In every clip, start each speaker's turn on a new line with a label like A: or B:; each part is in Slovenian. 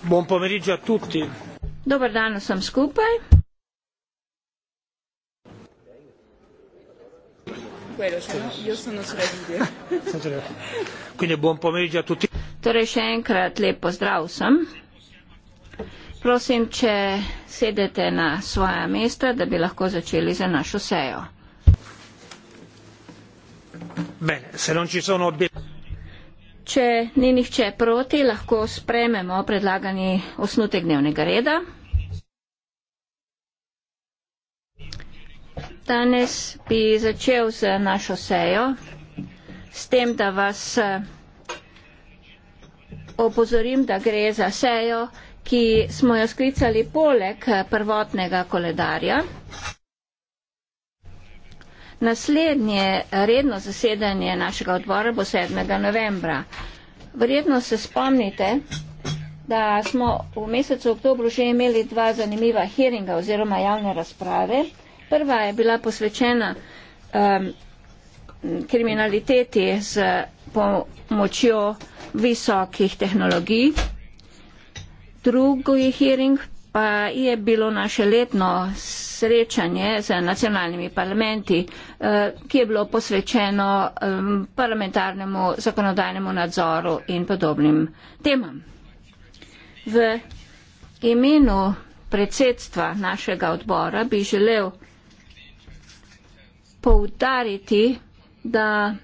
A: Buon pomeriggio a tutti.
B: Dobar dan sam skupaj. No,
C: Quindi buon pomeriggio a tutti.
B: Torej še enkrat lepo zdrav sem. Prosim, če sedete na svoja mesta, da bi lahko začeli za našo sejo. Bene, se non ci sono obiettivi. Če ni nihče proti, lahko sprememo predlagani osnutek dnevnega reda. Danes bi začel z našo sejo, s tem, da vas opozorim, da gre za sejo, ki smo jo sklicali poleg prvotnega koledarja. Naslednje redno zasedanje našega odbora bo 7. novembra. Verjetno se spomnite, da smo v mesecu oktobru že imeli dva zanimiva hearinga oziroma javne razprave. Prva je bila posvečena um, kriminaliteti s pomočjo visokih tehnologij. Drugi hearing pa je bilo naše letno srečanje z nacionalnimi parlamenti, eh, ki je bilo posvečeno parlamentarnemu zakonodajnemu nadzoru in podobnim temam. V imenu predsedstva našega odbora bi želel poudariti, da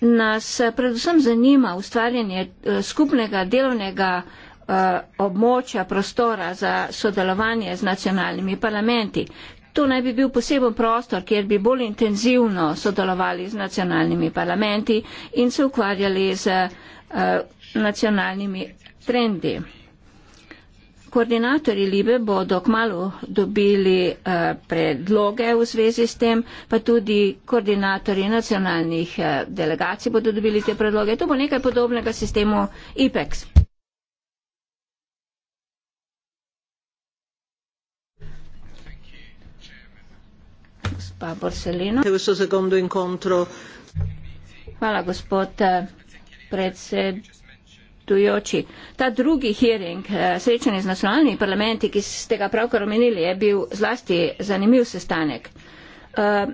B: nas predvsem zanima ustvarjanje eh, skupnega delovnega Eh, območja, prostora za sodelovanje z nacionalnimi parlamenti. To naj bi bil poseben prostor, kjer bi bolj intenzivno sodelovali z nacionalnimi parlamenti in se ukvarjali z eh, nacionalnimi trendi. Koordinatorji Libe bodo kmalo dobili eh, predloge v zvezi s tem, pa tudi koordinatorji nacionalnih delegacij bodo dobili te predloge. To bo nekaj podobnega sistemu IPEX. gospa Borselino. Hvala, gospod eh, predsedujoči. Ta drugi hearing, eh, srečanje z nacionalnimi parlamenti, ki ste ga pravkar omenili, je bil zlasti zanimiv sestanek. Eh,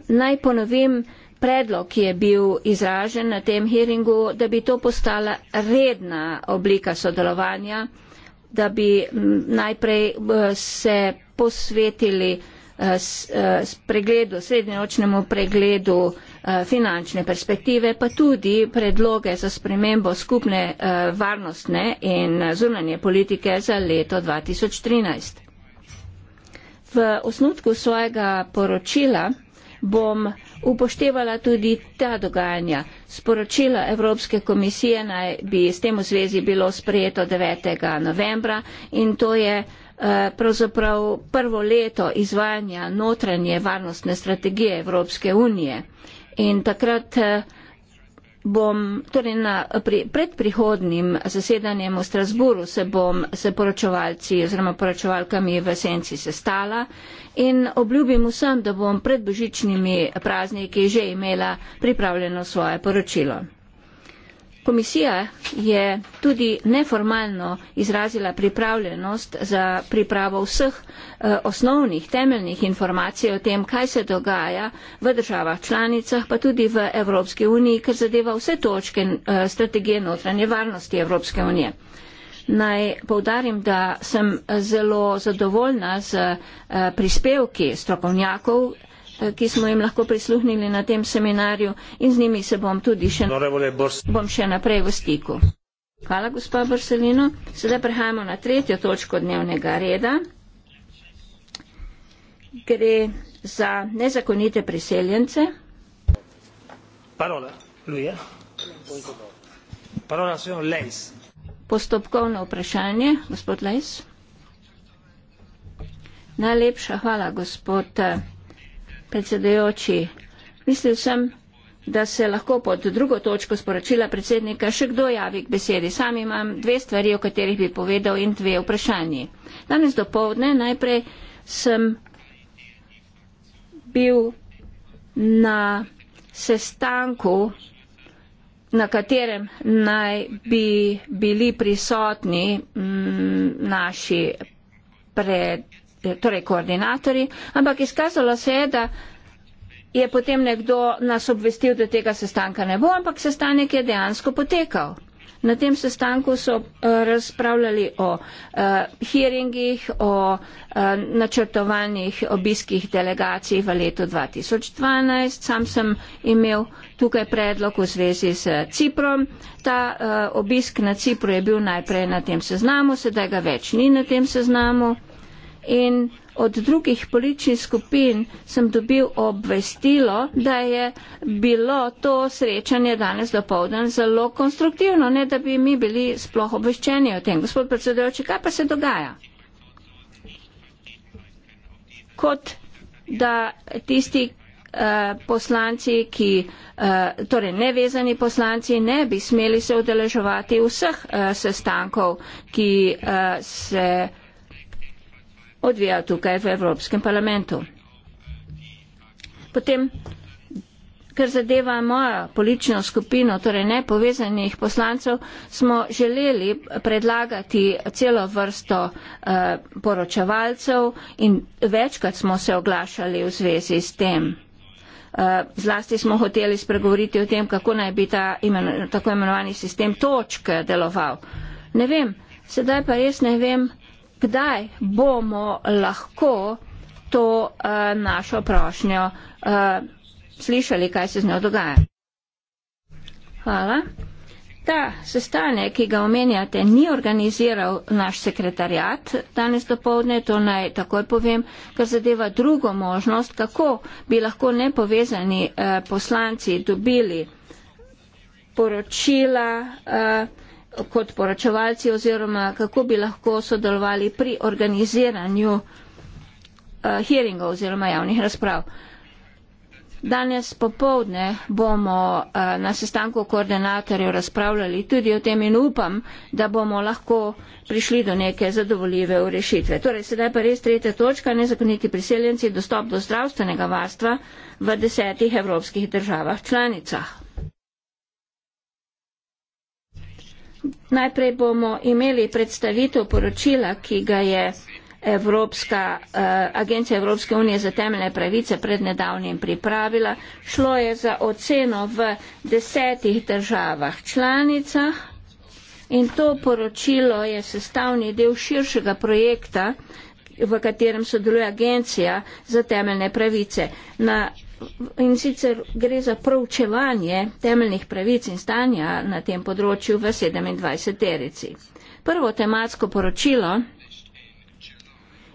B: naj ponovim predlog, ki je bil izražen na tem hearingu, da bi to postala redna oblika sodelovanja, da bi najprej se posvetili Eh, eh, pregledu, srednjeročnemu pregledu eh, finančne perspektive, pa tudi predloge za spremembo skupne varnostne in zunanje politike za leto 2013. V osnutku svojega poročila bom upoštevala tudi ta dogajanja. Sporočila Evropske komisije naj bi s tem v zvezi bilo sprejeto 9. novembra in to je Eh, pravzaprav prvo leto izvajanja notranje varnostne strategije Evropske unije. In takrat eh, bom, torej na, pri, pred prihodnim zasedanjem v Strasburu se bom se poročevalci oziroma poročevalkami v Senci sestala in obljubim vsem, da bom pred božičnimi prazniki že imela pripravljeno svoje poročilo. Komisija je tudi neformalno izrazila pripravljenost za pripravo vseh eh, osnovnih, temeljnih informacij o tem, kaj se dogaja v državah članicah, pa tudi v Evropski uniji, ker zadeva vse točke eh, strategije notranje varnosti Evropske unije. Naj povdarim, da sem zelo zadovoljna z eh, prispevki strokovnjakov, Eh, ki smo jim lahko prisluhnili na tem seminarju in z njimi se bom tudi še, bom še naprej v stiku. Hvala, gospa Borselino. Sedaj prehajamo na tretjo točko dnevnega reda. Gre za nezakonite priseljence. Parola, Luja. Parola, sem Lejs. Postopkovno vprašanje, gospod Lejs. Najlepša hvala, gospod. Eh, predsedujoči. Mislil sem, da se lahko pod drugo točko sporočila predsednika še kdo javi k besedi. Sam imam dve stvari, o katerih bi povedal in dve vprašanji. Danes do povdne najprej sem bil na sestanku, na katerem naj bi bili prisotni m, mm, naši pred Eh, torej koordinatorji, ampak izkazalo se je, da je potem nekdo nas obvestil, da tega sestanka ne bo, ampak sestanek je dejansko potekal. Na tem sestanku so eh, razpravljali o uh, hearingih, o uh, načrtovanih obiskih delegacij v letu 2012. Sam sem imel tukaj predlog v zvezi s Ciprom. Ta uh, obisk na Cipru je bil najprej na tem seznamu, sedaj ga več ni na tem seznamu in od drugih političnih skupin sem dobil obvestilo, da je bilo to srečanje danes dopovdan zelo konstruktivno, ne da bi mi bili sploh obveščeni o tem. Gospod predsedujoči, kaj pa se dogaja? Kot da tisti uh, poslanci, ki, uh, torej nevezani poslanci, ne bi smeli se udeleževati vseh uh, sestankov, ki uh, se odvija tukaj v Evropskem parlamentu. Potem, kar zadeva moja politično skupino, torej nepovezanih poslancev, smo želeli predlagati celo vrsto uh, poročevalcev in večkrat smo se oglašali v zvezi s tem. Uh, zlasti smo hoteli spregovoriti o tem, kako naj bi ta imen, tako imenovani sistem točke deloval. Ne vem, sedaj pa res ne vem, kdaj bomo lahko to uh, našo prošnjo uh, slišali, kaj se z njo dogaja. Hvala. Ta sestanek, ki ga omenjate, ni organiziral naš sekretarjat danes dopovdne, to naj takoj povem, kar zadeva drugo možnost, kako bi lahko nepovezani eh, poslanci dobili poročila. Eh, kot poročevalci oziroma kako bi lahko sodelovali pri organiziranju uh, eh, hearingov oziroma javnih razprav. Danes popovdne bomo uh, na sestanku koordinatorjev razpravljali tudi o tem in upam, da bomo lahko prišli do neke zadovoljive rešitve. Torej, sedaj pa res tretja točka, nezakoniti priseljenci, dostop do zdravstvenega varstva v desetih evropskih državah članicah. Najprej bomo imeli predstavitev poročila, ki ga je Evropska, eh, Agencija Evropske unije za temeljne pravice pred nedavnim pripravila. Šlo je za oceno v desetih državah članicah in to poročilo je sestavni del širšega projekta, v katerem sodeluje Agencija za temeljne pravice. Na in sicer gre za proučevanje temeljnih pravic in stanja na tem področju v 27 terici. Prvo tematsko poročilo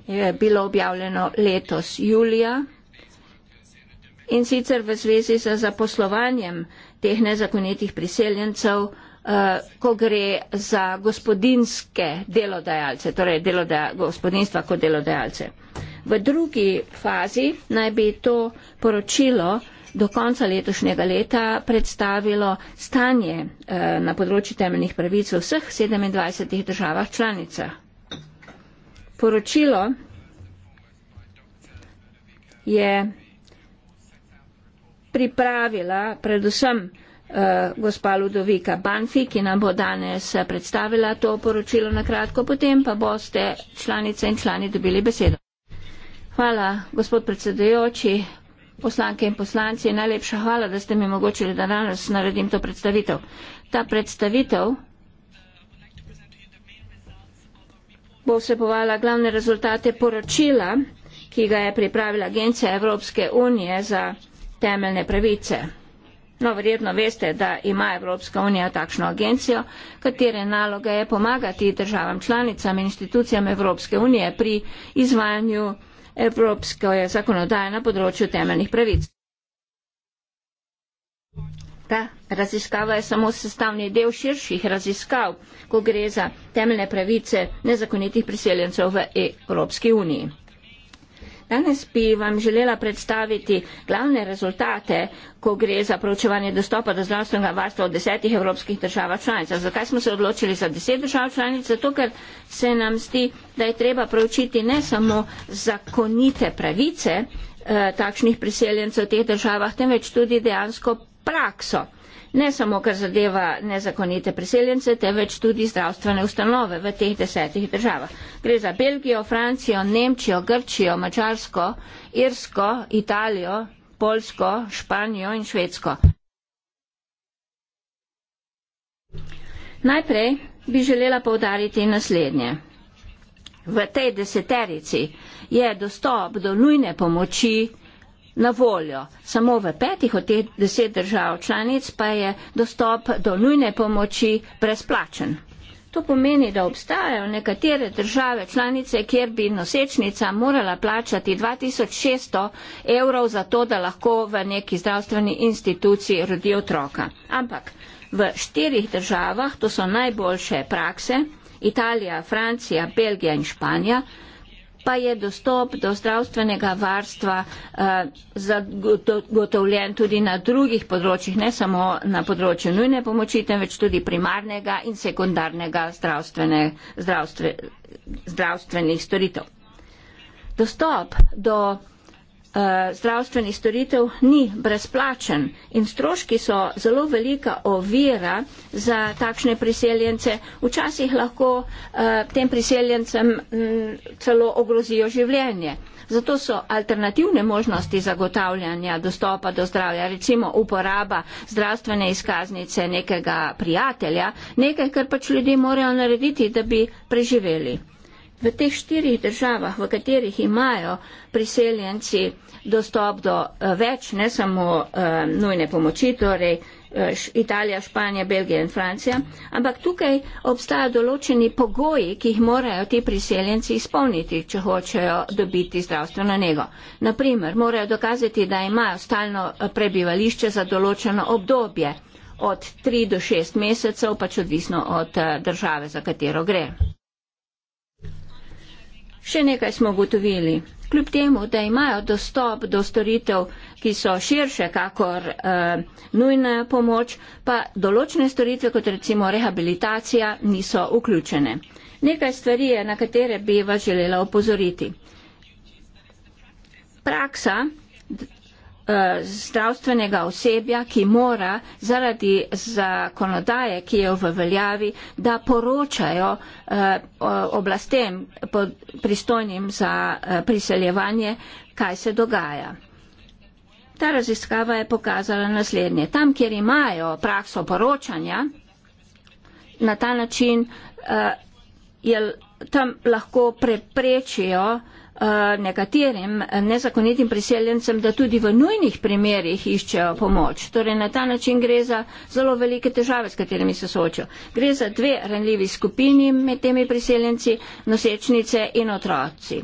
B: je bilo objavljeno letos julija in sicer v zvezi z zaposlovanjem teh nezakonitih priseljencev, eh, ko gre za gospodinske delodajalce, torej delodaj, gospodinstva kot delodajalce. V drugi fazi naj bi to poročilo do konca letošnjega leta predstavilo stanje eh, na področju temeljnih pravic v vseh 27 državah članicah. Poročilo je pripravila predvsem uh, gospa Ludovika Banfi, ki nam bo danes eh, predstavila to poročilo na kratko, potem pa boste članice in člani dobili besedo. Hvala, gospod predsedujoči, poslanke in poslanci. Najlepša hvala, da ste mi omogočili, da danes naredim to predstavitev. Ta predstavitev bo vsebovala glavne rezultate poročila, ki ga je pripravila Agencija Evropske unije za temeljne pravice. No, verjetno veste, da ima Evropska unija takšno agencijo, katere naloga je pomagati državam članicam in institucijam Evropske unije pri izvajanju evropske zakonodaje na področju temeljnih pravic. Ta raziskava je samo sestavni del širših raziskav, ko gre za temeljne pravice nezakonitih priseljencev v Evropski uniji. Danes bi vam želela predstaviti glavne rezultate, ko gre za proučevanje dostopa do zdravstvenega varstva v desetih evropskih državah članica. Zakaj smo se odločili za deset držav članic? Zato, ker se nam zdi, da je treba proučiti ne samo zakonite pravice eh, takšnih priseljencev v teh državah, temveč tudi dejansko prakso ne samo kar zadeva nezakonite priseljence, temveč tudi zdravstvene ustanove v teh desetih državah. Gre za Belgijo, Francijo, Nemčijo, Grčijo, Mačarsko, Irsko, Italijo, Polsko, Španijo in Švedsko. Najprej bi želela povdariti naslednje. V tej deseterici je dostop do nujne pomoči na voljo. Samo v petih od teh deset držav članic pa je dostop do nujne pomoči brezplačen. To pomeni, da obstajajo nekatere države članice, kjer bi nosečnica morala plačati 2600 evrov za to, da lahko v neki zdravstveni instituciji rodi otroka. Ampak v štirih državah, to so najboljše prakse, Italija, Francija, Belgija in Španija, pa je dostop do zdravstvenega varstva eh, zagotovljen tudi na drugih področjih, ne samo na področju nujne pomoči, temveč tudi primarnega in sekundarnega zdravstvene, zdravstve, zdravstvenih storitev. Dostop do Eh, zdravstvenih storitev ni brezplačen in stroški so zelo velika ovira za takšne priseljence. Včasih lahko uh, tem priseljencem m, mm, celo ogrozijo življenje. Zato so alternativne možnosti zagotavljanja dostopa do zdravja, recimo uporaba zdravstvene izkaznice nekega prijatelja, nekaj, kar pač ljudje morajo narediti, da bi preživeli. V teh štirih državah, v katerih imajo priseljenci dostop do eh, več, ne samo uh, nujne pomoči, torej uh, Italija, Španija, Belgija in Francija, ampak tukaj obstajajo določeni pogoji, ki jih morajo ti priseljenci izpolniti, če hočejo dobiti zdravstveno nego. Naprimer, morajo dokazati, da imajo stalno prebivališče za določeno obdobje od 3 do 6 mesecev, pač odvisno od uh, države, za katero gre. Še nekaj smo ugotovili. Kljub temu, da imajo dostop do storitev, ki so širše kakor eh, nujna pomoč, pa določene storitve, kot recimo rehabilitacija, niso vključene. Nekaj stvari je, na katere bi vas želela opozoriti. Praksa Eh, zdravstvenega osebja, ki mora zaradi zakonodaje, ki je v veljavi, da poročajo eh, oblastem pod pristojnim za eh, priseljevanje, kaj se dogaja. Ta raziskava je pokazala naslednje. Tam, kjer imajo prakso poročanja, na ta način je, tam lahko preprečijo uh, Eh, nekaterim nezakonitim priseljencem, da tudi v nujnih primerjih iščejo pomoč. Torej, na ta način gre za zelo velike težave, s katerimi se soočajo. Gre za dve ranljivi skupini med temi priseljenci, nosečnice in otroci.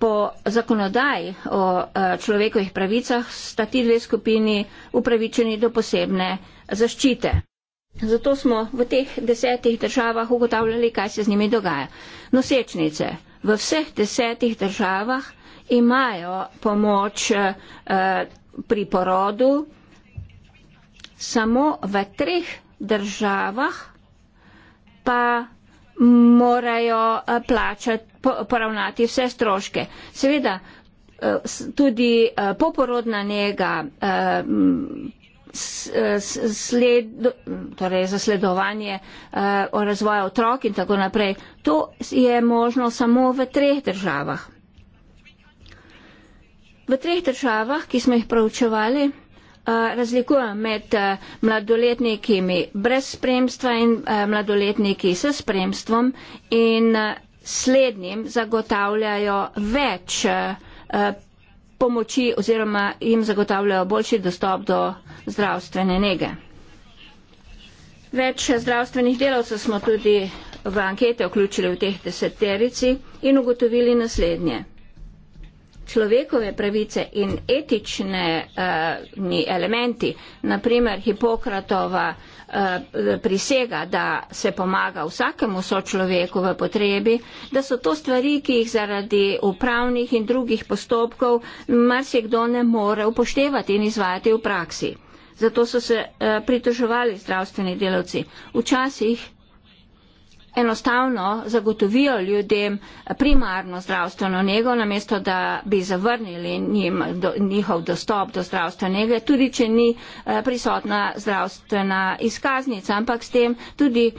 B: Po zakonodaji o eh, človekovih pravicah sta ti dve skupini upravičeni do posebne zaščite. Zato smo v teh desetih državah ugotavljali, kaj se z njimi dogaja. Nosečnice v vseh desetih državah imajo pomoč eh, pri porodu, samo v treh državah pa morajo eh, plačati, poravnati vse stroške. Seveda, eh, tudi poporodna njega sled, torej zasledovanje eh, o razvoju otrok in tako naprej. To je možno samo v treh državah. V treh državah, ki smo jih pravčevali, eh, razlikujem med eh, mladoletniki brez spremstva in mladoletniki s spremstvom in slednjim zagotavljajo več pomoči oziroma jim zagotavljajo boljši dostop do zdravstvene nege. Več zdravstvenih delavcev smo tudi v ankete vključili v teh deseterici in ugotovili naslednje. Človekove pravice in etični eh, uh, elementi, naprimer Hipokratova uh, Eh, prisega, da se pomaga vsakemu sočloveku v potrebi, da so to stvari, ki jih zaradi upravnih in drugih postopkov marsikdo ne more upoštevati in izvajati v praksi. Zato so se eh, pritoževali zdravstveni delavci. Včasih enostavno zagotovijo ljudem primarno zdravstveno nego, namesto da bi zavrnili njim do, njihov dostop do zdravstvene nege, tudi če ni eh, prisotna zdravstvena izkaznica, ampak s tem tudi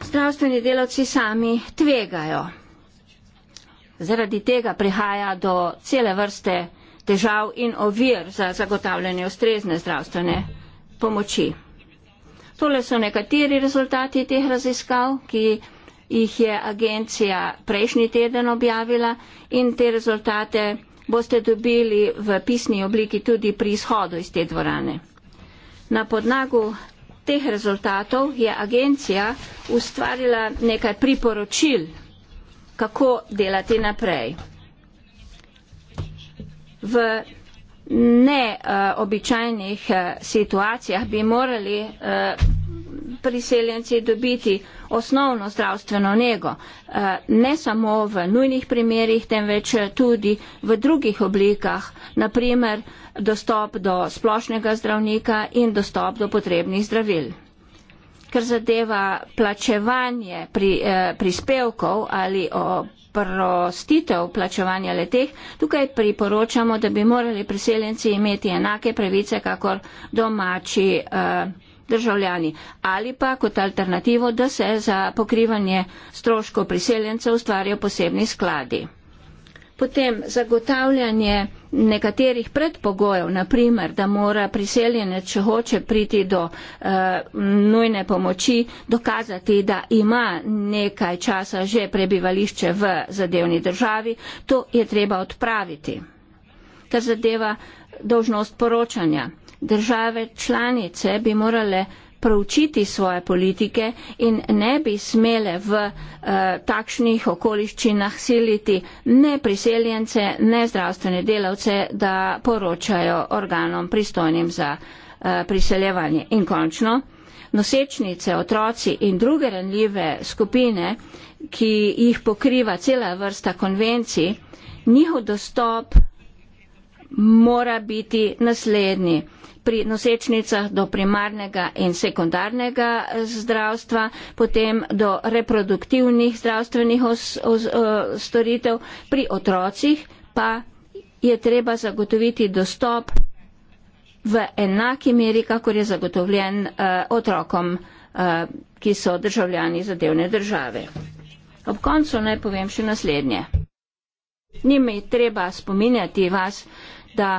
B: zdravstveni delavci sami tvegajo. Zaradi tega prihaja do cele vrste težav in ovir za zagotavljanje ustrezne zdravstvene pomoči. Tole so nekateri rezultati teh raziskav, ki jih je agencija prejšnji teden objavila in te rezultate boste dobili v pisni obliki tudi pri izhodu iz te dvorane. Na podnagu teh rezultatov je agencija ustvarila nekaj priporočil, kako delati naprej. V neobičajnih eh, situacijah bi morali eh, priseljenci dobiti osnovno zdravstveno nego, eh, ne samo v nujnih primerjih, temveč tudi v drugih oblikah, naprimer dostop do splošnega zdravnika in dostop do potrebnih zdravil. Ker zadeva plačevanje pri, prispevkov ali o sprostitev plačevanja leteh, tukaj priporočamo, da bi morali priseljenci imeti enake pravice, kakor domači eh, državljani. Ali pa kot alternativo, da se za pokrivanje stroškov priseljencev ustvarjajo posebni skladi. Potem zagotavljanje nekaterih predpogojev, naprimer, da mora priseljenec, če hoče priti do uh, nujne pomoči, dokazati, da ima nekaj časa že prebivališče v zadevni državi, to je treba odpraviti. Kar zadeva dožnost poročanja. Države članice bi morale proučiti svoje politike in ne bi smele v uh, takšnih okoliščinah siliti ne priseljence, ne zdravstvene delavce, da poročajo organom pristojnim za uh, priseljevanje. In končno, nosečnice, otroci in druge renljive skupine, ki jih pokriva cela vrsta konvencij, njihov dostop mora biti naslednji pri nosečnicah do primarnega in sekundarnega zdravstva, potem do reproduktivnih zdravstvenih eh, storitev, pri otrocih pa je treba zagotoviti dostop v enaki meri, kakor je zagotovljen uh, otrokom, uh, ki so državljani zadevne države. Ob koncu naj povem še naslednje. Ni mi treba spominjati vas, da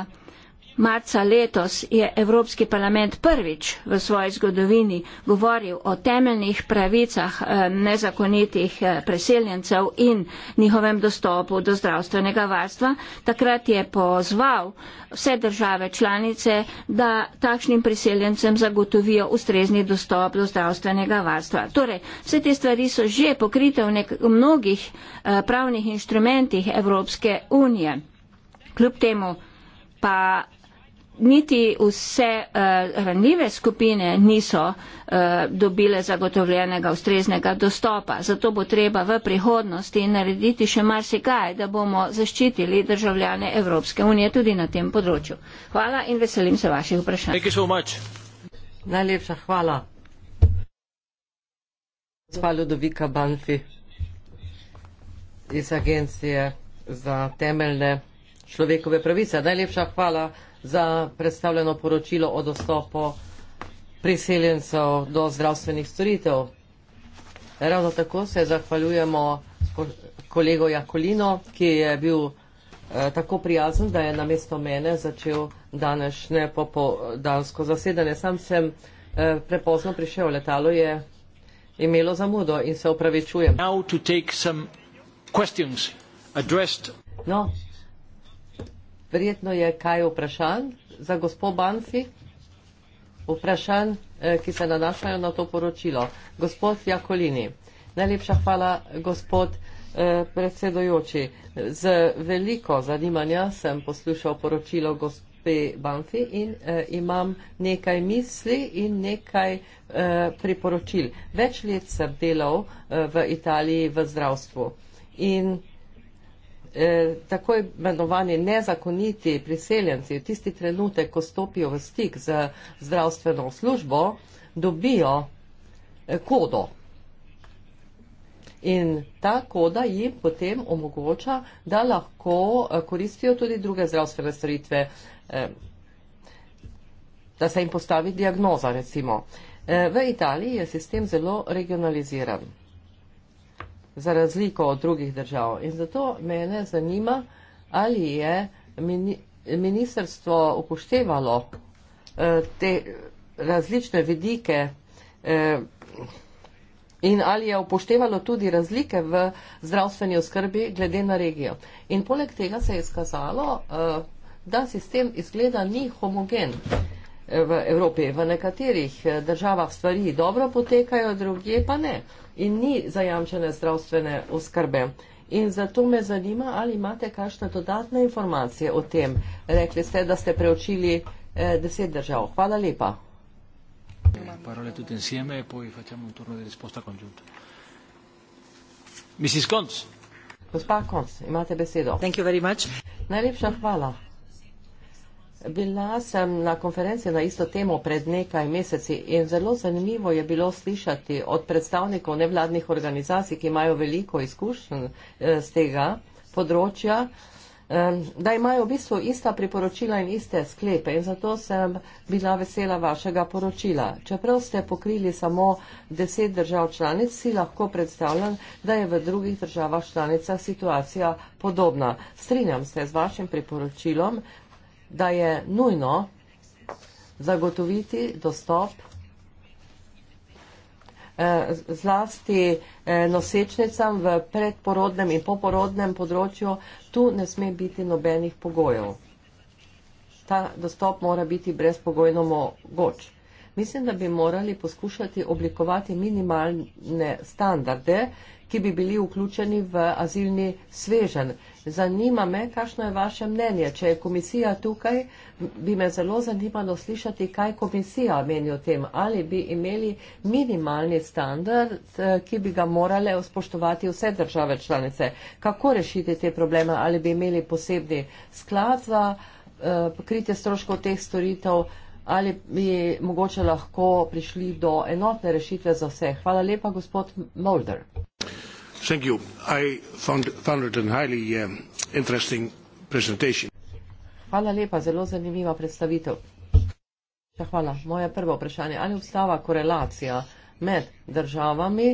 B: Marca letos je Evropski parlament prvič v svoji zgodovini govoril o temeljnih pravicah eh, nezakonitih eh, preseljencev in njihovem dostopu do zdravstvenega varstva. Takrat je pozval vse države članice, da takšnim priseljencem zagotovijo ustrezni dostop do zdravstvenega varstva. Torej, vse te stvari so že pokrite v, nek, v mnogih eh, pravnih inštrumentih Evropske unije. Kljub temu pa niti vse uh, ranljive skupine niso uh, dobile zagotovljenega ustreznega dostopa. Zato bo treba v prihodnosti narediti še marsikaj, da bomo zaščitili državljane Evropske unije tudi na tem področju. Hvala in veselim se vaših vprašanj. So Najlepša hvala.
A: Gospa Ludovika Banfi iz Agencije za temeljne človekove pravice. Najlepša hvala za predstavljeno poročilo o dostopu priseljencev do zdravstvenih storitev. Ravno tako se zahvaljujemo kolego Jakolino, ki je bil eh, tako prijazen, da je na mesto mene začel današnje popodansko zasedanje. Sam sem eh, prepozno prišel, letalo je imelo zamudo in se opravičujem. No, Verjetno je kaj vprašanj za gospod Banfi, vprašanj, eh, ki se nanašajo na to poročilo. Gospod Jakolini, najlepša hvala, gospod eh, predsedojoči. Z veliko zanimanja sem poslušal poročilo gospe Banfi in eh, imam nekaj misli in nekaj priporočil. Več let sem delal v Italiji v zdravstvu in eh, tako imenovani nezakoniti priseljenci v tisti trenutek, ko stopijo v stik z zdravstveno službo, dobijo eh, kodo. In ta koda jim potem omogoča, da lahko eh, koristijo tudi druge zdravstvene storitve, eh, da se jim postavi diagnoza, recimo. Eh, v Italiji je sistem zelo regionaliziran za razliko od drugih držav. In zato mene zanima, ali je mini, ministrstvo upoštevalo eh, te različne vidike eh, in ali je upoštevalo tudi razlike v zdravstveni oskrbi glede na regijo. In poleg tega se je izkazalo, eh, da sistem izgleda ni homogen eh, v Evropi. V nekaterih eh, državah stvari dobro potekajo, druge pa ne. Eh, in ni zajamčene zdravstvene oskrbe. In zato me zanima, ali imate kakšne dodatne informacije o tem. Rekli ste, da ste preučili eh, deset držav. Hvala lepa.
B: Parole tutte insieme e poi facciamo un turno di risposta congiunto. Mrs. Konz.
A: Gospa Konz, imate besedo. Thank you very much. Najlepša hvala. Bila sem na konferenci na isto temo pred nekaj meseci in zelo zanimivo je bilo slišati od predstavnikov nevladnih organizacij, ki imajo veliko izkušenj z eh, tega področja, da imajo v bistvu ista priporočila in iste sklepe in zato sem bila vesela vašega poročila. Čeprav ste pokrili samo deset držav članic, si lahko predstavljam, da je v drugih državah članicah situacija podobna. Strinjam se z vašim priporočilom, da je nujno zagotoviti dostop eh, zlasti eh, nosečnicam v predporodnem in poporodnem področju, tu ne sme biti nobenih pogojev. Ta dostop mora biti brezpogojno mogoč. Mislim, da bi morali poskušati oblikovati minimalne standarde, ki bi bili vključeni v azilni svežen. Zanima me, kakšno je vaše mnenje. Če je komisija tukaj, bi me zelo zanimalo slišati, kaj komisija meni o tem. Ali bi imeli minimalni standard, eh, ki bi ga morale spoštovati vse države članice. Kako rešiti te probleme? Ali bi imeli posebni sklad za eh, pokritje stroškov teh storitev? Ali bi mogoče lahko prišli do enotne rešitve za vse? Hvala lepa, gospod Mulder. Thank you. I found found it a highly um, interesting presentation. Hvala lepa, zelo zanimiva predstavitev. Še ja, hvala. Moje prvo vprašanje. Ali obstava korelacija med državami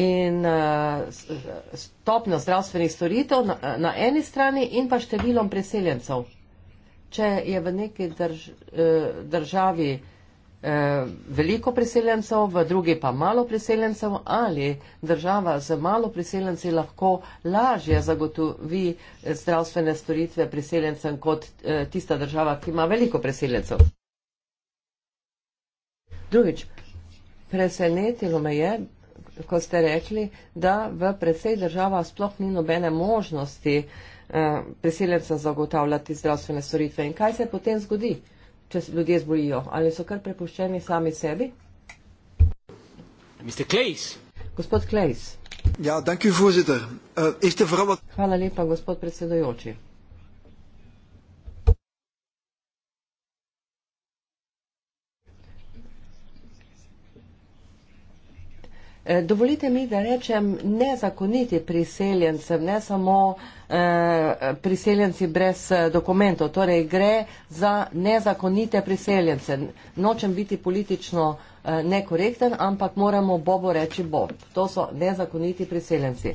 A: in uh, stopnjo zdravstvenih storitev na, na eni strani in pa številom preseljencev? Če je v neki drž, uh, državi uh, Eh, veliko priseljencev, v drugi pa malo priseljencev ali država z malo priseljenci lahko lažje zagotovi eh, zdravstvene storitve priseljencem kot eh, tista država, ki ima veliko priseljencev. Drugič, presenetilo me je, ko ste rekli, da v presej država sploh ni nobene možnosti priseljencem zagotavljati zdravstvene storitve. In kaj se potem zgodi? če se ljudje zbojijo, ali so kar prepuščeni sami sebi?
B: Mr. Klejs.
A: Gospod Klejs.
B: Ja, danki, voziter. Eh, Iste vrava.
A: Hvala lepa, gospod predsedojoči. Eh, dovolite mi, da rečem nezakoniti priseljencem, ne samo vsega, Eh, priseljenci brez eh, dokumentov. Torej gre za nezakonite priseljence. Nočem biti politično eh, nekorekten, ampak moramo Bobo reči Bob. To so nezakoniti priseljenci.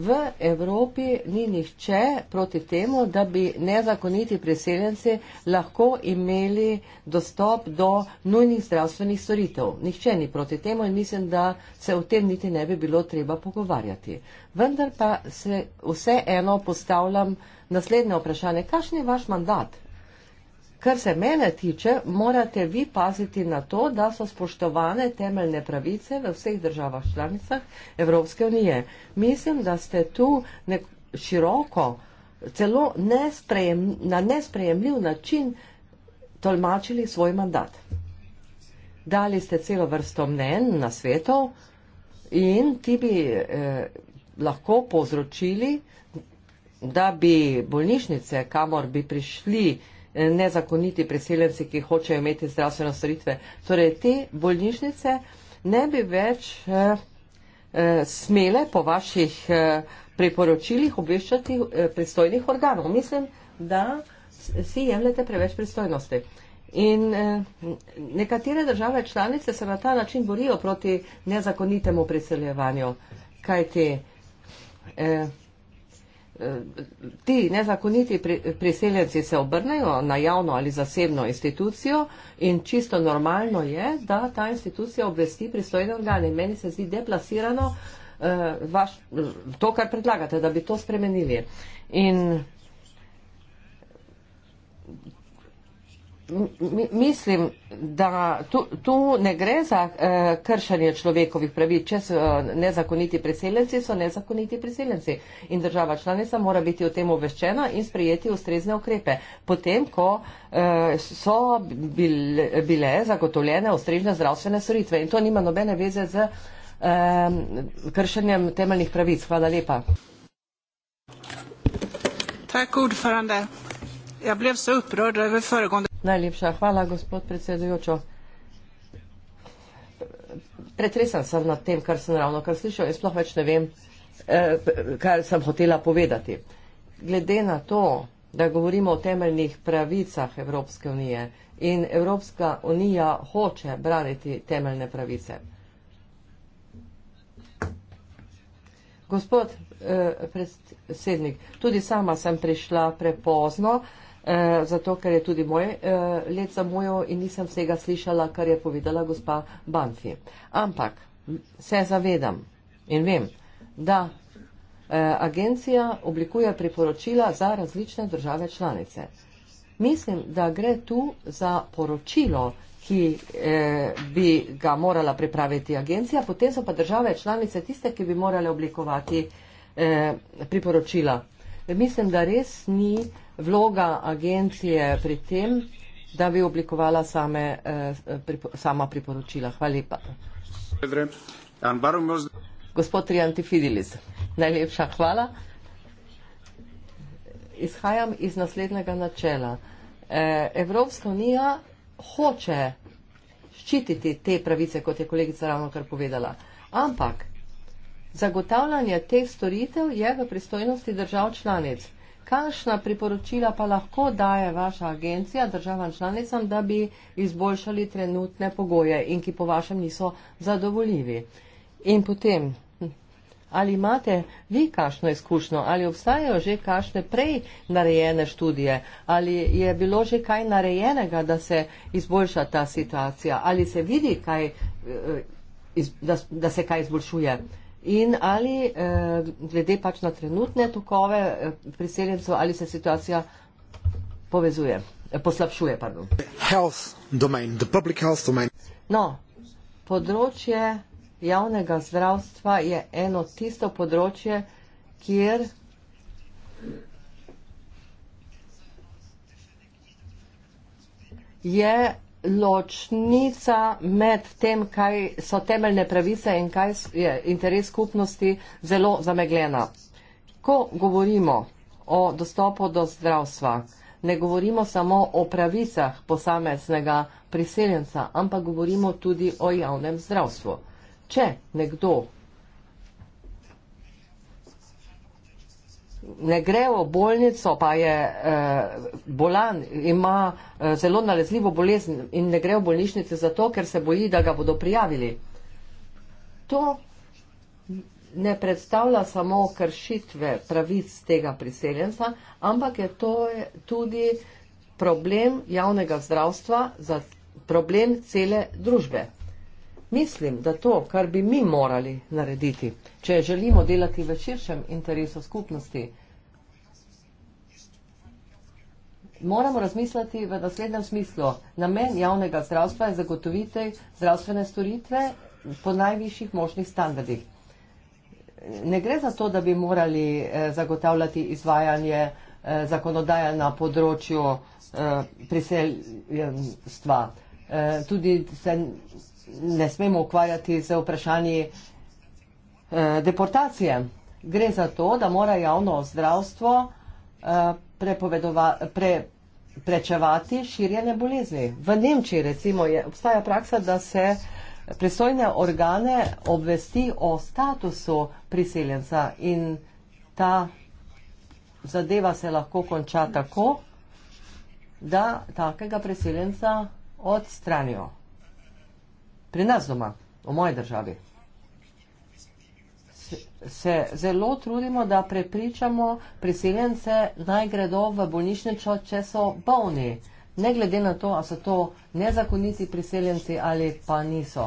A: V Evropi ni nihče proti temu, da bi nezakoniti preseljenci lahko imeli dostop do nujnih zdravstvenih storitev. Nihče ni proti temu in mislim, da se o tem niti ne bi bilo treba pogovarjati. Vendar pa se vseeno postavljam naslednje vprašanje. Kakšen je vaš mandat Kar se mene tiče, morate vi paziti na to, da so spoštovane temeljne pravice v vseh državah članicah Evropske unije. Mislim, da ste tu nek široko, celo nesprejem, na nesprejemljiv način tolmačili svoj mandat. Dali ste celo vrsto mnen na svetu in ti bi eh, lahko povzročili, da bi bolnišnice, kamor bi prišli, nezakoniti preseljenci, ki hočejo imeti zdravstveno storitve. Torej, te bolnišnice ne bi več eh, eh, smele po vaših eh, priporočilih obveščati pristojnih organov. Mislim, da si jemljete preveč pristojnosti. In nekatere države članice se na ta način borijo proti nezakonitemu priseljevanju. Kaj ti? ti nezakoniti priseljenci se obrnejo na javno ali zasebno institucijo in čisto normalno je, da ta institucija obvesti pristojne organe. Meni se zdi deplasirano eh, vaš, to, kar predlagate, da bi to spremenili. In mislim, da tu, tu ne gre za uh, eh, kršanje človekovih pravic. Če so uh, nezakoniti priseljenci, so nezakoniti priseljenci. In država članica mora biti o tem obveščena in sprejeti ustrezne ukrepe. Potem, ko uh, so bile, bile zagotovljene ustrezne zdravstvene storitve. In to nima nobene veze z um, kršenjem temeljnih pravic. Hvala lepa.
B: Tako, Faranda. Jag blev så upprörd över föregående...
A: Najlepša hvala, gospod predsedujočo. Pretresen sem nad tem, kar sem ravno kar slišal in sploh več ne vem, eh, kar sem hotela povedati. Glede na to, da govorimo o temeljnih pravicah Evropske unije in Evropska unija hoče braniti temeljne pravice. Gospod eh, predsednik, tudi sama sem prišla prepozno, Eh, zato ker je tudi moj eh, let zamujal in nisem vsega slišala, kar je povedala gospa Banfi. Ampak se zavedam in vem, da eh, agencija oblikuje priporočila za različne države članice. Mislim, da gre tu za poročilo, ki bi ga morala pripraviti agencija, potem so pa države članice tiste, ki bi morale oblikovati priporočila. E, mislim, da res ni vloga agencije pri tem, da bi oblikovala same, e, sama priporočila. Hvala lepa. Gospod Triantifidilis, najlepša hvala. Izhajam iz naslednjega načela. E, Evropska unija hoče ščititi te pravice, kot je kolegica ravno kar povedala, ampak Zagotavljanje teh storitev je v pristojnosti držav članic. Kakšna priporočila pa lahko daje vaša agencija državam članicam, da bi izboljšali trenutne pogoje in ki po vašem niso zadovoljivi? In potem, ali imate vi kakšno izkušnjo, ali obstajajo že kakšne prej narejene študije, ali je bilo že kaj narejenega, da se izboljša ta situacija, ali se vidi, kaj, eh, da, da se kaj izboljšuje? In ali eh, glede pač na trenutne tokove eh, priseljencev, ali se situacija povezuje, eh, poslabšuje?
B: Domain, domain.
A: No, področje javnega zdravstva je eno tisto področje, kjer je ločnica med tem, kaj so temeljne pravice in kaj je interes skupnosti, zelo zamegljena. Ko govorimo o dostopu do zdravstva, ne govorimo samo o pravicah posameznega priseljenca, ampak govorimo tudi o javnem zdravstvu. Če nekdo ne gre v bolnico, pa je eh, bolan, ima eh, zelo nalezljivo bolezen in ne gre v bolnišnice zato, ker se boji, da ga bodo prijavili. To ne predstavlja samo kršitve pravic tega priseljenca, ampak je to tudi problem javnega zdravstva, za problem cele družbe. Mislim, da to, kar bi mi morali narediti, če želimo delati v širšem interesu skupnosti, moramo razmisliti v naslednjem smislu. Namen javnega zdravstva je zagotoviti zdravstvene storitve po najvišjih možnih standardih. Ne gre za to, da bi morali eh, zagotavljati izvajanje eh, zakonodaje na področju eh, priseljenstva. Tudi se ne smemo ukvarjati z vprašanji deportacije. Gre za to, da mora javno zdravstvo pre, prečevati širjene bolezni. V Nemčiji recimo je, obstaja praksa, da se pristojne organe obvesti o statusu priseljenca in ta zadeva se lahko konča tako, da takega priseljenca odstranijo. Pri nas doma, v moji državi se zelo trudimo, da prepričamo priseljence, naj gredo v bolnišnico, če so bolni. Ne glede na to, ali so to nezakoniti priseljenci ali pa niso.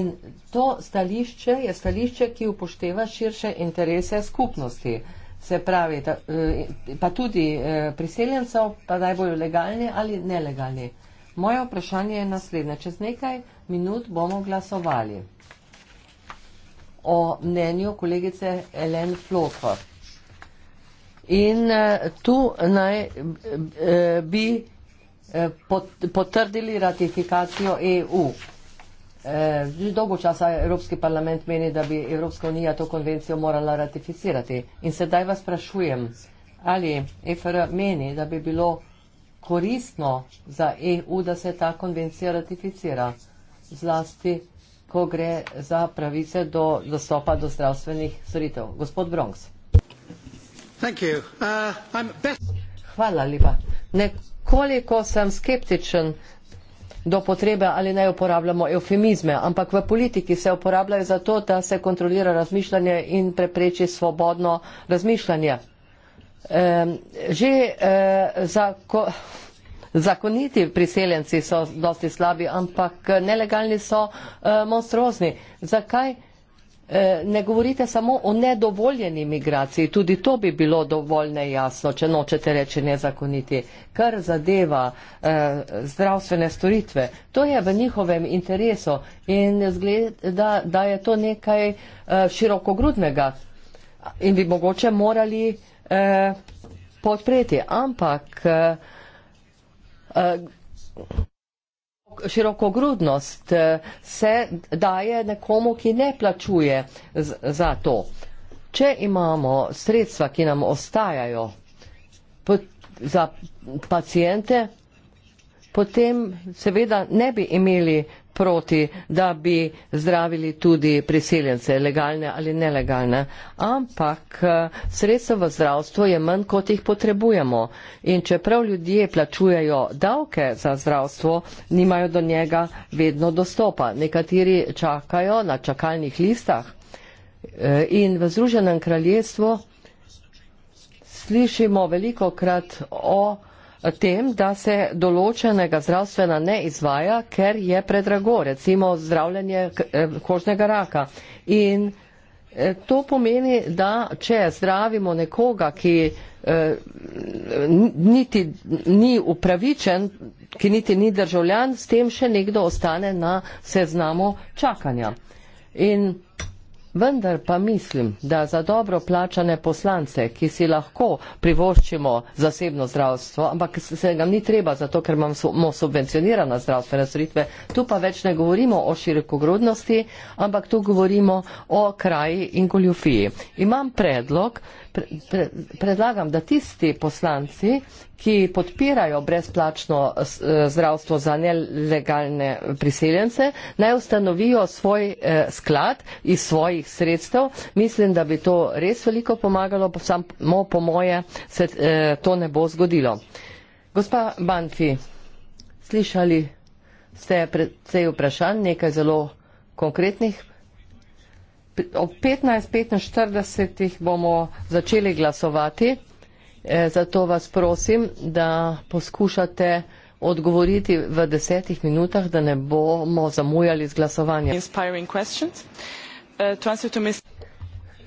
A: In to stališče je stališče, ki upošteva širše interese skupnosti. Se pravi, ta, eh, pa tudi eh, priseljencev, pa naj bojo legalni ali nelegalni. Moje vprašanje je naslednje. Čez nekaj minut bomo glasovali o mnenju kolegice Ellen Flocker. In eh, tu naj eh, bi eh, potrdili ratifikacijo EU. Že dolgo časa Evropski parlament meni, da bi Evropska unija to konvencijo morala ratificirati. In sedaj vas sprašujem, ali EFR meni, da bi bilo koristno za EU, da se ta konvencija ratificira, zlasti ko gre za pravice do dostopa do zdravstvenih storitev. Gospod Bronx. Uh, Hvala lepa. Nekoliko sem skeptičen do potrebe, ali naj uporabljamo eufemizme, ampak v politiki se uporabljajo zato, da se kontrolira razmišljanje in prepreči svobodno razmišljanje. Ehm, že e, za. Ko zakoniti priseljenci so dosti slabi, ampak nelegalni so eh, monstruozni. Zakaj eh, ne govorite samo o nedovoljeni migraciji? Tudi to bi bilo dovolj nejasno, če nočete reči nezakoniti. Kar zadeva eh, zdravstvene storitve, to je v njihovem interesu in zgleda, da je to nekaj eh, širokogrudnega in bi mogoče morali eh, podpreti. Ampak eh, Eh, širokogrudnost eh, se daje nekomu, ki ne plačuje za to. Če imamo sredstva, ki nam ostajajo za pacijente, potem seveda ne bi imeli proti, da bi zdravili tudi priseljence, legalne ali nelegalne. Ampak eh, sredstvo v zdravstvo je manj, kot jih potrebujemo. In čeprav ljudje plačujejo davke za zdravstvo, nimajo do njega vedno dostopa. Nekateri čakajo na čakalnih listah. Eh, in v Združenem kraljestvu slišimo veliko krat o tem, da se določenega zdravstvena ne izvaja, ker je predrago, recimo zdravljenje eh, kožnega raka. In eh, to pomeni, da če zdravimo nekoga, ki eh, niti ni upravičen, ki niti ni državljan, s tem še nekdo ostane na seznamu čakanja. In Vendar pa mislim, da za dobro plačane poslance, ki si lahko privoščimo zasebno zdravstvo, ampak se ga ni treba zato, ker imamo subvencionirana zdravstvene storitve, tu pa več ne govorimo o širokogrodnosti, ampak tu govorimo o kraji in goljofiji. Imam predlog, pre, pre, predlagam, da tisti poslanci, ki podpirajo brezplačno eh, zdravstvo za nelegalne priseljence, naj ustanovijo svoj eh, sklad iz svojih sredstev. Mislim, da bi to res veliko pomagalo, samo po moje se eh, to ne bo zgodilo. Gospa Banfi, slišali ste precej vprašanj, nekaj zelo konkretnih vprašanj ob 15.45 bomo začeli glasovati, e, zato vas prosim, da poskušate odgovoriti v desetih minutah, da ne bomo zamujali z glasovanjem. Uh, to answer to Mr.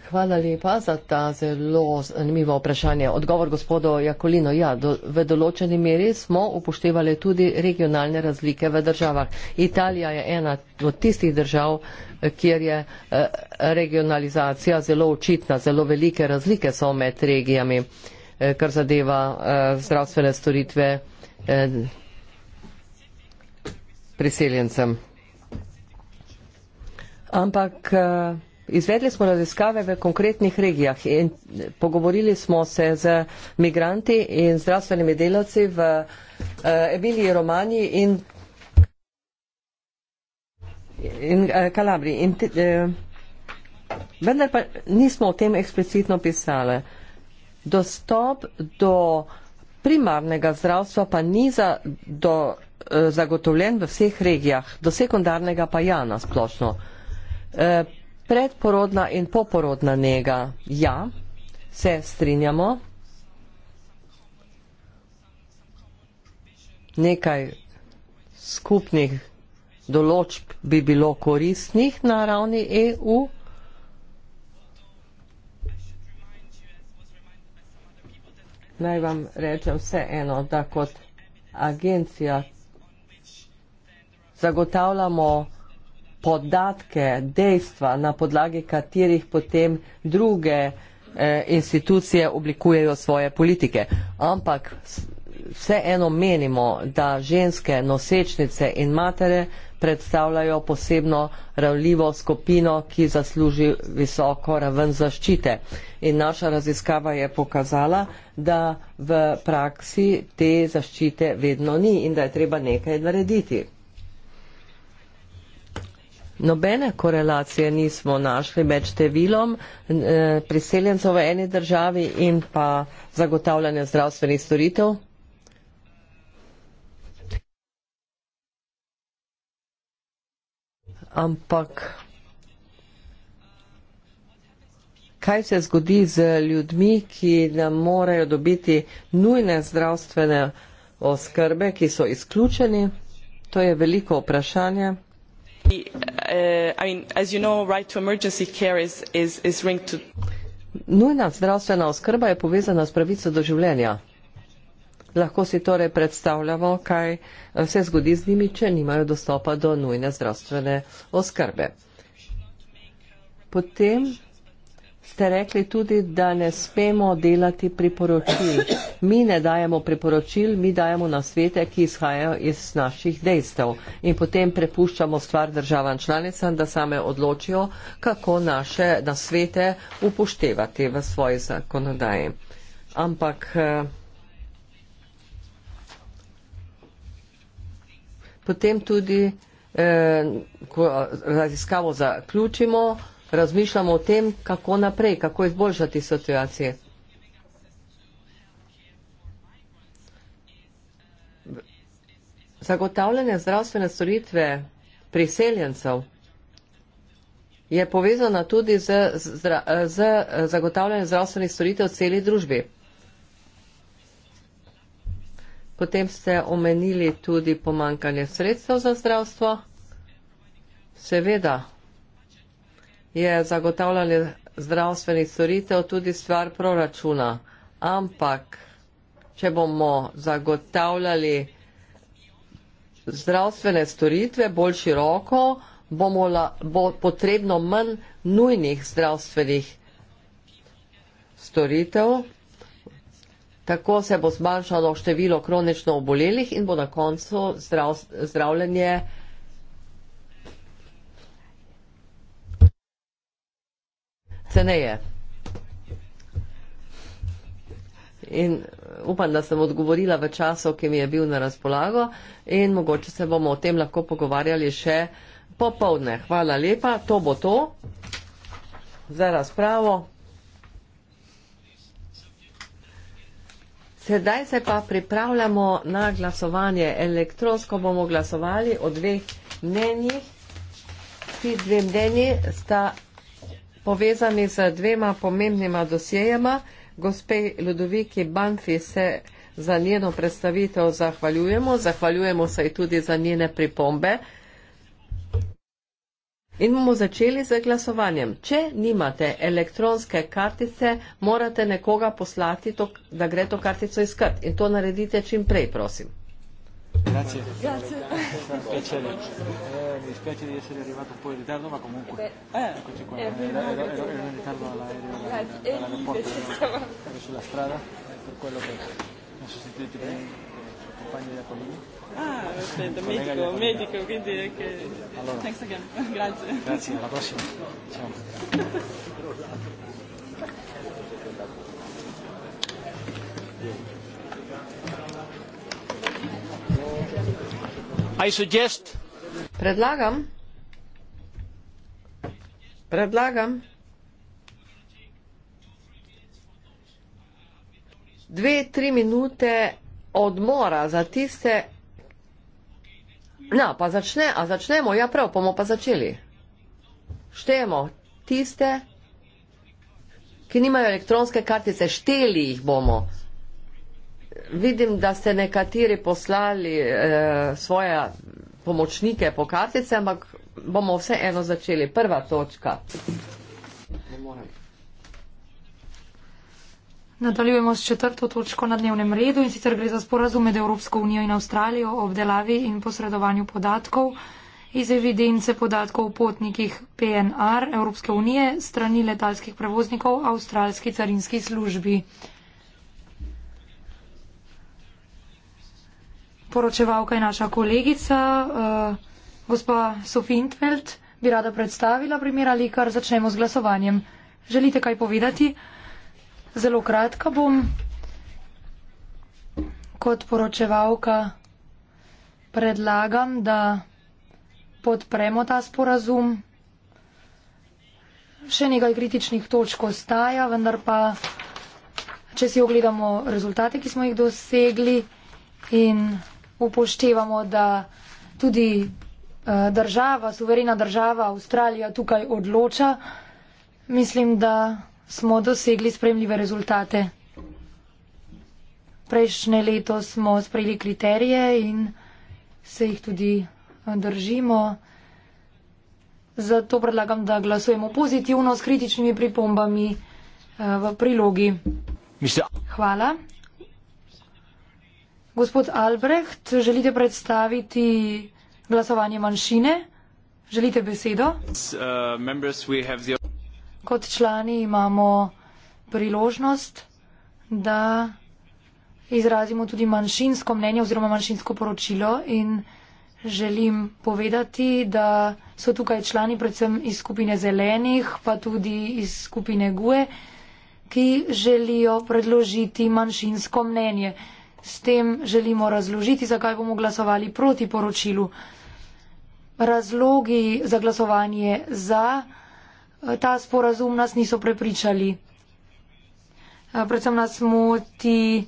A: Hvala lepa za ta zelo zanimivo vprašanje. Odgovor gospodo Jakolino. Ja, do, v določeni meri smo upoštevali tudi regionalne razlike v državah. Italija je ena od tistih držav, kjer je eh, regionalizacija zelo očitna, zelo velike razlike so med regijami, eh, kar zadeva eh, zdravstvene storitve priseljencem. Ampak Izvedli smo raziskave v konkretnih regijah in pogovorili smo se z migranti in zdravstvenimi delavci v uh, Emiliji, Romaniji in, in uh, Kalabriji. In te, uh, vendar pa nismo o tem eksplicitno pisali. Dostop do primarnega zdravstva pa ni za, do, uh, zagotovljen v vseh regijah, do sekundarnega pa ja na splošno. Uh, predporodna in poporodna nega. Ja, se strinjamo. Nekaj skupnih določb bi bilo koristnih na ravni EU. Naj vam rečem vse eno, da kot agencija zagotavljamo vse, podatke, dejstva, na podlagi katerih potem druge eh, institucije oblikujejo svoje politike. Ampak vseeno menimo, da ženske nosečnice in matere predstavljajo posebno ravljivo skupino, ki zasluži visoko raven zaščite. In naša raziskava je pokazala, da v praksi te zaščite vedno ni in da je treba nekaj narediti. Nobene korelacije nismo našli med številom eh, priseljencev v eni državi in pa zagotavljanje zdravstvenih storitev. Ampak kaj se zgodi z ljudmi, ki ne morejo dobiti nujne zdravstvene oskrbe, ki so izključeni? To je veliko vprašanje. Nujna zdravstvena oskrba je povezana s pravico do življenja. Lahko si torej predstavljamo, kaj se zgodi z njimi, če nimajo dostopa do nujne zdravstvene oskrbe. Potem ste rekli tudi, da ne smemo delati priporočil. Mi ne dajemo priporočil, mi dajemo nasvete, ki izhajajo iz naših dejstev. In potem prepuščamo stvar državam članicam, da same odločijo, kako naše nasvete upoštevati v svoji zakonodaji. Ampak. Eh, potem tudi, eh, ko raziskavo zaključimo, razmišljamo o tem, kako naprej, kako izboljšati situacije. Zagotavljanje zdravstvene storitve priseljencev je povezano tudi z, zra, z zagotavljanjem zdravstvenih storitev celi družbi. Potem ste omenili tudi pomankanje sredstev za zdravstvo. Seveda, je zagotavljanje zdravstvenih storitev tudi stvar proračuna. Ampak, če bomo zagotavljali zdravstvene storitve bolj široko, bomo la, bo potrebno manj nujnih zdravstvenih storitev. Tako se bo zmanjšalo število kronično obolelih in bo na koncu zdrav, zdravljenje ceneje. In upam, da sem odgovorila v času, ki mi je bil na razpolago in mogoče se bomo o tem lahko pogovarjali še popovdne. Hvala lepa, to bo to za razpravo. Sedaj se pa pripravljamo na glasovanje. Elektronsko bomo glasovali o dveh mnenjih. Ti dve mnenji sta povezani z dvema pomembnima dosjejema. Gospe Ludoviki Banfi se za njeno predstavitev zahvaljujemo, zahvaljujemo se tudi za njene pripombe. In bomo začeli z glasovanjem. Če nimate elektronske kartice, morate nekoga poslati, to, da gre to kartico iskat. In to naredite čim prej, prosim. Grazie.
C: Grazie. Piacere. Eh, mi spiace di essere arrivato un po' in ritardo, ma comunque.
B: Eccoci
A: eh, qua. Ero, ero, ero, ero in ritardo all'aereo. Grazie. Ero, ero, ero sulla strada, per quello che non sono sentito bene. Compagno di Apollini. Ah, aspetta, medico, medico, quindi è che. Allora. Thanks again. Grazie. Grazie, alla prossima.
C: Ciao.
A: Thank you. predlagam predlagam dve tri minute odmora za tiste na pa začne a začnemo ja prav bomo pa začeli štejemo tiste ki nimajo elektronske kartice šteli jih bomo vidim, da ste nekateri poslali eh, svoje pomočnike po kartice, ampak bomo vse eno začeli. Prva točka. Nadaljujemo
C: s četrto točko na dnevnem redu in sicer gre za sporazum med Evropsko unijo in Avstralijo o obdelavi in posredovanju podatkov iz evidence podatkov o potnikih PNR Evropske unije strani letalskih prevoznikov avstralski carinski službi. poročevalka je naša kolegica, uh, gospa Sofintveld, bi rada predstavila primer ali kar začnemo z glasovanjem. Želite kaj povedati? Zelo kratka bom. Kot poročevalka predlagam, da podpremo ta sporazum. Še nekaj kritičnih točk ostaja, vendar pa, če si ogledamo rezultate, ki smo jih dosegli in upoštevamo, da tudi eh, država, suverena država Avstralija tukaj odloča, mislim, da smo dosegli spremljive rezultate. Prejšnje leto smo sprejeli kriterije in se jih tudi eh, držimo. Zato predlagam, da glasujemo pozitivno s kritičnimi pripombami eh, v prilogi. Hvala. Gospod Albrecht, želite predstaviti glasovanje manjšine? Želite besedo? Kot člani imamo priložnost, da izrazimo tudi manjšinsko mnenje oziroma manjšinsko poročilo in želim povedati, da so tukaj člani predvsem iz skupine zelenih, pa tudi iz skupine GUE, ki želijo predložiti manjšinsko mnenje. S tem želimo razložiti, zakaj bomo glasovali proti poročilu. Razlogi za glasovanje za eh, ta sporazum nas niso prepričali. Eh, predvsem nas moti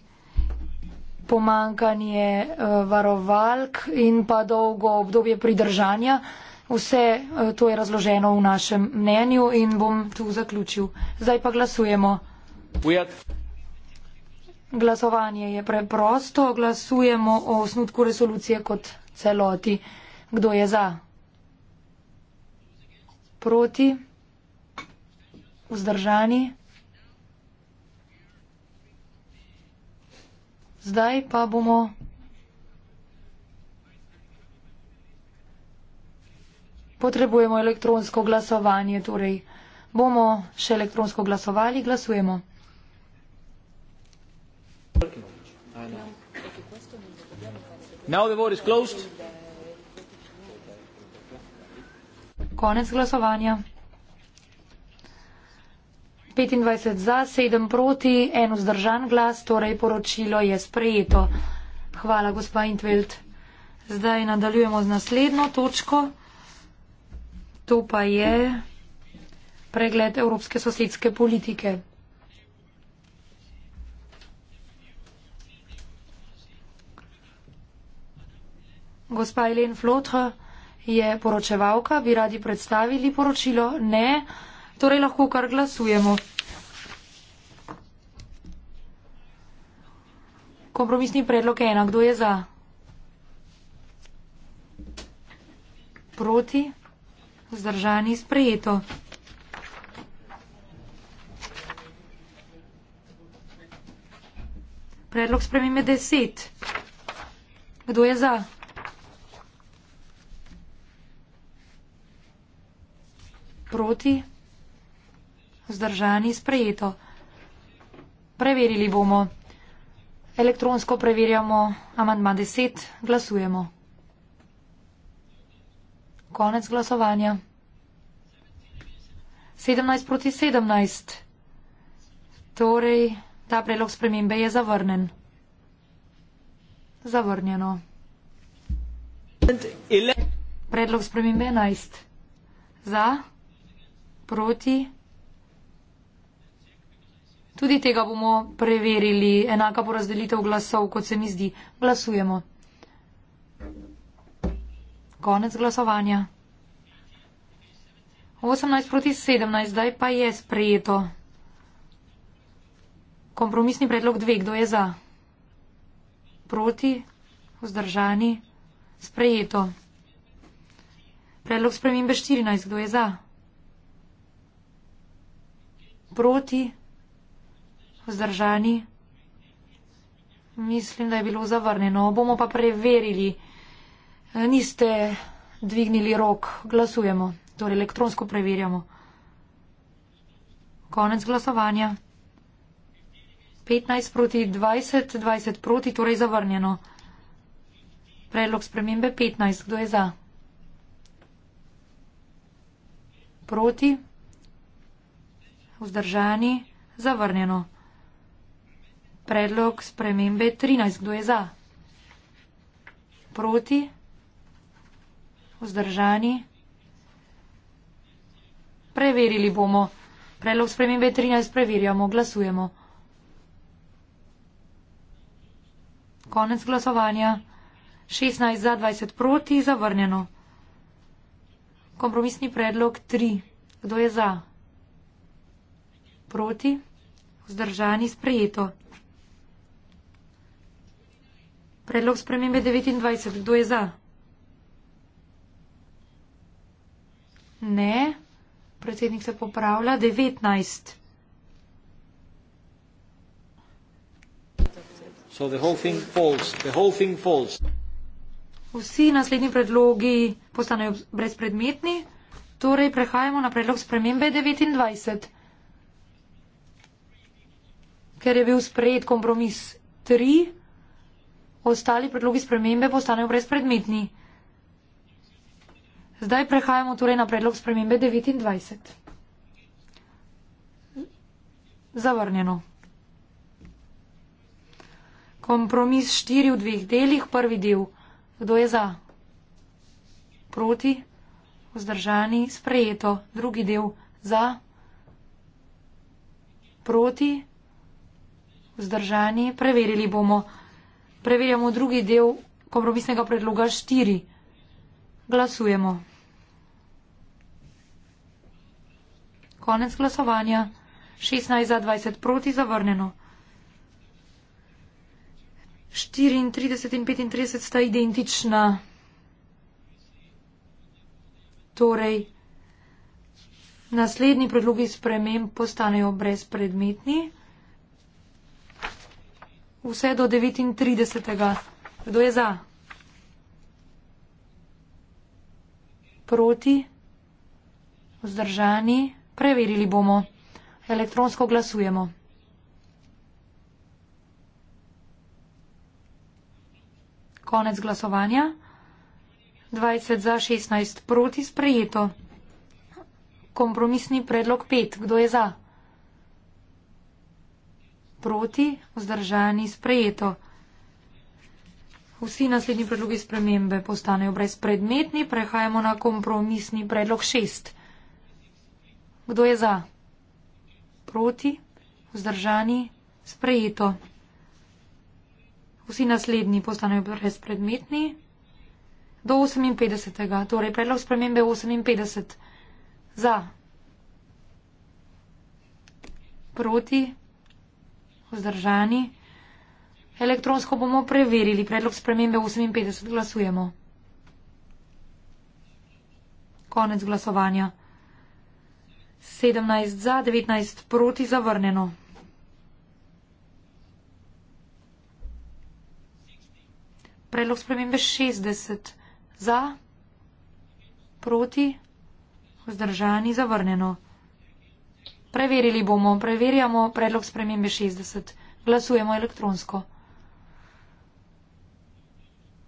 C: pomankanje eh, varovalk in pa dolgo obdobje pridržanja. Vse to je razloženo v našem mnenju in bom tu zaključil. Zdaj pa glasujemo. Glasovanje je preprosto, glasujemo o osnutku resolucije kot celoti. Kdo je za? Proti? Vzdržani? Zdaj pa bomo. Potrebujemo elektronsko glasovanje, torej bomo še elektronsko glasovali, glasujemo. Konec glasovanja. 25 za, 7 proti, 1 vzdržan glas, torej poročilo je sprejeto. Hvala, gospa Intveld. Zdaj nadaljujemo z naslednjo točko, to pa je pregled evropske sosedske politike. Gospa Elen Flotre je poročevalka, bi radi predstavili poročilo? Ne. Torej lahko kar glasujemo. Kompromisni predlog ena. Kdo je za? Proti? Zdržani sprejeto. Predlog spremembe deset. Kdo je za? proti, vzdržani, sprejeto. Preverili bomo. Elektronsko preverjamo amantma 10, glasujemo. Konec glasovanja. 17 proti 17. Torej, ta predlog spremembe je zavrnen. Zavrnjeno. Predlog spremembe 11. Za proti. Tudi tega bomo preverili, enaka porazdelitev glasov, kot se mi zdi. Glasujemo. Konec glasovanja. 18 proti 17, zdaj pa je sprejeto. Kompromisni predlog dve, kdo je za? Proti, vzdržani, sprejeto. Predlog spremembe 14, kdo je za? proti, vzdržani. Mislim, da je bilo zavrnjeno. Bomo pa preverili. Niste dvignili rok. Glasujemo. Torej elektronsko preverjamo. Konec glasovanja. 15 proti 20, 20 proti, torej zavrnjeno. Predlog spremembe 15. Kdo je za? Proti vzdržani, zavrnjeno. Predlog spremembe 13. Kdo je za? Proti, vzdržani. Preverili bomo. Predlog spremembe 13 preverjamo, glasujemo. Konec glasovanja. 16 za, 20 proti, zavrnjeno. Kompromisni predlog 3. Kdo je za? Proti. Vzdržani sprejeto. Predlog spremembe 29. Kdo je za? Ne. Predsednik se popravlja. 19.
A: So the whole thing falls. The whole thing falls.
C: Vsi naslednji predlogi postanejo brezpredmetni. Torej, prehajamo na predlog spremembe 29 ker je bil sprejet kompromis 3, ostali predlogi spremembe postanejo brezpredmetni. Zdaj prehajamo torej na predlog spremembe 29. Zavrnjeno. Kompromis 4 v dveh delih, prvi del. Kdo je za? Proti? Vzdržani? Sprejeto. Drugi del. Za? Proti? vzdržani. Preverili bomo. Preverjamo drugi del kompromisnega predloga 4. Glasujemo. Konec glasovanja. 16 za 20 proti zavrnjeno. 34 in 35 sta identična. Torej, naslednji predlogi sprememb postanejo brezpredmetni vse do 39. Kdo je za? Proti? Vzdržani? Preverili bomo. Elektronsko glasujemo. Konec glasovanja. 20 za 16 proti sprejeto. Kompromisni predlog 5. Kdo je za? proti, vzdržani, sprejeto. Vsi naslednji predlogi spremembe postanejo brezpredmetni. Prehajamo na kompromisni predlog šest. Kdo je za? Proti, vzdržani, sprejeto. Vsi naslednji postanejo brezpredmetni. Do 58. Torej predlog spremembe 58. Za. Proti, Vzdržani. Elektronsko bomo preverili. Predlog spremembe 58. Glasujemo. Konec glasovanja. 17 za, 19 proti, zavrnjeno. Predlog spremembe 60 za, proti, vzdržani, zavrnjeno. Preverili bomo, preverjamo predlog spremembe 60. Glasujemo elektronsko.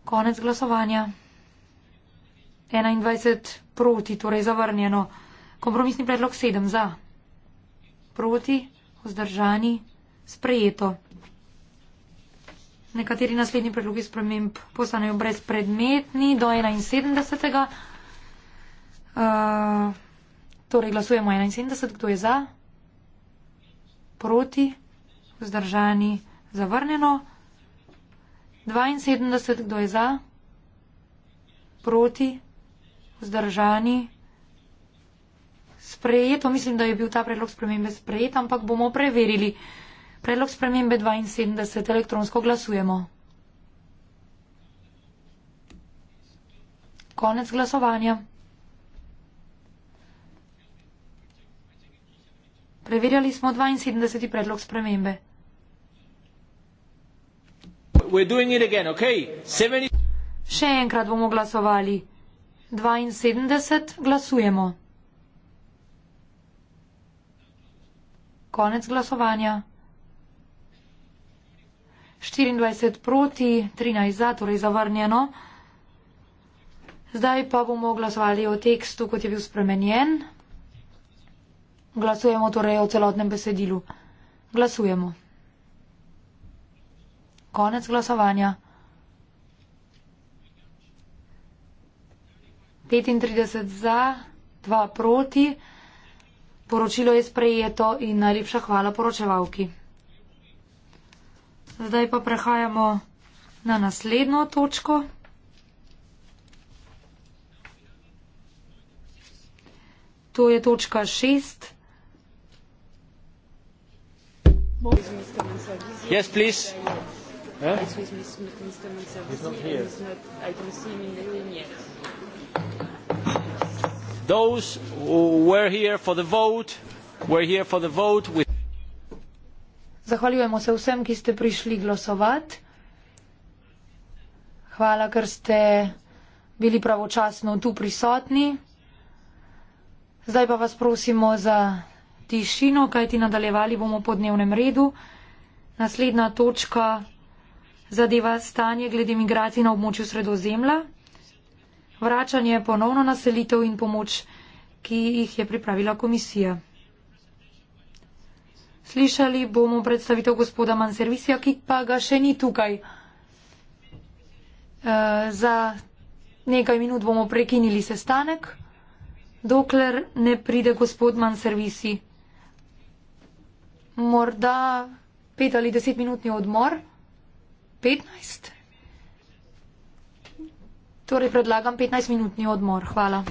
C: Konec glasovanja. 21 proti, torej zavrnjeno. Kompromisni predlog 7 za. Proti, vzdržani, sprejeto. Nekateri naslednji predlogi sprememb postanejo brezpredmetni do 71. Uh, Torej glasujemo 71, kdo je za, proti, vzdržani, zavrnjeno. 72, kdo je za, proti, vzdržani, sprejeto. Mislim, da je bil ta predlog spremembe sprejet, ampak bomo preverili. Predlog spremembe 72 elektronsko glasujemo. Konec glasovanja. Preverjali smo 72. predlog spremembe.
A: Again, okay? 70...
C: Še enkrat bomo glasovali. 72 glasujemo. Konec glasovanja. 24 proti, 13 za, torej zavrnjeno. Zdaj pa bomo glasovali o tekstu, kot je bil spremenjen. Glasujemo torej o celotnem besedilu. Glasujemo. Konec glasovanja. 35 za, 2 proti. Poročilo je sprejeto in najlepša hvala poročevalki. Zdaj pa prehajamo na naslednjo točko. To je točka 6.
A: Yes, please. Huh?
C: Mr. He's not here. He's not, I don't see him in the room yet.
A: Those who were here for the vote were here for the vote with.
C: Zahvaljujemo se vsem, ki ste prišli glasovati. Hvala, ker ste bili pravočasno tu prisotni. Zdaj pa vas prosimo za tišino, kajti nadaljevali bomo po dnevnem redu. Naslednja točka zadeva stanje glede migracij na območju sredozemlja, vračanje ponovno naselitev in pomoč, ki jih je pripravila komisija. Slišali bomo predstavitev gospoda Manservisija, ki pa ga še ni tukaj. E, za nekaj minut bomo prekinili sestanek, dokler ne pride gospod Manservisi morda pet ali deset minutni odmor. 15? Torej predlagam 15-minutni odmor. Hvala.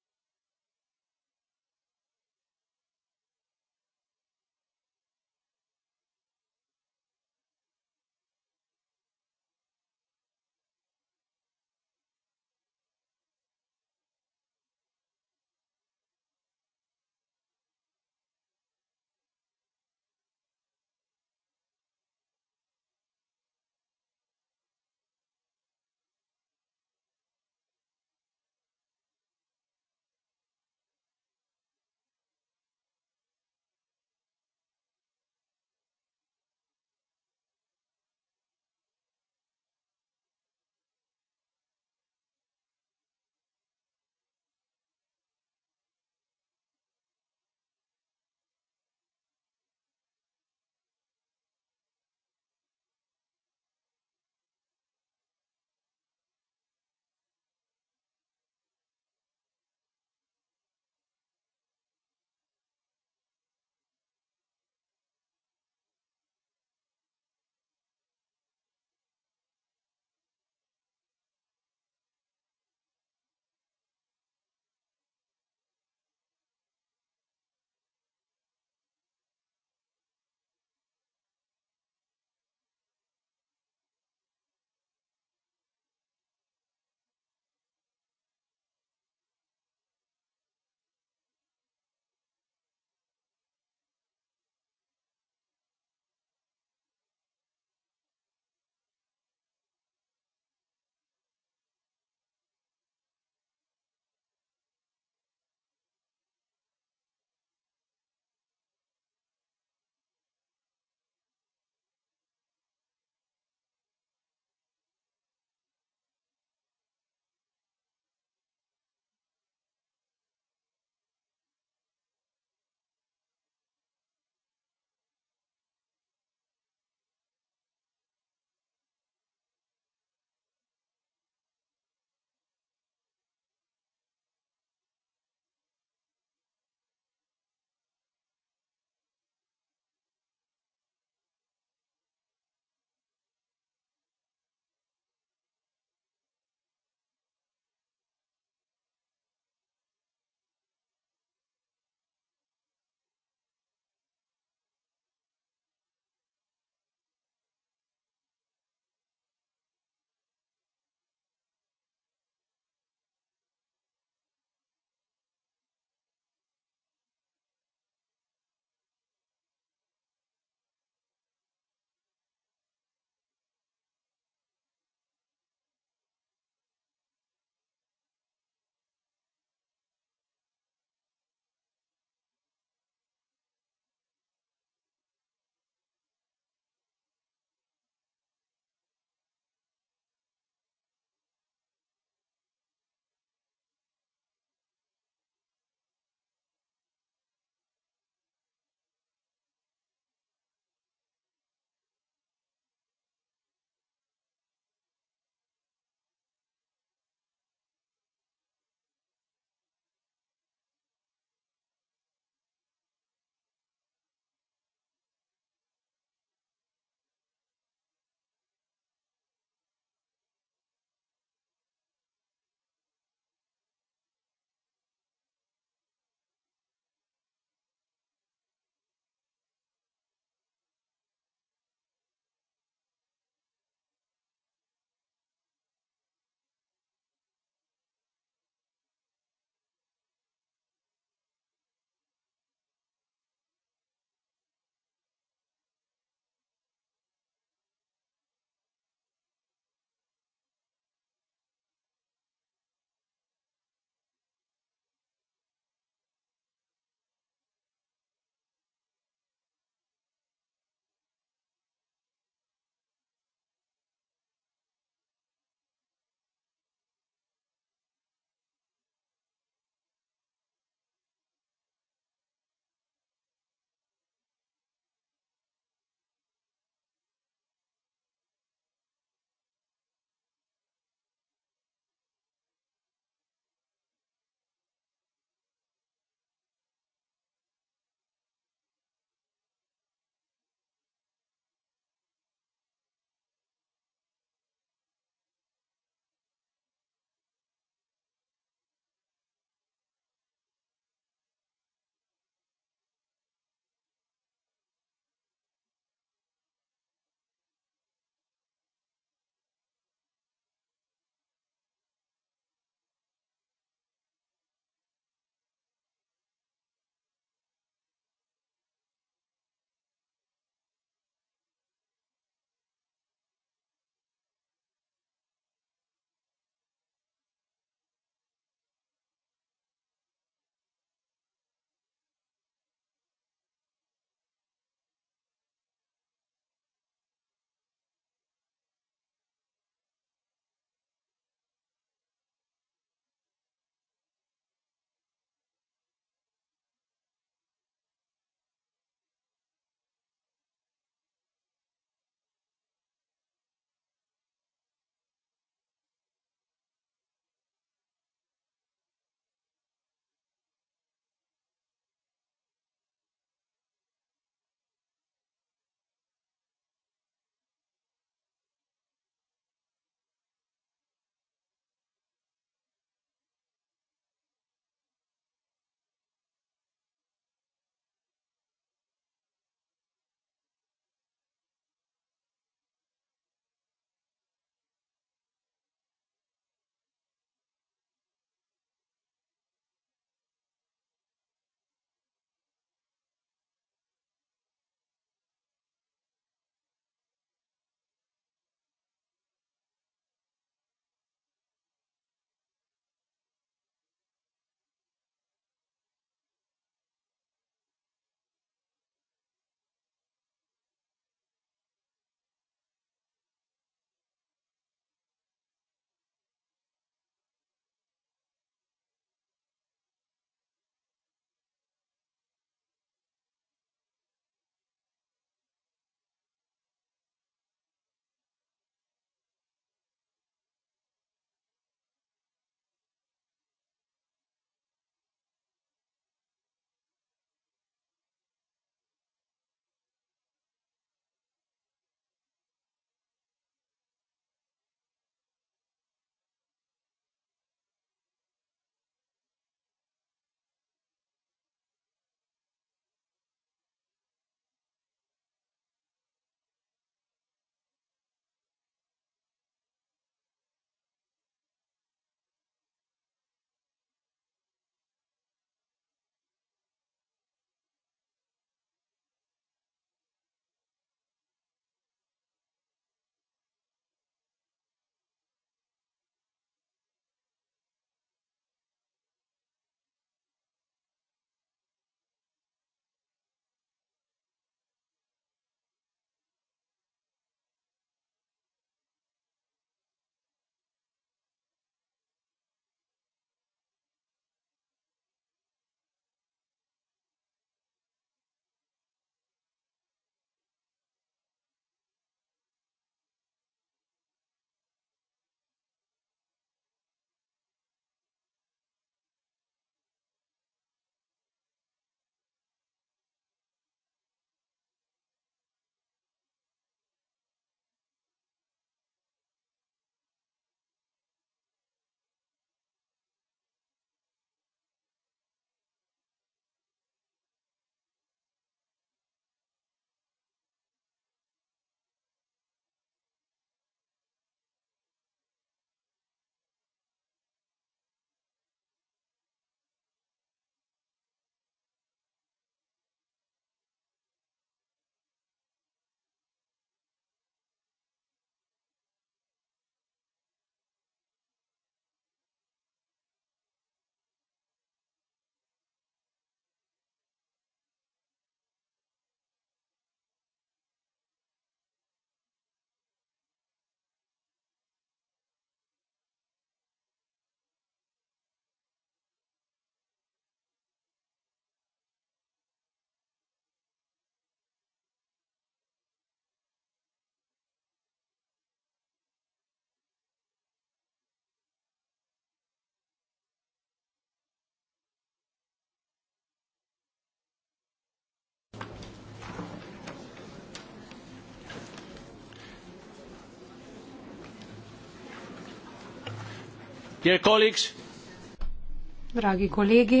C: Dragi kolegi,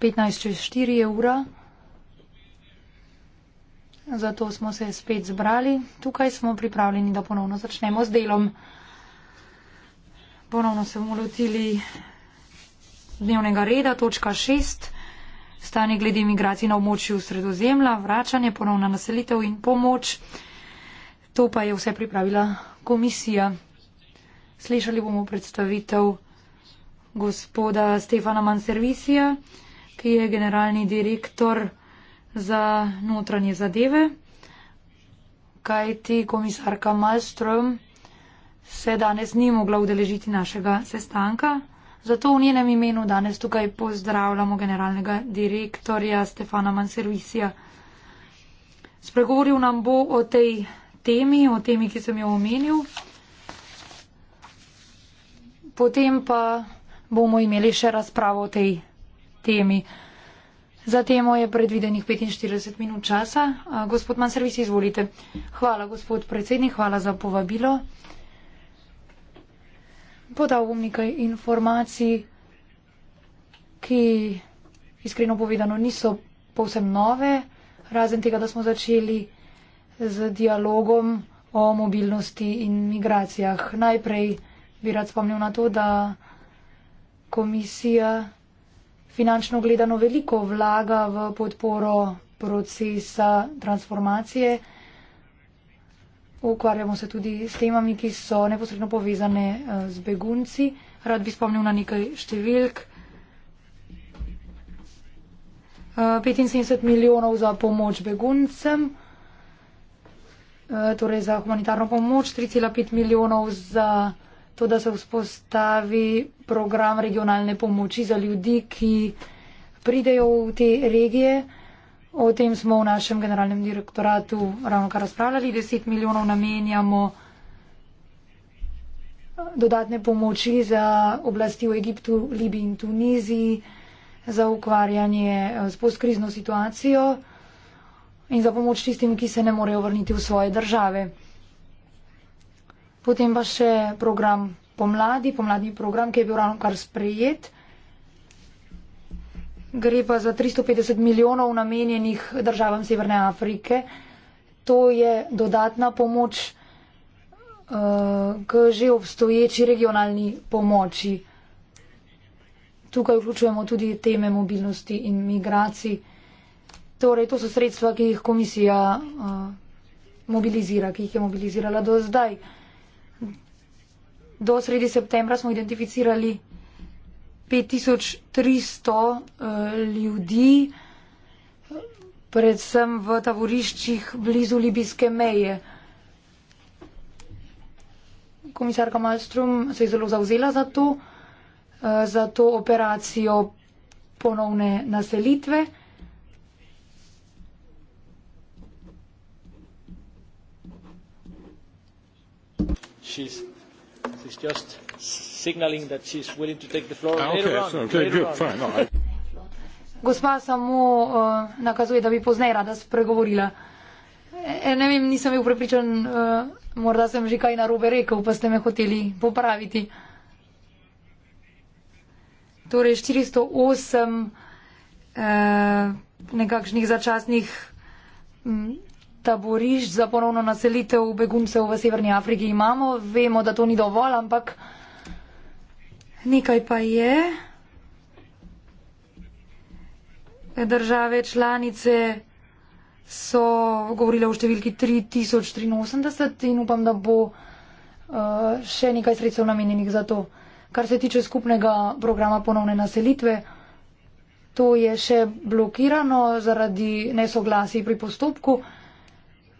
C: 15.04 je ura, zato smo se spet zbrali. Tukaj smo pripravljeni, da ponovno začnemo z delom. Ponovno se bomo lotili dnevnega reda, točka 6, stanje glede migracij na območju sredozemlja, vračanje, ponovna naselitev in pomoč. To pa je vse pripravila komisija. Slišali bomo predstavitev gospoda Stefana Manservisija, ki je generalni direktor za notranje zadeve, kajti komisarka Malmström se danes ni mogla udeležiti našega sestanka. Zato v njenem imenu danes tukaj pozdravljamo generalnega direktorja Stefana Manservisija. Spregovoril nam bo o tej temi, o temi, ki sem jo omenil potem pa bomo imeli še razpravo o tej temi. Za temo je predvidenih 45 minut časa. A, gospod Manservis, izvolite. Hvala, gospod predsednik, hvala za povabilo. Podal bom nekaj informacij, ki iskreno povedano niso povsem nove, razen tega, da smo začeli z dialogom o mobilnosti in migracijah. Najprej bi rad spomnil na to, da komisija finančno gledano veliko vlaga v podporo procesa transformacije. Ukvarjamo se tudi s temami, ki so neposredno povezane eh, z begunci. Rad bi spomnil na nekaj številk. 75 eh, milijonov za pomoč beguncem, eh, torej za humanitarno pomoč, 3,5 milijonov za to, da se vzpostavi program regionalne pomoči za ljudi, ki pridejo v te regije. O tem smo v našem generalnem direktoratu ravno kar razpravljali. 10 milijonov namenjamo dodatne pomoči za oblasti v Egiptu, Libiji in Tuniziji za ukvarjanje eh, s postkrizno situacijo in za pomoč tistim, ki se ne morejo vrniti v svoje države. Potem pa še program pomladi, pomladni program, ki je bil ravno kar sprejet. Gre pa za 350 milijonov namenjenih državam Severne Afrike. To je dodatna pomoč uh, k že obstoječi regionalni pomoči. Tukaj vključujemo tudi teme mobilnosti in migracij. Torej, to so sredstva, ki jih komisija uh, mobilizira, ki jih je mobilizirala do zdaj do sredi septembra smo identificirali 5300 uh, eh, ljudi, predvsem v taboriščih blizu libijske meje. Komisarka Malstrom se je zelo zavzela za to, eh, za to operacijo ponovne naselitve. She's is just signaling that she's willing to take the floor ah, okay, later on. So, okay, later
A: good, on. fine. No, I...
C: Gospa samo uh, nakazuje, da bi pozneje rada spregovorila. E, ne vem, nisem bil prepričan, uh, morda sem že kaj narobe rekel, pa ste me hoteli popraviti. Torej, 408 uh, eh, nekakšnih začasnih mm, taborišč za ponovno naselitev beguncev v Severni Afriki imamo. Vemo, da to ni dovolj, ampak nekaj pa je. Države članice so govorile o številki 3083 in upam, da bo uh, še nekaj sredstev namenjenih za to. Kar se tiče skupnega programa ponovne naselitve, to je še blokirano zaradi nesoglasij pri postopku. Uh,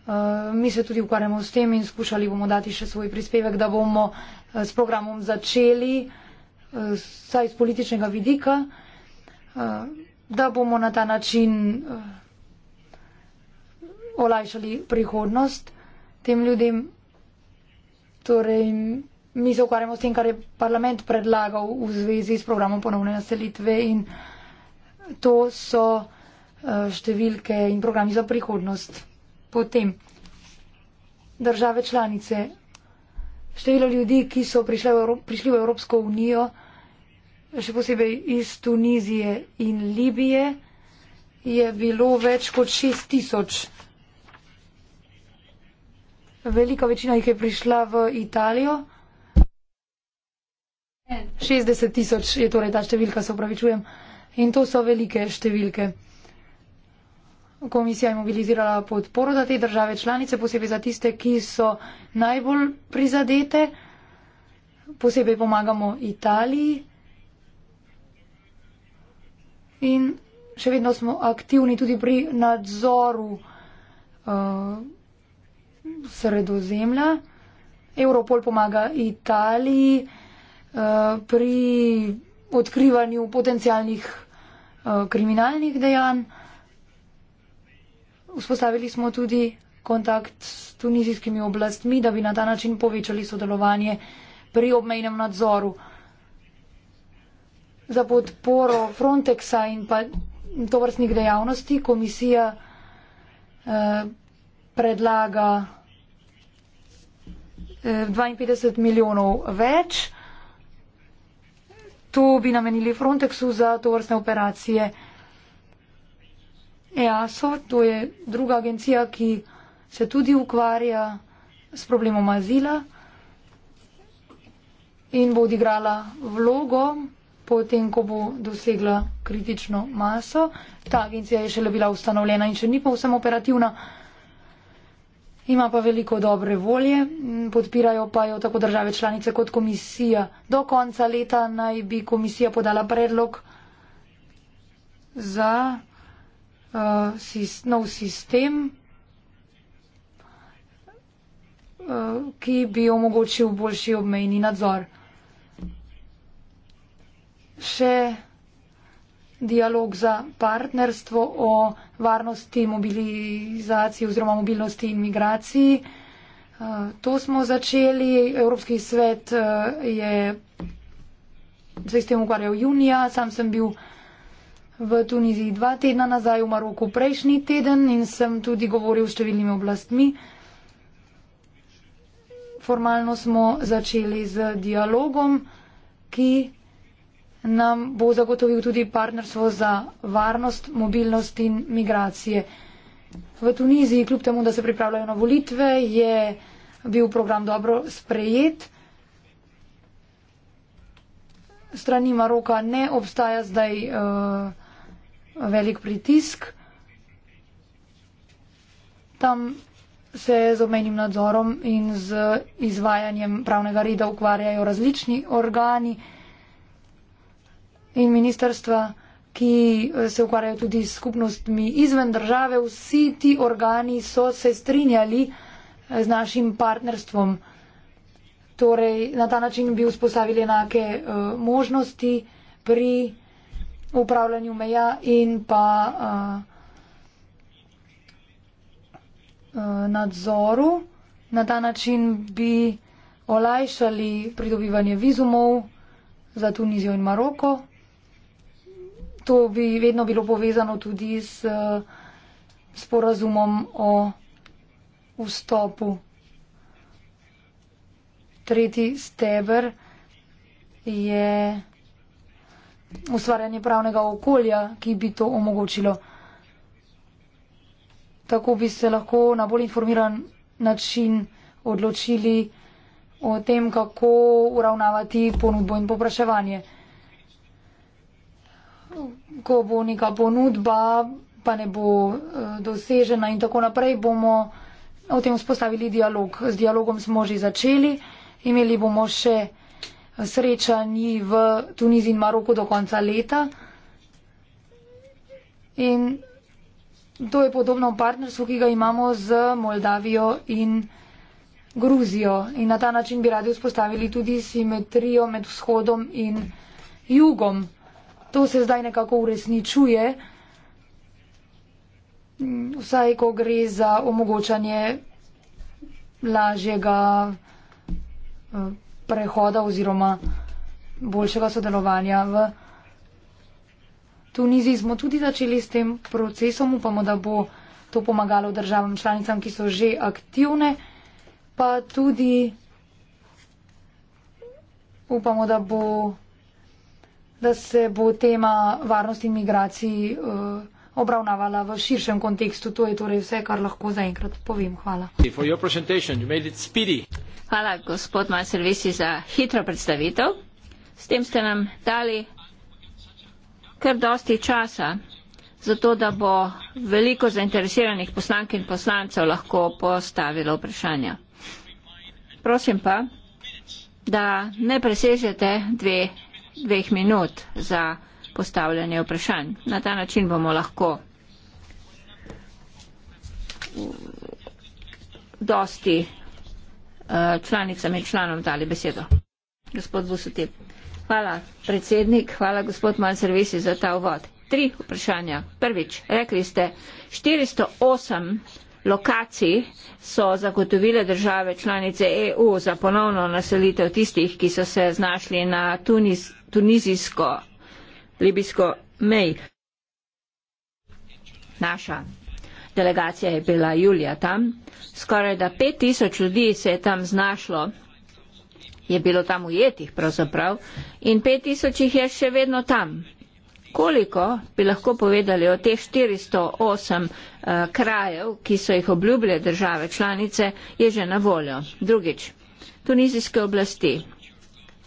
C: Eh, mi se tudi ukvarjamo s tem in skušali bomo dati še svoj prispevek, da bomo eh, s programom začeli, eh, saj z političnega vidika, da bomo na ta način olajšali prihodnost tem ljudem. Torej, mi se ukvarjamo s tem, kar je parlament predlagal v zvezi s programom ponovne naselitve in to so številke in programi za prihodnost. Potem države članice, število ljudi, ki so prišli v, Evrop, prišli v Evropsko unijo, še posebej iz Tunizije in Libije, je bilo več kot 6 tisoč. Velika večina jih je prišla v Italijo. 60 tisoč je torej ta številka, se upravičujem. In to so velike številke. Komisija je mobilizirala podporo za te države članice, posebej za tiste, ki so najbolj prizadete. Posebej pomagamo Italiji. In še vedno smo aktivni tudi pri nadzoru uh, sredozemlja. Europol pomaga Italiji uh, pri odkrivanju potencijalnih uh, eh, kriminalnih dejanj. Vzpostavili smo tudi kontakt s tunizijskimi oblastmi, da bi na ta način povečali sodelovanje pri obmejnem nadzoru. Za podporo Frontexa in pa tovrstnih dejavnosti komisija eh, predlaga eh, 52 milijonov več. To bi namenili Frontexu za tovrstne operacije. EASO, to je druga agencija, ki se tudi ukvarja s problemom azila in bo odigrala vlogo potem, ko bo dosegla kritično maso. Ta agencija je šele bila ustanovljena in še ni povsem operativna. Ima pa veliko dobre volje, podpirajo pa jo tako države članice kot komisija. Do konca leta naj bi komisija podala predlog za nov sistem, ki bi omogočil boljši obmejni nadzor. Še dialog za partnerstvo o varnosti, mobilizaciji oziroma mobilnosti in migraciji. Eh, to smo začeli. Evropski svet eh, je se s tem ukvarjal junija, sam sem bil v Tuniziji dva tedna nazaj, v Maroku prejšnji teden in sem tudi govoril s številnimi oblastmi. Formalno smo začeli z dialogom, ki nam bo zagotovil tudi partnerstvo za varnost, mobilnost in migracije. V Tuniziji, kljub temu, da se pripravljajo na volitve, je bil program dobro sprejet. Strani Maroka ne obstaja zdaj. Uh, velik pritisk. Tam se z omenim nadzorom in z izvajanjem pravnega reda ukvarjajo različni organi in ministerstva, ki eh, se ukvarjajo tudi s skupnostmi izven države. Vsi ti organi so se strinjali eh, z našim partnerstvom. Torej, na ta način bi vzpostavili enake uh, možnosti pri v upravljanju meja in pa eh, eh, nadzoru. Na ta način bi olajšali pridobivanje vizumov za Tunizijo in Maroko. To bi vedno bilo povezano tudi s eh, sporazumom o vstopu. Tretji steber je ustvarjanje pravnega okolja, ki bi to omogočilo. Tako bi se lahko na bolj informiran način odločili o tem, kako uravnavati ponudbo in popraševanje. Ko bo neka ponudba, pa ne bo eh, dosežena in tako naprej, bomo o tem vzpostavili dialog. Z dialogom smo že začeli, imeli bomo še srečanji v Tuniziji in Maroku do konca leta. In to je podobno partnerstvu, ki ga imamo z Moldavijo in Gruzijo. In na ta način bi radi vzpostavili tudi simetrijo med vzhodom in jugom. To se zdaj nekako uresničuje, vsaj ko gre za omogočanje lažjega eh, prehoda oziroma boljšega sodelovanja. V Tuniziji smo tudi začeli s tem procesom, upamo, da bo to pomagalo državam članicam, ki so že aktivne, pa tudi upamo, da, bo, da se bo tema varnosti in migracij. Uh, obravnavala v širšem kontekstu. To je torej vse, kar
B: lahko zaenkrat povem. Hvala. Hvala, gospod Maservisi, za hitro predstavitev. S tem ste nam dali kar dosti časa, zato da bo veliko zainteresiranih poslank in poslancev lahko postavilo vprašanja. Prosim pa, da ne presežete dve, dveh minut za postavljanje vprašanj. Na ta način bomo lahko dosti eh, članicam in članom dali besedo. Gospod Vusutip. Hvala, predsednik, hvala, gospod Manservisi, za ta uvod. Tri vprašanja. Prvič, rekli ste, 408 lokacij so zagotovile države članice EU za ponovno naselitev tistih, ki so se znašli na tunis, tunizijsko libijsko mej. Naša delegacija je bila julija tam, skoraj da pet tisoč ljudi se je tam znašlo, je bilo tam ujetih pravzaprav in pet tisoč jih je še vedno tam. Koliko bi lahko povedali o teh 408 uh, eh, krajev, ki so jih obljubile države članice, je že na voljo. Drugič, tunizijske oblasti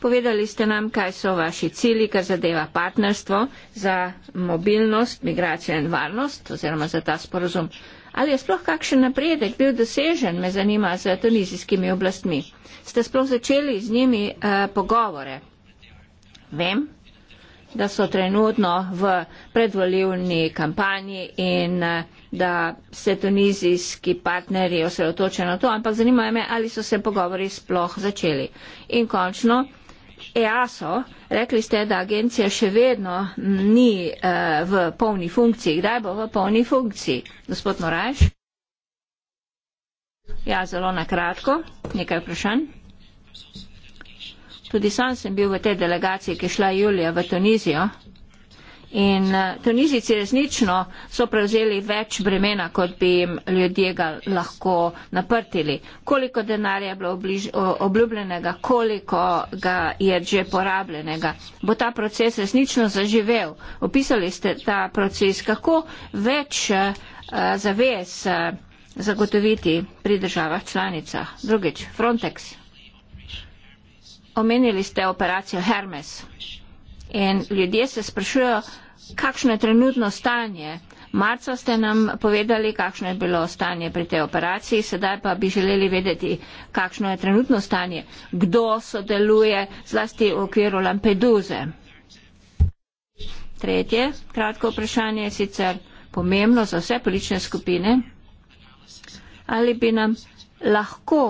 B: povedali ste nam, kaj so vaši cili, kar zadeva partnerstvo za mobilnost, migracijo in varnost oziroma za ta sporozum. Ali je sploh kakšen napredek bil dosežen, me zanima, z tunizijskimi oblastmi? Ste sploh začeli z njimi uh, pogovore? Vem, da so trenutno v predvoljivni kampanji in uh, da se tunizijski partnerji osredotočajo na to, ampak zanima me, ali so se pogovori sploh začeli. In končno, EASO, rekli ste, da agencija še vedno ni eh, v polni funkciji. Kdaj bo v polni funkciji? Gospod Moraš? Ja, zelo na kratko, nekaj vprašanj. Tudi sam sem bil v tej delegaciji, ki je šla julija v Tunizijo. In eh, Tunizici resnično so prevzeli več bremena, kot bi jim ljudje ga lahko naprtili. Koliko denarja je bilo obliž, obljubljenega, koliko ga je že porabljenega. Bo ta proces resnično zaživel? Opisali ste ta proces, kako več uh, zavez uh, zagotoviti pri državah članicah. Drugič, Frontex. Omenili ste operacijo Hermes. In ljudje se sprašujejo, kakšno je trenutno stanje. Marca ste nam povedali, kakšno je bilo stanje pri tej operaciji, sedaj pa bi želeli vedeti, kakšno je trenutno stanje, kdo sodeluje zlasti v okviru Lampeduze. Tretje kratko vprašanje je sicer pomembno za vse politične skupine. Ali bi nam lahko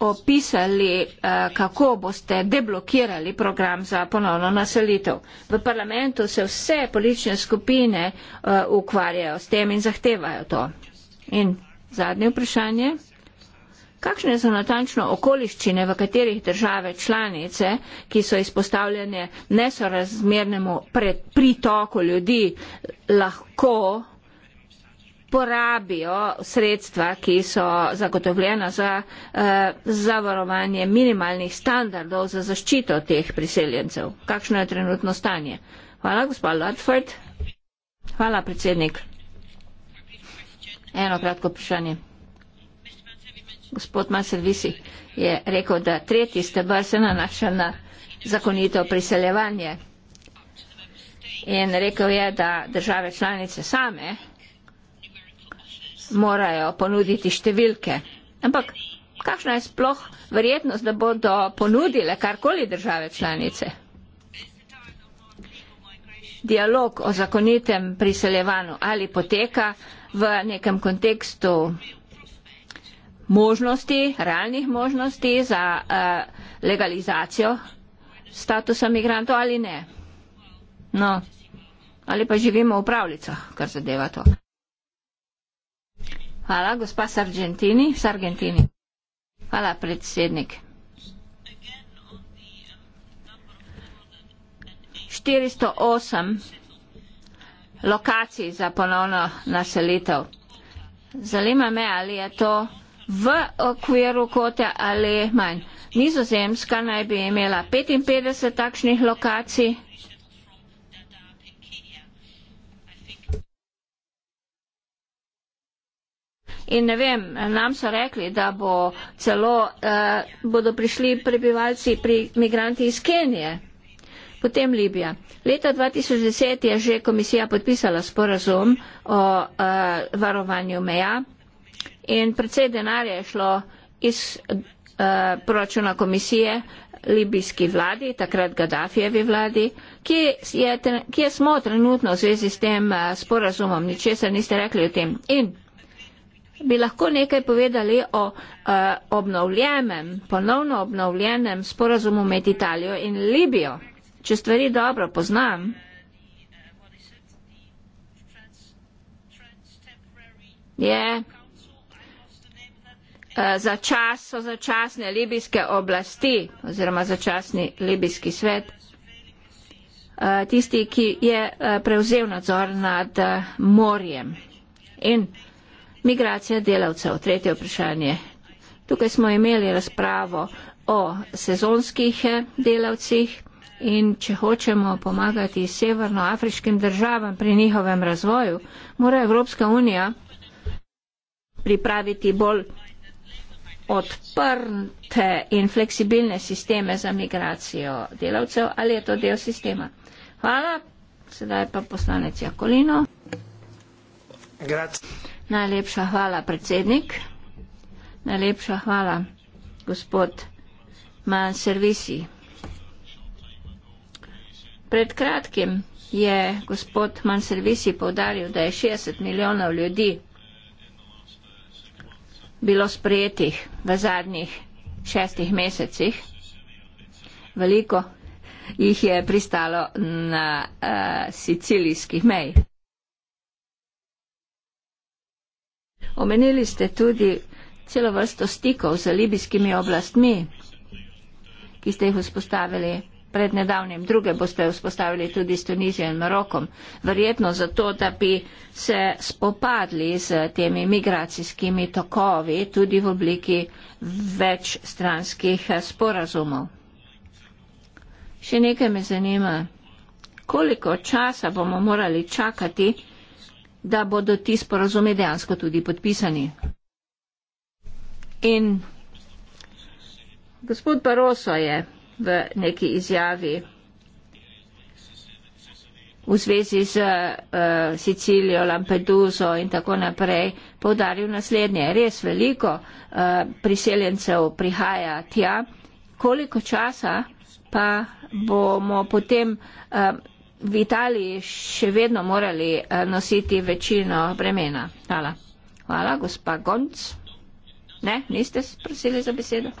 B: opisali, eh, kako boste deblokirali program za ponovno naselitev. V parlamentu se vse politične skupine eh, ukvarjajo s tem in zahtevajo to. In zadnje vprašanje. Kakšne so natančno okoliščine, v katerih države članice, ki so izpostavljene nesorazmernemu pritoku ljudi, lahko porabijo sredstva, ki so zagotovljena za eh, zavarovanje minimalnih standardov za zaščito teh priseljencev. Kakšno je trenutno stanje? Hvala, gospod Ludford. Hvala, predsednik. Eno kratko vprašanje. Gospod Maservisi je rekel, da tretji stebr se nanaša na zakonito priseljevanje. In rekel je, da države članice same morajo ponuditi številke. Ampak kakšna je sploh verjetnost, da bodo ponudile karkoli države članice? Dialog o zakonitem priseljevanju ali poteka v nekem kontekstu možnosti, realnih možnosti za uh, legalizacijo statusa migrantov ali ne. No, ali pa živimo v pravljicah, kar zadeva to. Hvala, gospa Sargentini. Sargentini. Hvala, predsednik. 408 lokacij za ponovno naselitev. Zanima me, ali je to v okviru kote ali manj. Nizozemska naj bi imela 55 takšnih lokacij. in ne vem, nam so rekli, da bo celo, uh, bodo prišli prebivalci pri migranti iz Kenije, potem Libija. Leta 2010 je že komisija podpisala sporazum o uh, varovanju meja in predvsej denarja je šlo iz uh, proračuna komisije libijski vladi, takrat Gaddafijevi vladi, kje smo trenutno v zvezi s tem sporazumom, ničesar niste rekli o tem. In bi lahko nekaj povedali o uh, obnovljenem, ponovno obnovljenem sporazumu med Italijo in Libijo. Če stvari dobro poznam, je uh, za čas so začasne libijske oblasti oziroma začasni libijski svet. Uh, tisti, ki je uh, prevzel nadzor nad uh, morjem. In uh, Migracija delavcev, tretje vprašanje. Tukaj smo imeli razpravo o sezonskih eh, delavcih in če hočemo pomagati severnoafriškim državam pri njihovem razvoju, mora Evropska unija pripraviti bolj odprte in fleksibilne sisteme za migracijo delavcev ali je to del sistema. Hvala, sedaj pa poslanec Jakolino.
C: Grazie.
B: Najlepša hvala, predsednik. Najlepša hvala, gospod Man Servisi. Pred kratkim je gospod Man Servisi povdaril, da je 60 milijonov ljudi bilo sprejetih v zadnjih šestih mesecih. Veliko jih je pristalo na uh, eh, sicilijskih mej. Omenili ste tudi celo vrsto stikov z libijskimi oblastmi, ki ste jih vzpostavili pred nedavnim. Druge boste vzpostavili tudi s Tunizijo in Marokom. Verjetno zato, da bi se spopadli z temi migracijskimi tokovi tudi v obliki večstranskih eh, sporazumov. Še nekaj me zanima. Koliko časa bomo morali čakati, da bodo ti sporazumi dejansko tudi podpisani. In gospod Baroso je v neki izjavi v zvezi z uh, Sicilijo, Lampeduzo in tako naprej povdaril naslednje. Res veliko uh, priseljencev prihaja tja, koliko časa pa bomo potem uh, v Italiji še vedno morali eh, nositi večino bremena. Hvala. Hvala, gospa Gonc. Ne, niste prosili za besedo.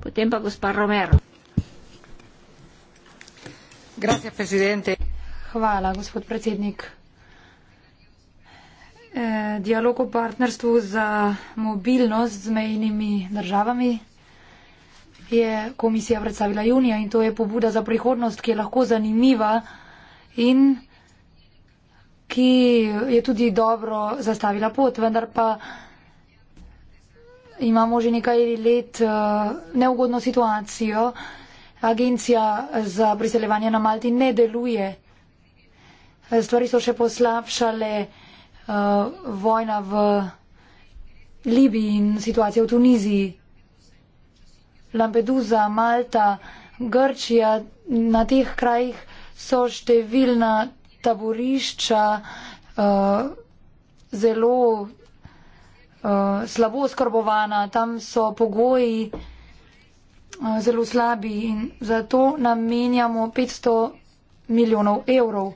B: Potem pa gospa Romero. Hvala, gospod
C: predsednik. Eh, dialog o partnerstvu za mobilnost z mejnimi državami je komisija predstavila junija in to je pobuda za prihodnost, ki je lahko zanimiva in ki je tudi dobro zastavila pot, vendar pa imamo že nekaj let eh, neugodno situacijo. Agencija za priseljevanje na Malti ne deluje. Stvari so še poslavšale eh, vojna v Libiji in situacija v Tuniziji. Lampedusa, Malta, Grčija, na teh krajih so številna taborišča uh, zelo uh, slabo skrbovana, tam so pogoji uh, zelo slabi in zato namenjamo 500 milijonov evrov.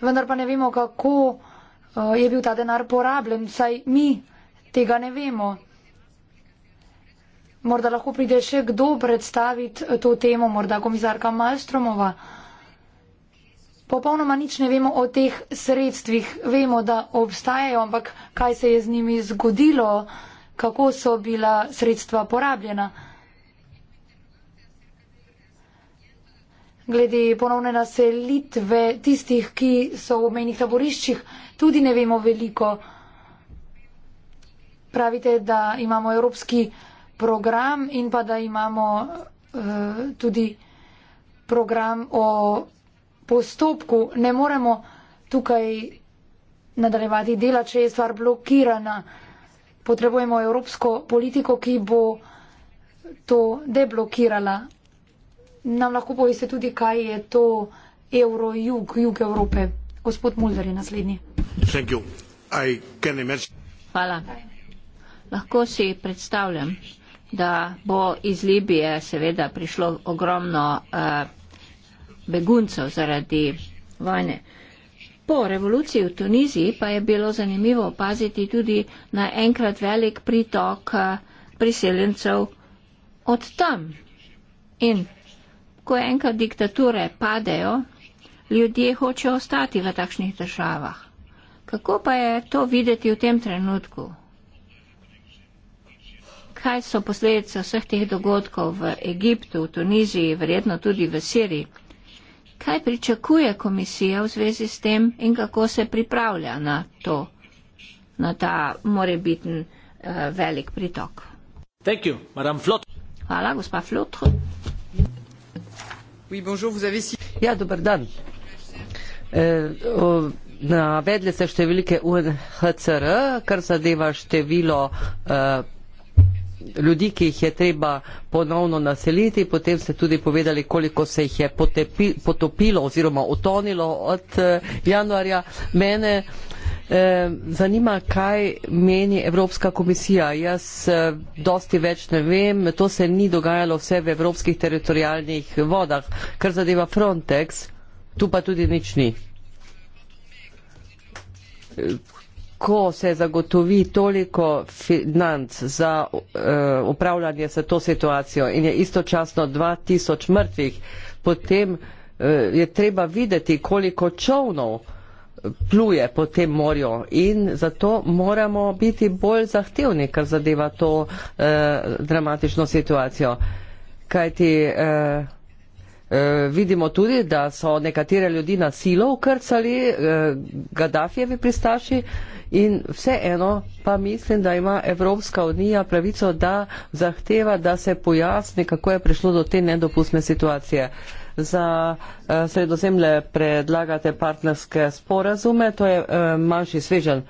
C: Vendar pa ne vemo, kako uh, je bil ta denar porabljen, saj mi tega ne vemo. Morda lahko pride še kdo predstaviti eh, to temo, morda komisarka Malstromova. Popolnoma nič ne vemo o teh sredstvih. Vemo, da obstajajo, ampak kaj se je z njimi zgodilo, kako so bila sredstva porabljena. Glede ponovne naselitve tistih, ki so v omenjih taboriščih, tudi ne vemo veliko. Pravite, da imamo evropski program in pa da imamo uh, tudi program o postopku. Ne moremo tukaj nadaljevati dela, če je stvar blokirana. Potrebujemo evropsko politiko, ki bo to deblokirala. Nam lahko poveste tudi, kaj je to Eurojug,
B: jug Evrope. Gospod Mulder je naslednji. Hvala. Lahko si predstavljam da bo iz Libije seveda prišlo ogromno uh, beguncev zaradi vojne. Po revoluciji v Tuniziji pa je bilo zanimivo opaziti tudi naenkrat velik pritok eh, priseljencev od tam. In ko enkrat diktature padejo, ljudje hočejo ostati v takšnih državah. Kako pa je to videti v tem trenutku? kaj so posledice vseh teh dogodkov v Egiptu, v Tuniziji, verjetno tudi v Siriji. Kaj pričakuje komisija v zvezi s tem in kako se pripravlja na to, na ta morebitn uh, eh, velik pritok? You, Hvala, gospa Flot.
A: Oui, bonjour, si... Ja, dober dan. Eh, navedli ste številke UNHCR, kar zadeva število uh, ljudi, ki jih je treba ponovno naseliti, potem ste tudi povedali, koliko se jih je potepi, potopilo oziroma utonilo od eh, januarja. Mene eh, zanima, kaj meni Evropska komisija. Jaz eh, dosti več ne vem, to se ni dogajalo vse v evropskih teritorijalnih vodah, kar zadeva Frontex, tu pa tudi nič ni. Eh, ko se zagotovi toliko financ za uh, upravljanje se to situacijo in je istočasno 2000 mrtvih, potem uh, je treba videti, koliko čovnov eh, pluje po tem morju in zato moramo biti bolj zahtevni, kar zadeva to uh, dramatično situacijo. Kaj ti, uh, Eh, vidimo tudi, da so nekatere ljudi na silo ukrcali, eh, Gaddafijevi pristaši. In vseeno pa mislim, da ima Evropska unija pravico, da zahteva, da se pojasni, kako je prišlo do te nedopustne situacije. Za uh, sredozemlje predlagate partnerske sporazume, to je uh, manjši svežen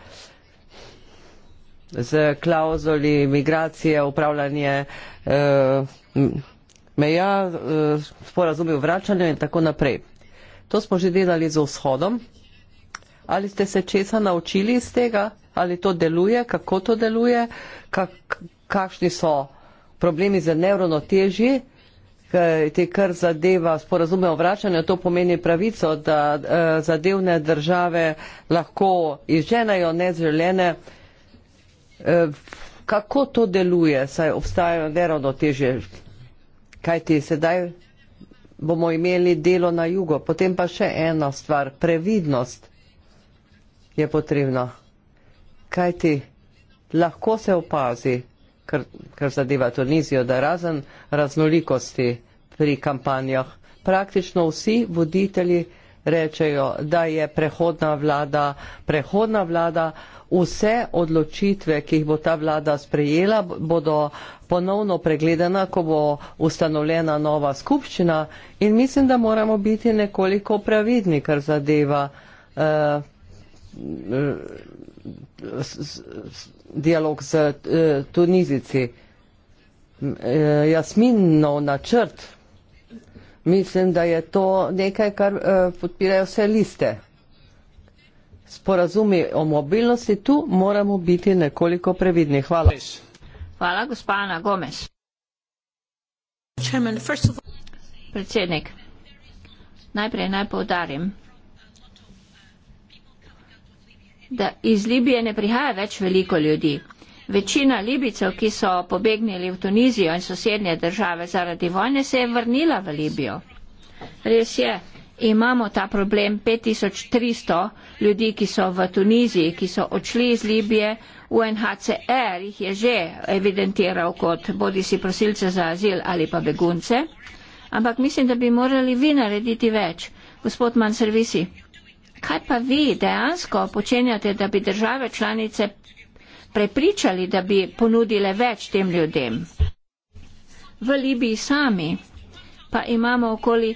A: z klauzuli migracije, upravljanje uh, meja, eh, sporazumi o vračanju in tako naprej. To smo že delali z vzhodom. Ali ste se česa naučili iz tega, ali to deluje, kako to deluje, kak, kakšni so problemi za nevrono težji, te kar zadeva sporazume o vračanju, to pomeni pravico, da eh, zadevne države lahko izženajo nezrelene. Eh, kako to deluje, saj obstajajo nevrono težje kajti sedaj bomo imeli delo na jugo. Potem pa še ena stvar, previdnost je potrebna, kajti lahko se opazi, kar, kar zadeva Tunizijo, da razen raznolikosti pri kampanjah, praktično vsi voditelji rečejo, da je prehodna vlada, prehodna vlada, vse odločitve, ki jih bo ta vlada sprejela, bodo ponovno pregledana, ko bo ustanovljena nova skupščina in mislim, da moramo biti nekoliko pravidni, kar zadeva eh, eh, dialog z eh, Tunizici. Jasminov načrt. Mislim, da je to nekaj, kar eh, podpirajo vse liste. Sporazumi o mobilnosti tu moramo biti nekoliko previdni. Hvala.
B: Hvala, gospa Ana Gomes. Predsednik, najprej naj povdarim, da iz Libije ne prihaja več veliko ljudi. Večina Libicev, ki so pobegnili v Tunizijo in sosednje države zaradi vojne, se je vrnila v Libijo. Res je, imamo ta problem 5300 ljudi, ki so v Tuniziji, ki so odšli iz Libije. UNHCR jih je že evidentiral kot bodi si prosilce za azil ali pa begunce. Ampak mislim, da bi morali vi narediti več. Gospod Manservisi, kaj pa vi dejansko počenjate, da bi države članice prepričali, da bi ponudile več tem ljudem. V Libiji sami pa imamo okoli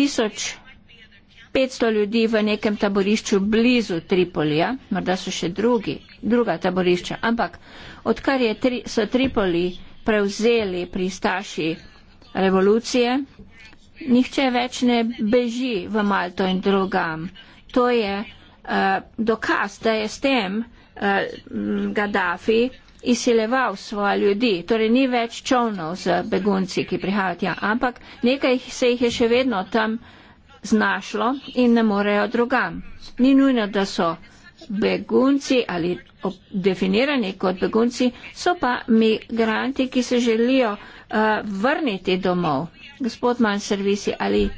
B: 1500 ljudi v nekem taborišču blizu Tripolija, morda so še drugi, druga taborišča, ampak odkar je tri, so Tripoli prevzeli pristaši revolucije, nihče več ne beži v Malto in drugam. To je uh, dokaz, da je s tem Eh, Gaddafi izsileval svoje ljudi. Torej ni več čovnov z begunci, ki prihajajo tja, ampak nekaj se jih je še vedno tam znašlo in ne morejo drugam. Ni nujno, da so begunci ali definirani kot begunci, so pa migranti, ki se želijo uh, vrniti domov. Gospod manj servisi, ali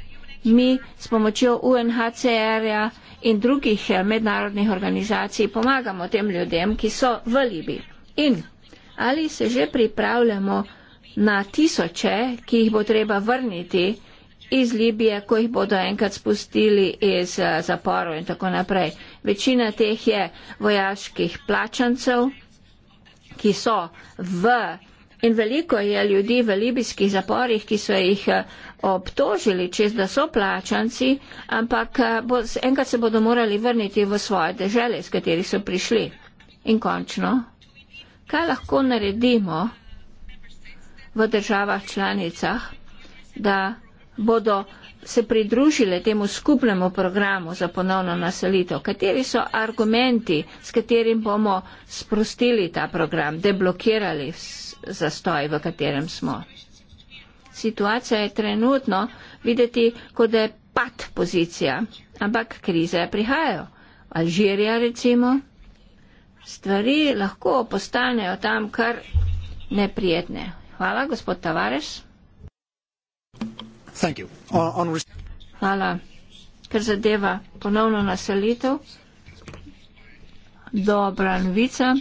B: mi s pomočjo UNHCR-ja in drugih eh, mednarodnih organizacij pomagamo tem ljudem, ki so v Libiji. In ali se že pripravljamo na tisoče, ki jih bo treba vrniti iz Libije, ko jih bodo enkrat spustili iz eh, zaporov in tako naprej. Večina teh je vojaških plačancev, ki so v In veliko je ljudi v libijskih zaporih, ki so jih eh, obtožili, čez da so plačanci, ampak eh, bo, enkrat se bodo morali vrniti v svoje države, iz katerih so prišli. In končno, kaj lahko naredimo v državah članicah, da bodo se pridružile temu skupnemu programu za ponovno naselitev. Kateri so argumenti, s katerim bomo sprostili ta program, deblokirali zastoj, v katerem smo. Situacija je trenutno videti, kot da je pad pozicija, ampak krize prihajajo. Alžirija recimo, stvari lahko postanejo tam kar neprijetne. Hvala, gospod Tavares. Hvala. Kar zadeva ponovno naselitev, dobra novica,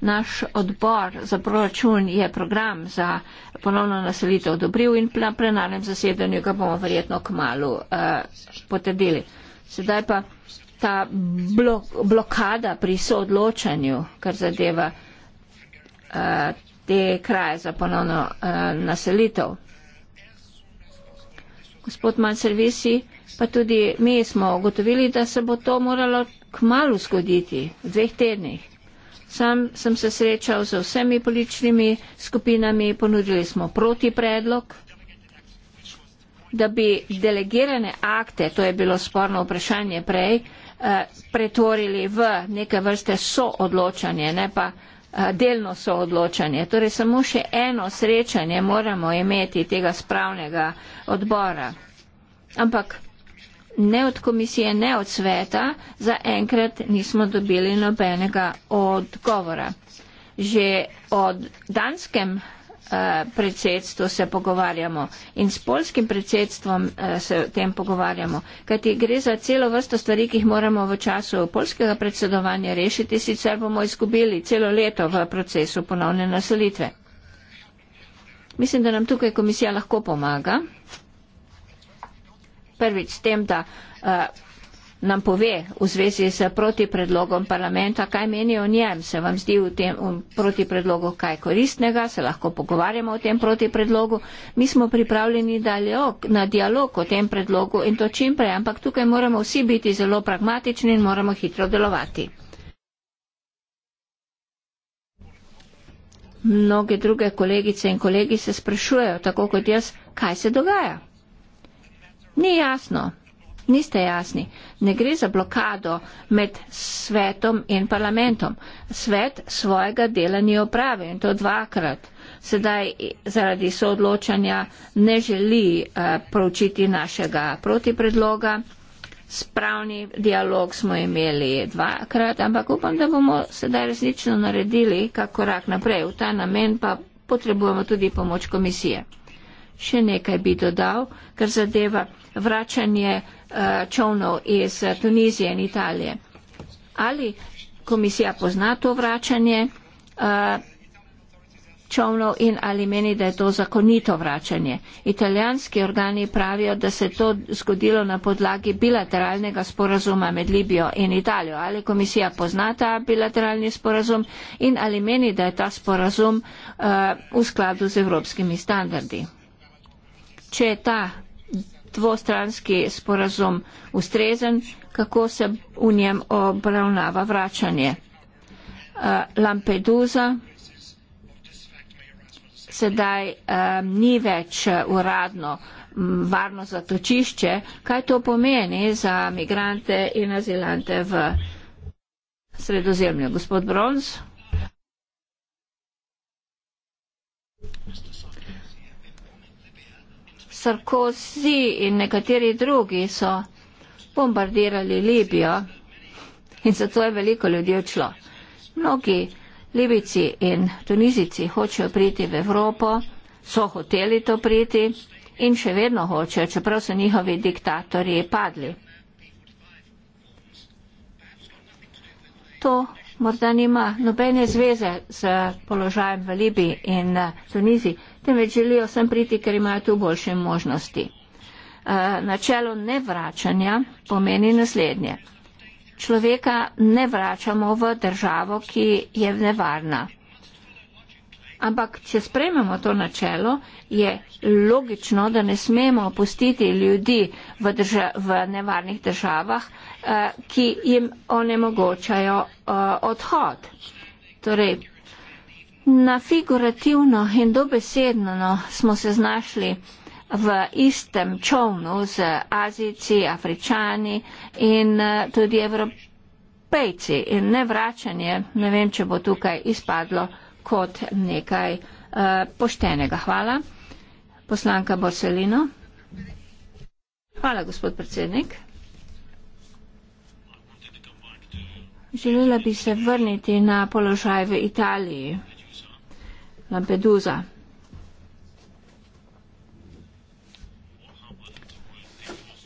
B: naš odbor za proračun je program za ponovno naselitev odobril in na plenarnem zasedanju ga bomo verjetno k malu uh, eh, potrdili. Sedaj pa ta blok, blokada pri soodločanju, kar zadeva uh, te kraje za ponovno uh, naselitev. Gospod Manservisi, pa tudi mi smo ugotovili, da se bo to moralo k malu zgoditi, v dveh tednih. Sam sem se srečal z vsemi političnimi skupinami, ponudili smo proti predlog, da bi delegirane akte, to je bilo sporno vprašanje prej, eh, pretvorili v neke vrste soodločanje, ne pa eh, delno soodločanje. Torej samo še eno srečanje moramo imeti tega spravnega odbora. Ampak ne od komisije, ne od sveta, zaenkrat nismo dobili nobenega odgovora. Že od danskem eh, predsedstvu se pogovarjamo in s polskim predsedstvom eh, se o tem pogovarjamo, kajti gre za celo vrsto stvari, ki jih moramo v času polskega predsedovanja rešiti, sicer bomo izgubili celo leto v procesu ponovne naselitve. Mislim, da nam tukaj komisija lahko pomaga prvič s tem, da uh, nam pove v zvezi s protipredlogom parlamenta, kaj meni o njem, se vam zdi v tem v protipredlogu kaj koristnega, se lahko pogovarjamo o tem protipredlogu. Mi smo pripravljeni dialog, na dialog o tem predlogu in to čim prej, ampak tukaj moramo vsi biti zelo pragmatični in moramo hitro delovati. Mnoge druge kolegice in kolegi se sprašujejo, tako kot jaz, kaj se dogaja. Ni jasno, niste jasni. Ne gre za blokado med svetom in parlamentom. Svet svojega dela ni opravil in to dvakrat. Sedaj zaradi soodločanja ne želi uh, proučiti našega protipredloga. Spravni dialog smo imeli dvakrat, ampak upam, da bomo sedaj resnično naredili kak korak naprej. V ta namen pa potrebujemo tudi pomoč komisije. Še nekaj bi dodal, kar zadeva vračanje eh, čovnov iz eh, Tunizije in Italije. Ali komisija pozna to vračanje eh, čovnov in ali meni, da je to zakonito vračanje? Italijanski organi pravijo, da se je to zgodilo na podlagi bilateralnega sporazuma med Libijo in Italijo. Ali komisija pozna ta bilateralni sporazum in ali meni, da je ta sporazum v skladu z evropskimi standardi? če je ta dvostranski sporazum ustrezen, kako se v njem obravnava vračanje. Eh, Lampedusa sedaj um, ni več eh, uradno varno zatočišče. Kaj to pomeni za migrante in azilante v sredozemlju? Gospod Bronz. Uh, Sarkozy in nekateri drugi so bombardirali Libijo in zato je veliko ljudi odšlo. Mnogi Libici in Tunizici hočejo priti v Evropo, so hoteli to priti in še vedno hočejo, čeprav so njihovi diktatorji padli. To morda nima nobene zveze s položajem v Libiji in Tuniziji temveč želijo sem priti, ker imajo tu boljše možnosti. Eh, načelo nevračanja pomeni naslednje. Človeka ne vračamo v državo, ki je nevarna. Ampak, če sprememo to načelo, je logično, da ne smemo opustiti ljudi v, drža v nevarnih državah, eh, ki jim onemogočajo eh, odhod. Torej, Na figurativno in dobesedno no, smo se znašli v istem čovnu z Azici, Afričani in eh, tudi Evropejci. In nevračanje, ne vem, če bo tukaj izpadlo kot nekaj uh, poštenega. Hvala. Poslanka Borselino. Hvala, gospod predsednik. Želela bi se vrniti na položaj v Italiji. Lampedusa.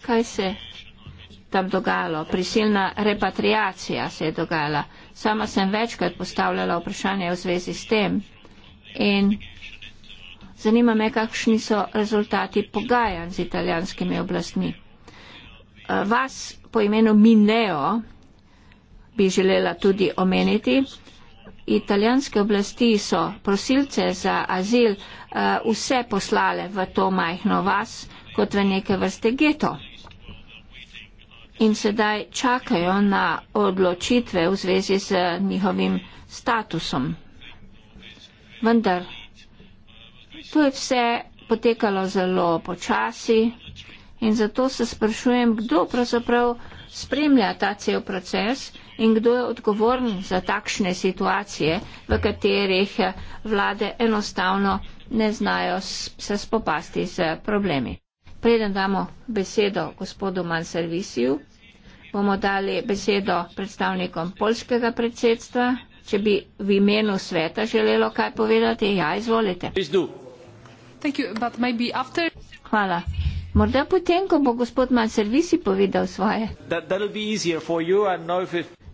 B: Kaj se je tam dogajalo? Prisilna repatriacija se je dogajala. Sama sem večkrat postavljala vprašanje v zvezi s tem in zanima me, kakšni so rezultati pogajanj z italijanskimi oblastmi. Eh, vas po imenu Mineo bi želela tudi omeniti italijanske oblasti so prosilce za azil uh, vse poslale v to majhno vas kot v neke vrste geto. In sedaj čakajo na odločitve v zvezi z njihovim statusom. Vendar to je vse potekalo zelo počasi in zato se sprašujem, kdo pravzaprav spremlja ta cel proces in kdo je odgovoren za takšne situacije, v katerih vlade enostavno ne znajo se spopasti z problemi. Preden damo besedo gospodu Manservisiju, bomo dali besedo predstavnikom polskega predsedstva. Če bi v imenu sveta želelo kaj povedati, ja, izvolite. Hvala. Morda potem, ko bo gospod Manservisi povedal svoje. That,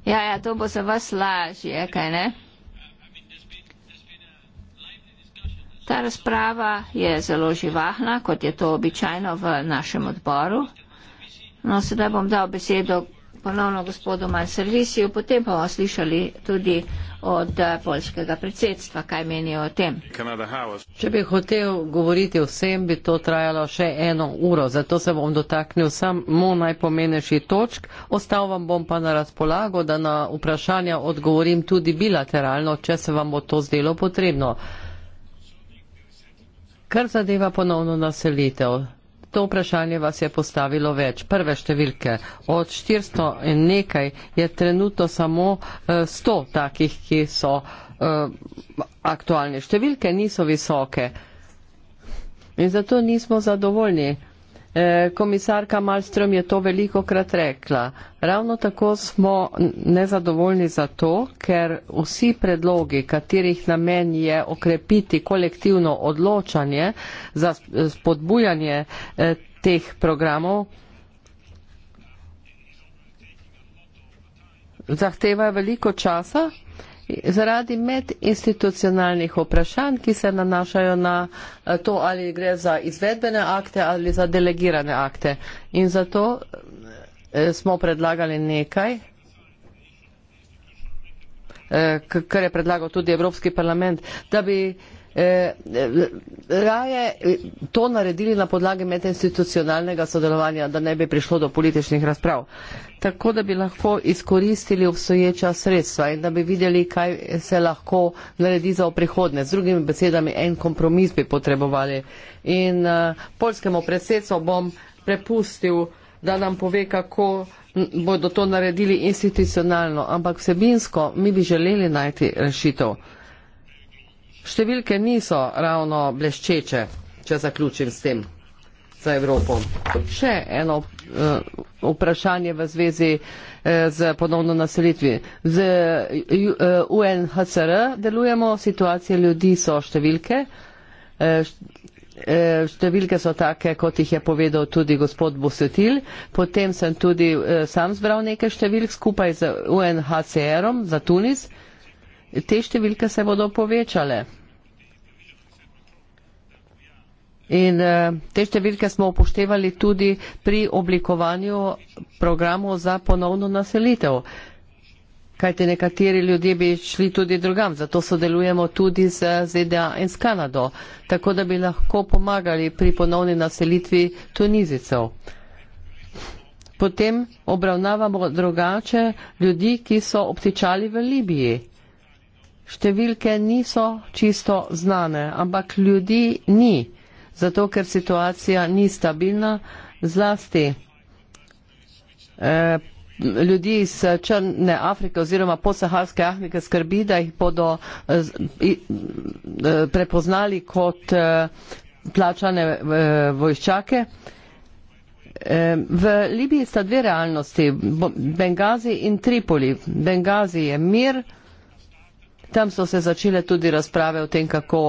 B: Ja, ja, to bo za vas lažje, kaj ne? Ta razprava je zelo živahna, kot je to običajno v našem odboru. No, sedaj bom dal besedo ponovno gospodu Manservisiju, potem pa bomo slišali tudi od eh, polskega predsedstva, kaj menijo o tem. Če bi hotel govoriti o vsem, bi to
A: trajalo še eno uro, zato se bom dotaknil samo najpomenejših točk. Ostal vam bom pa na razpolago, da na vprašanja odgovorim tudi bilateralno, če se vam bo to zdelo potrebno. Kar zadeva ponovno naselitev. To vprašanje vas je postavilo več. Prve številke od 400 in nekaj je trenutno samo 100 eh, takih, ki so eh, aktualne. Številke niso visoke in zato nismo zadovoljni. Eh, komisarka Malmström je to veliko krat rekla. Ravno tako smo nezadovoljni zato, ker vsi predlogi, katerih namen je okrepiti kolektivno odločanje za spodbujanje eh, teh programov, zahtevajo veliko časa zaradi medinstitucionalnih vprašanj, ki se nanašajo na eh, to, ali gre za izvedbene akte ali za delegirane akte. In zato eh, smo predlagali nekaj, eh, kar je predlagal tudi Evropski parlament, da bi Eh, eh, raje eh, to naredili na podlagi medinstitucionalnega sodelovanja, da ne bi prišlo do političnih razprav. Tako da bi lahko izkoristili obstoječa sredstva in da bi videli, kaj se lahko naredi za prihodne. Z drugimi besedami, en kompromis bi potrebovali. In eh, polskemu predsedstvu bom prepustil, da nam pove, kako bodo to naredili institucionalno, ampak vsebinsko mi bi želeli najti rešitev številke niso ravno bleščeče, če zaključim s tem za Evropo. Še eno uh, vprašanje v zvezi uh, z ponovno naselitvi. Z uh, UNHCR delujemo, situacije ljudi so številke. Uh, Številke so take, kot jih je povedal tudi gospod Busetil. Potem sem tudi sam zbral nekaj številk skupaj z UNHCR-om za Tunis. Te številke se bodo povečale. In eh, te številke smo upoštevali tudi pri oblikovanju programov za ponovno naselitev. Kajte nekateri ljudje bi šli tudi drugam, zato sodelujemo tudi z ZDA in s Kanado, tako da bi lahko pomagali pri ponovni naselitvi tunizicev. Potem obravnavamo drugače ljudi, ki so obtičali v Libiji. Številke niso čisto znane, ampak ljudi ni zato ker situacija ni stabilna, zlasti eh, ljudi iz eh, Črne Afrike oziroma posaharske Afrike skrbi, da jih bodo eh, prepoznali kot plačane vojščake. V Libiji sta dve realnosti, Bengazi in Tripoli. Bengazi je mir, tam so se začele tudi razprave o tem, kako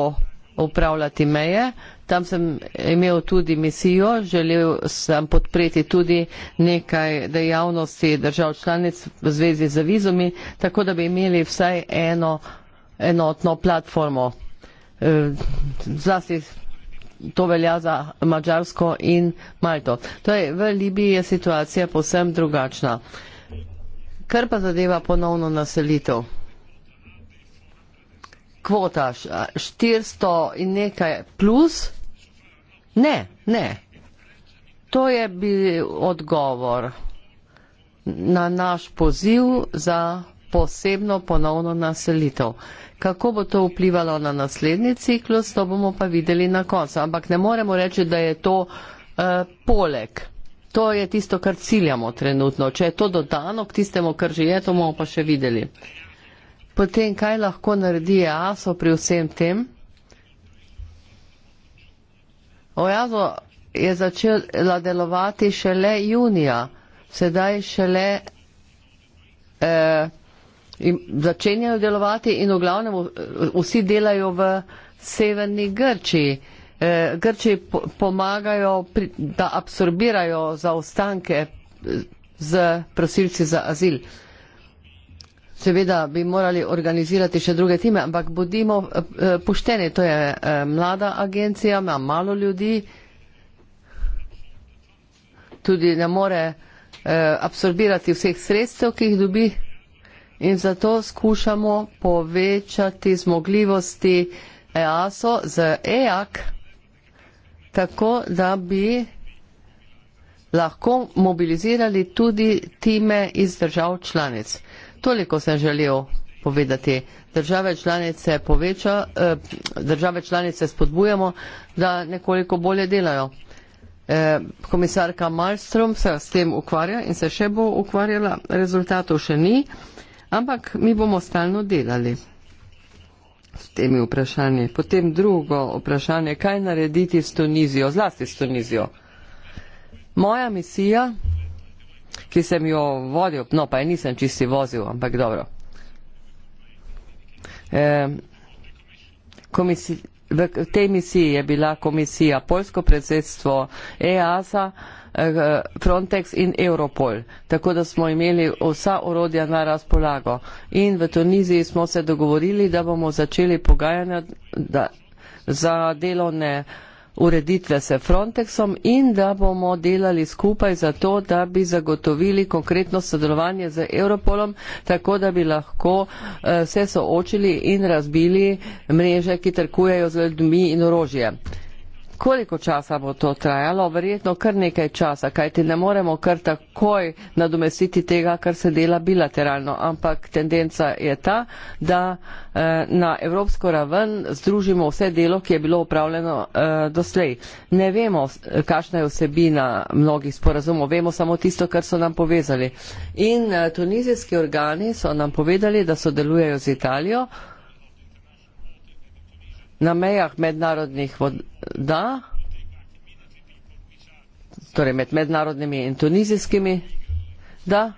A: upravljati meje, Tam sem imel tudi misijo, želel sem podpreti tudi nekaj dejavnosti držav članic v zvezi z vizumi, tako da bi imeli vsaj eno enotno platformo. E, zlasti to velja za Mačarsko in Malto. Torej, v Libiji je situacija posem drugačna. Kar pa zadeva ponovno naselitev? Kvota 400 in nekaj plus Ne, ne. To je bil odgovor na naš poziv za posebno ponovno naselitev. Kako bo to vplivalo na naslednji ciklus, to bomo pa videli na koncu. Ampak ne moremo reči, da je to uh, poleg. To je tisto, kar ciljamo trenutno. Če je to dodano k tistemu, kar že je, to bomo pa še videli. Potem, kaj lahko naredi e ASO pri vsem tem? Ojazo je začela delovati šele junija, sedaj šele eh, začenjajo delovati in v glavnem eh, vsi delajo v severni Grčiji. Eh, Grči pomagajo, pri, da absorbirajo zaostanke eh, z prosilci za azil. Eh, seveda bi morali organizirati še druge time, ampak bodimo eh, eh, pošteni, to je eh, mlada agencija, ima malo ljudi, tudi ne more absorbirati vseh sredstev, ki jih dobi in zato skušamo povečati zmogljivosti EASO z EAK, tako da bi lahko mobilizirali tudi time iz držav članic. Toliko sem želel povedati. Države članice, poveča, eh, države članice spodbujamo, da nekoliko bolje delajo. Eh, komisarka Malmström se s tem ukvarja in se še bo ukvarjala, rezultatov še ni, ampak mi bomo stalno delali s temi vprašanji. Potem drugo vprašanje, kaj narediti s Tunizijo, zlasti s Tunizijo. Moja misija ki sem jo vodil, no pa je nisem čisti vozil, ampak dobro. E, komisi, v tej misiji je bila komisija Polsko predsedstvo EASA, e, Frontex in Europol, tako da smo imeli vsa orodja na razpolago. In v Tuniziji smo se dogovorili, da bomo začeli pogajanja da, za delovne ureditve s Frontexom in da bomo delali skupaj za to, da bi zagotovili konkretno sodelovanje z Europolom, tako da bi lahko eh, se soočili in razbili mreže, ki trkujejo z ljudmi in orožjem. Koliko časa bo to trajalo? Verjetno kar nekaj časa, kajti ne moremo kar takoj nadomestiti tega, kar se dela bilateralno, ampak tendenca je ta, da eh, na evropsko raven združimo vse delo, ki je bilo upravljeno eh, doslej. Ne vemo, kakšna je vsebina mnogih sporazumov, vemo samo tisto, kar so nam povezali. In eh, tunizijski organi so nam povedali, da sodelujejo z Italijo, na mejah mednarodnih voda, torej med mednarodnimi in tunizijskimi, da,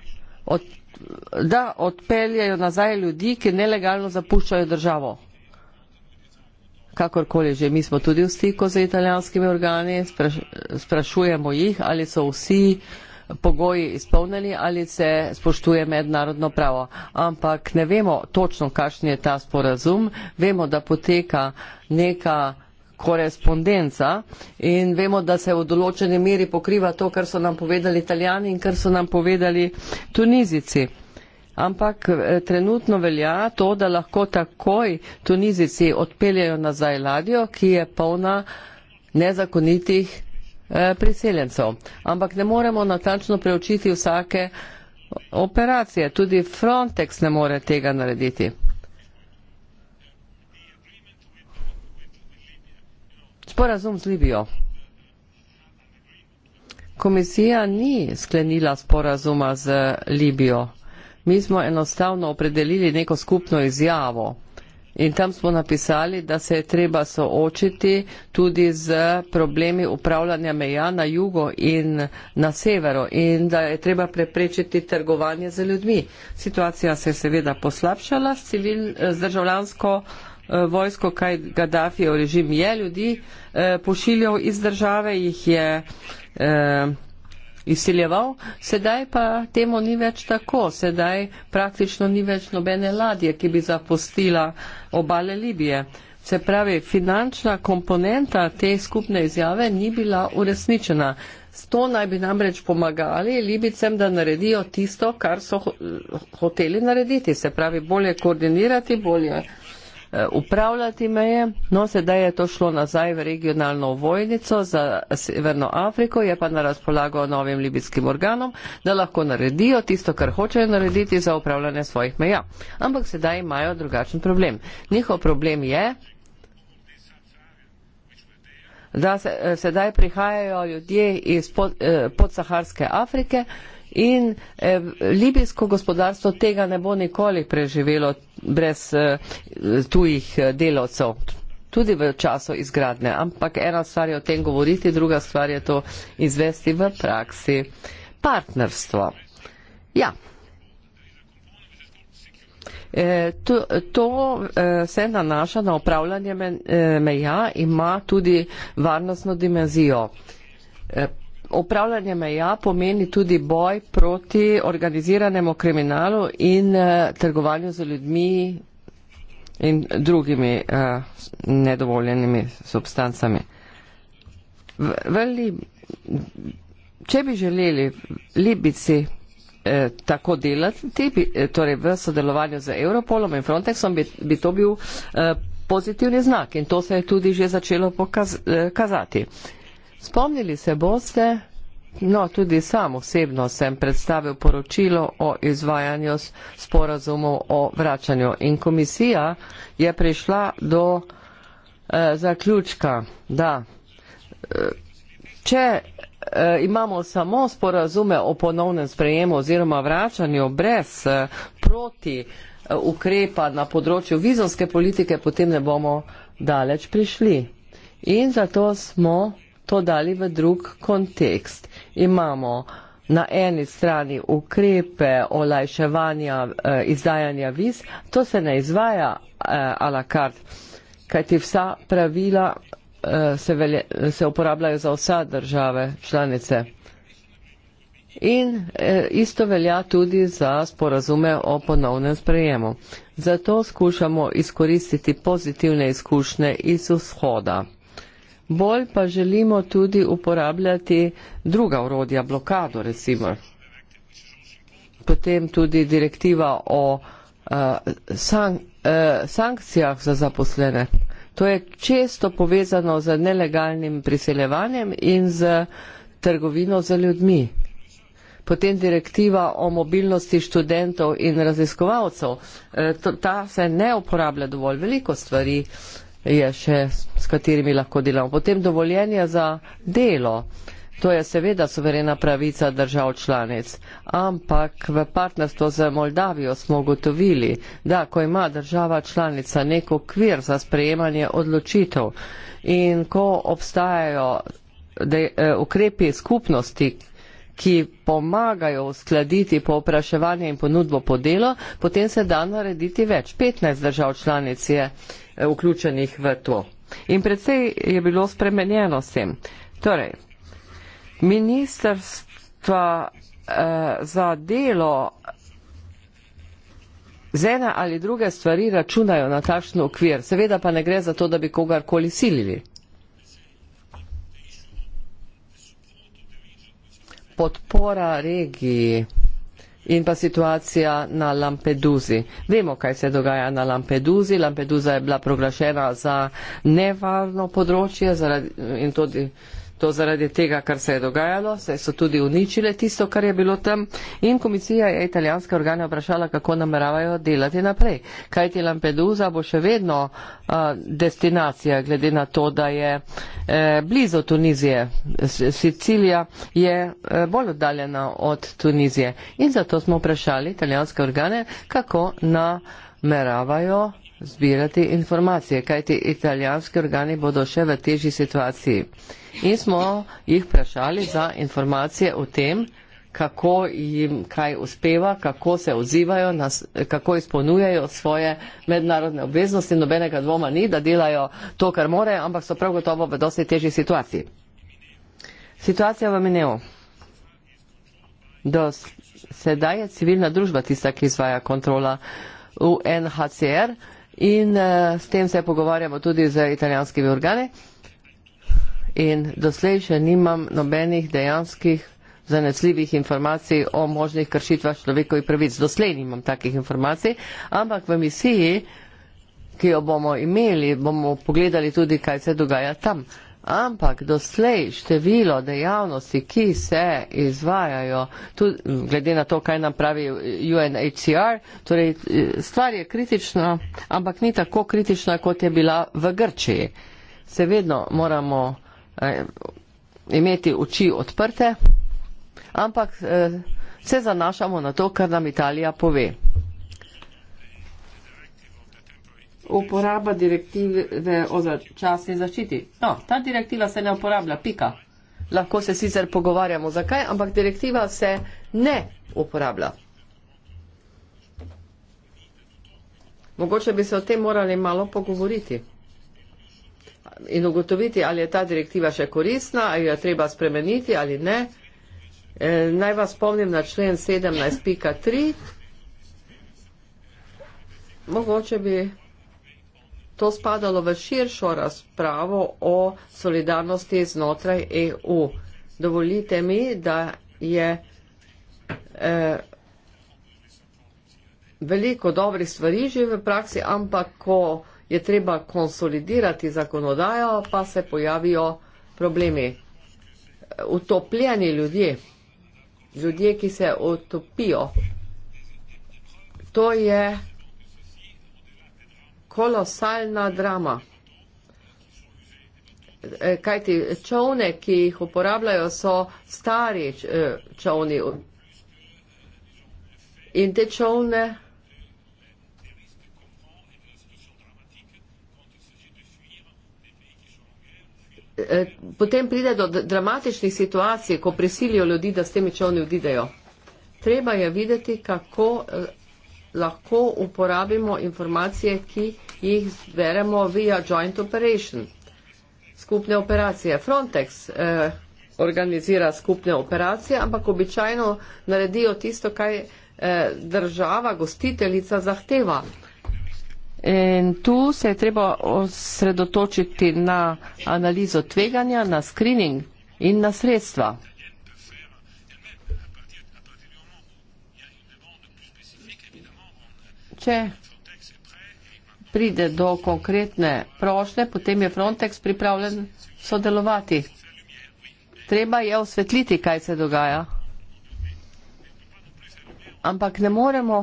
A: od, da odpeljajo nazaj ljudi, ki nelegalno zapuščajo državo. Kakorkoli že, mi smo tudi v stiku z italijanskimi organi, spraš, sprašujemo jih, ali so vsi uh, pogoji izpolnjeni ali se spoštuje mednarodno pravo. Ampak ne vemo točno, kakšen je ta sporazum. Vemo, da poteka neka korespondenca in vemo, da se v določeni meri pokriva to, kar so nam povedali italijani in kar so nam povedali tunizici. Ampak eh, trenutno velja to, da lahko takoj tunizici odpeljajo nazaj ladjo, ki je polna nezakonitih Eh, priseljencev. Ampak ne moremo natančno preučiti vsake operacije, tudi Frontex ne more tega narediti. Sporazum z Libijo. Komisija ni sklenila sporazuma z Libijo. Mi smo enostavno opredelili neko skupno izjavo. In tam smo napisali, da se je treba soočiti tudi z problemi upravljanja meja na jugo in na severu in da je treba preprečiti trgovanje z ljudmi. Situacija se je seveda poslabšala s, civil, s državljansko eh, vojsko, kaj Gaddafijev režim je ljudi eh, pošiljal iz države, jih je eh, izsiljeval, sedaj pa temu ni več tako. Sedaj praktično ni več nobene ladje, ki bi zapustila obale Libije. Se pravi, finančna komponenta te skupne izjave ni bila uresničena. S to naj bi namreč pomagali Libicem, da naredijo tisto, kar so hoteli narediti. Se pravi, bolje koordinirati, bolje Eh, upravljati meje. No, sedaj je to šlo nazaj v regionalno vojnico za Severno Afriko, je pa na razpolago novim libijskim organom, da lahko naredijo tisto, kar hočejo narediti za upravljanje svojih meja. Ampak sedaj imajo drugačen problem. Njihov problem je, da se, eh, sedaj prihajajo ljudje iz pod, eh, podsaharske Afrike, In eh, libijsko gospodarstvo tega ne bo nikoli preživelo brez eh, tujih eh, delavcev, tudi v času izgradnje. Ampak ena stvar je o tem govoriti, druga stvar je to izvesti v praksi. Partnerstvo. Ja. E, to to e, se nanaša na upravljanje me, e, meja, ima tudi varnostno dimenzijo. E, upravljanje meja pomeni tudi boj proti organiziranemu kriminalu in uh, trgovanju z ljudmi in drugimi uh, nedovoljenimi substancami. V, veli, če bi želeli Libici eh, tako delati, bi, eh, torej v sodelovanju z Europolom in Frontexom, bi, bi to bil eh, pozitivni znak in to se je tudi že začelo pokazati. Pokaz, eh, Spomnili se boste, no tudi sam osebno sem predstavil poročilo o izvajanju sporazumov o vračanju in komisija je prišla do eh, zaključka, da eh, če eh, imamo samo sporazume o ponovnem sprejemu oziroma vračanju brez eh, proti eh, ukrepa na področju vizonske politike, potem ne bomo daleč prišli. In zato smo to dali v drug kontekst. Imamo na eni strani ukrepe olajševanja eh, izdajanja viz, to se ne izvaja eh, a la carte, kajti vsa pravila eh, se, velje, se uporabljajo za vsa države članice. In eh, isto velja tudi za sporazume o ponovnem sprejemu. Zato skušamo izkoristiti pozitivne izkušnje iz vzhoda bolj pa želimo tudi uporabljati druga urodja, blokado recimo. Potem tudi direktiva o uh, eh, sank, uh, eh, sankcijah za zaposlene. To je često povezano z nelegalnim priseljevanjem in z trgovino za ljudmi. Potem direktiva o mobilnosti študentov in raziskovalcev. Eh, ta se ne uporablja dovolj veliko stvari. Uh, je še, s katerimi lahko delamo. Potem dovoljenje za delo. To je seveda suverena pravica držav članic, ampak v partnerstvu z Moldavijo smo ugotovili, da ko ima država članica nek okvir za sprejemanje odločitev in ko obstajajo e, ukrepi skupnosti, ki pomagajo uskladiti povpraševanje in ponudbo po delo, potem se da narediti več. 15 držav članic je vključenih v to. In predvsej je bilo spremenjeno s tem. Torej, ministrstva eh, za delo z ena ali druge stvari računajo na takšen okvir. Seveda pa ne gre za to, da bi kogarkoli silili. Podpora regiji in pa situacija na Lampeduzi. Vemo, kaj se dogaja na Lampeduzi. Lampeduza je bila proglašena za nevarno področje zaradi, in tudi uh, To zaradi tega, kar se je dogajalo, saj so tudi uničile tisto, kar je bilo tam in komisija je italijanske organe vprašala, kako nameravajo delati naprej. Kaj ti Lampedusa bo še vedno uh, destinacija, glede na to, da je eh, blizu Tunizije. Sicilija je eh, bolj oddaljena od Tunizije in zato smo vprašali italijanske organe, kako nameravajo zbirati informacije, kajti italijanski organi bodo še v težji situaciji. In smo jih vprašali za informacije o tem, kako jim kaj uspeva, kako se odzivajo, kako izpolnjujejo svoje mednarodne obveznosti. Nobenega dvoma ni, da delajo to, kar morejo, ampak so prav gotovo v dosti težji situaciji. Situacija v Mineu. Do sedaj je civilna družba tista, ki izvaja kontrola UNHCR in uh, s tem se pogovarjamo tudi z italijanskimi organi. In doslej še nimam nobenih dejanskih zanesljivih informacij o možnih kršitvah človekovih pravic. Doslej nimam takih informacij, ampak v misiji, ki jo bomo imeli, bomo pogledali tudi, kaj se dogaja tam. Uh, ampak doslej število dejavnosti, ki se izvajajo, tudi, glede na to, kaj nam pravi UNHCR, torej eh, stvar je kritična, ampak ni tako kritična, kot je bila v Grčiji. Se vedno moramo eh, imeti oči odprte, ampak eh, se zanašamo na to, kar nam Italija pove uporaba direktive o začasni zaščiti. No, ta direktiva se ne uporablja, pika. Lahko se sicer pogovarjamo, zakaj, ampak direktiva se ne uporablja. Mogoče bi se o tem morali malo pogovoriti in ugotoviti, ali je ta direktiva še koristna, ali jo treba spremeniti ali ne. E, naj vas spomnim na člen 17.3. Mogoče bi to spadalo v širšo razpravo o solidarnosti znotraj EU. Dovolite mi, da je eh, veliko dobrih stvari že v praksi, ampak ko je treba konsolidirati zakonodajo, pa se pojavijo problemi. Utopljeni ljudje, ljudje, ki se utopijo, to je kolosalna drama. E, kajti čovne, ki jih uporabljajo, so stari e, čovni. In te čovne. E, potem pride do dramatičnih situacij, ko prisilijo ljudi, da s temi čovni odidejo. Treba je videti, kako lahko uporabimo informacije, ki jih zberemo via joint operation, skupne operacije. Frontex eh, organizira skupne operacije, ampak običajno naredijo tisto, kaj eh, država, gostiteljica zahteva. In tu se je treba osredotočiti na analizo tveganja, na screening in na sredstva. če pride do konkretne prošle, potem je Frontex pripravljen sodelovati. Treba je osvetliti, kaj se dogaja. Ampak ne moremo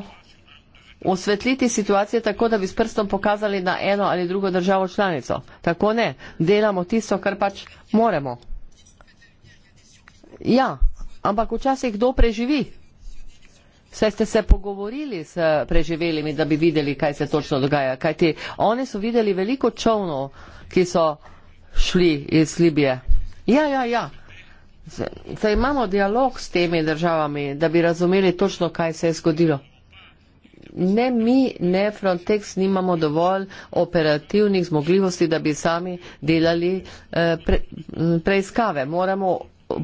A: osvetliti situacije tako, da bi s prstom pokazali na eno ali drugo državo članico. Tako ne. Delamo tisto, kar pač moremo. Ja, ampak včasih kdo preživi. Saj ste se pogovorili s preživelimi, da bi videli, kaj se točno dogaja. Kajti oni so videli veliko čovnov, ki so šli iz Libije. Ja, ja, ja. Zdaj imamo dialog s temi državami, da bi razumeli točno, kaj se je zgodilo. Ne mi, ne Frontex nimamo dovolj operativnih zmogljivosti, da bi sami delali eh, pre, preiskave. Moramo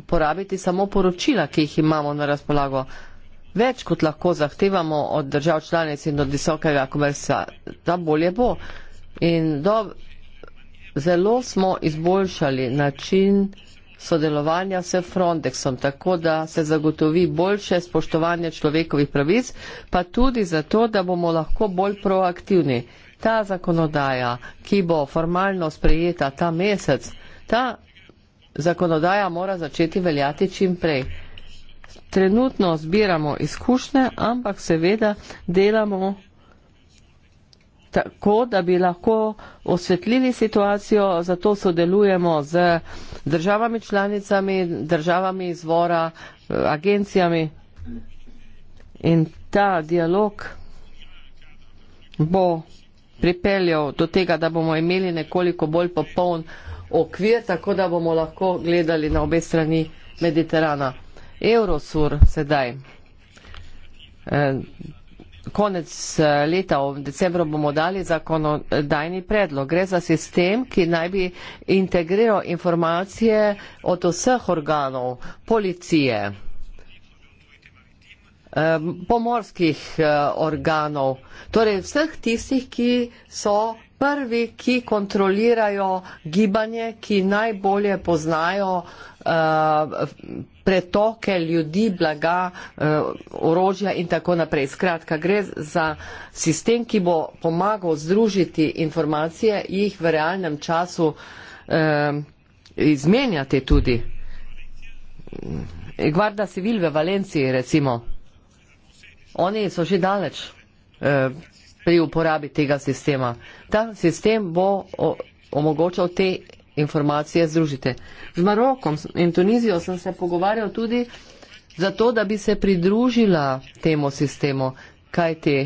A: porabiti samo poročila, ki jih imamo na razpolago. Več kot lahko zahtevamo od držav članic in od visokega komersa, da bolje bo. In do, zelo smo izboljšali način sodelovanja s Frontexom, tako da se zagotovi boljše spoštovanje človekovih pravic, pa tudi zato, da bomo lahko bolj proaktivni. Ta zakonodaja, ki bo formalno sprejeta ta mesec, ta zakonodaja mora začeti veljati čim prej trenutno zbiramo izkušnje, ampak seveda delamo tako, da bi lahko osvetlili situacijo, zato sodelujemo z državami članicami, državami izvora, agencijami in ta dialog bo pripeljal do tega, da bomo imeli nekoliko bolj popoln okvir, tako da bomo lahko gledali na obe strani Mediterana. Eurosur sedaj. E, konec e, leta, v decembru bomo dali zakonodajni predlog. Gre za sistem, ki naj bi integriral informacije od vseh organov, policije, e, pomorskih organov, torej vseh tistih, ki so prvi, ki kontrolirajo gibanje, ki najbolje poznajo uh, pretoke ljudi, blaga, uh, orožja in tako naprej. Skratka, gre za sistem, ki bo pomagal združiti informacije, jih v realnem času uh, izmenjati tudi. Gvarda Sivil v Valenciji, recimo. Oni so že daleč. Uh, pri uporabi tega sistema. Ta sistem bo omogočal te informacije združite. Z Marokom in Tunizijo sem se pogovarjal tudi zato, da bi se pridružila temu sistemu, kaj te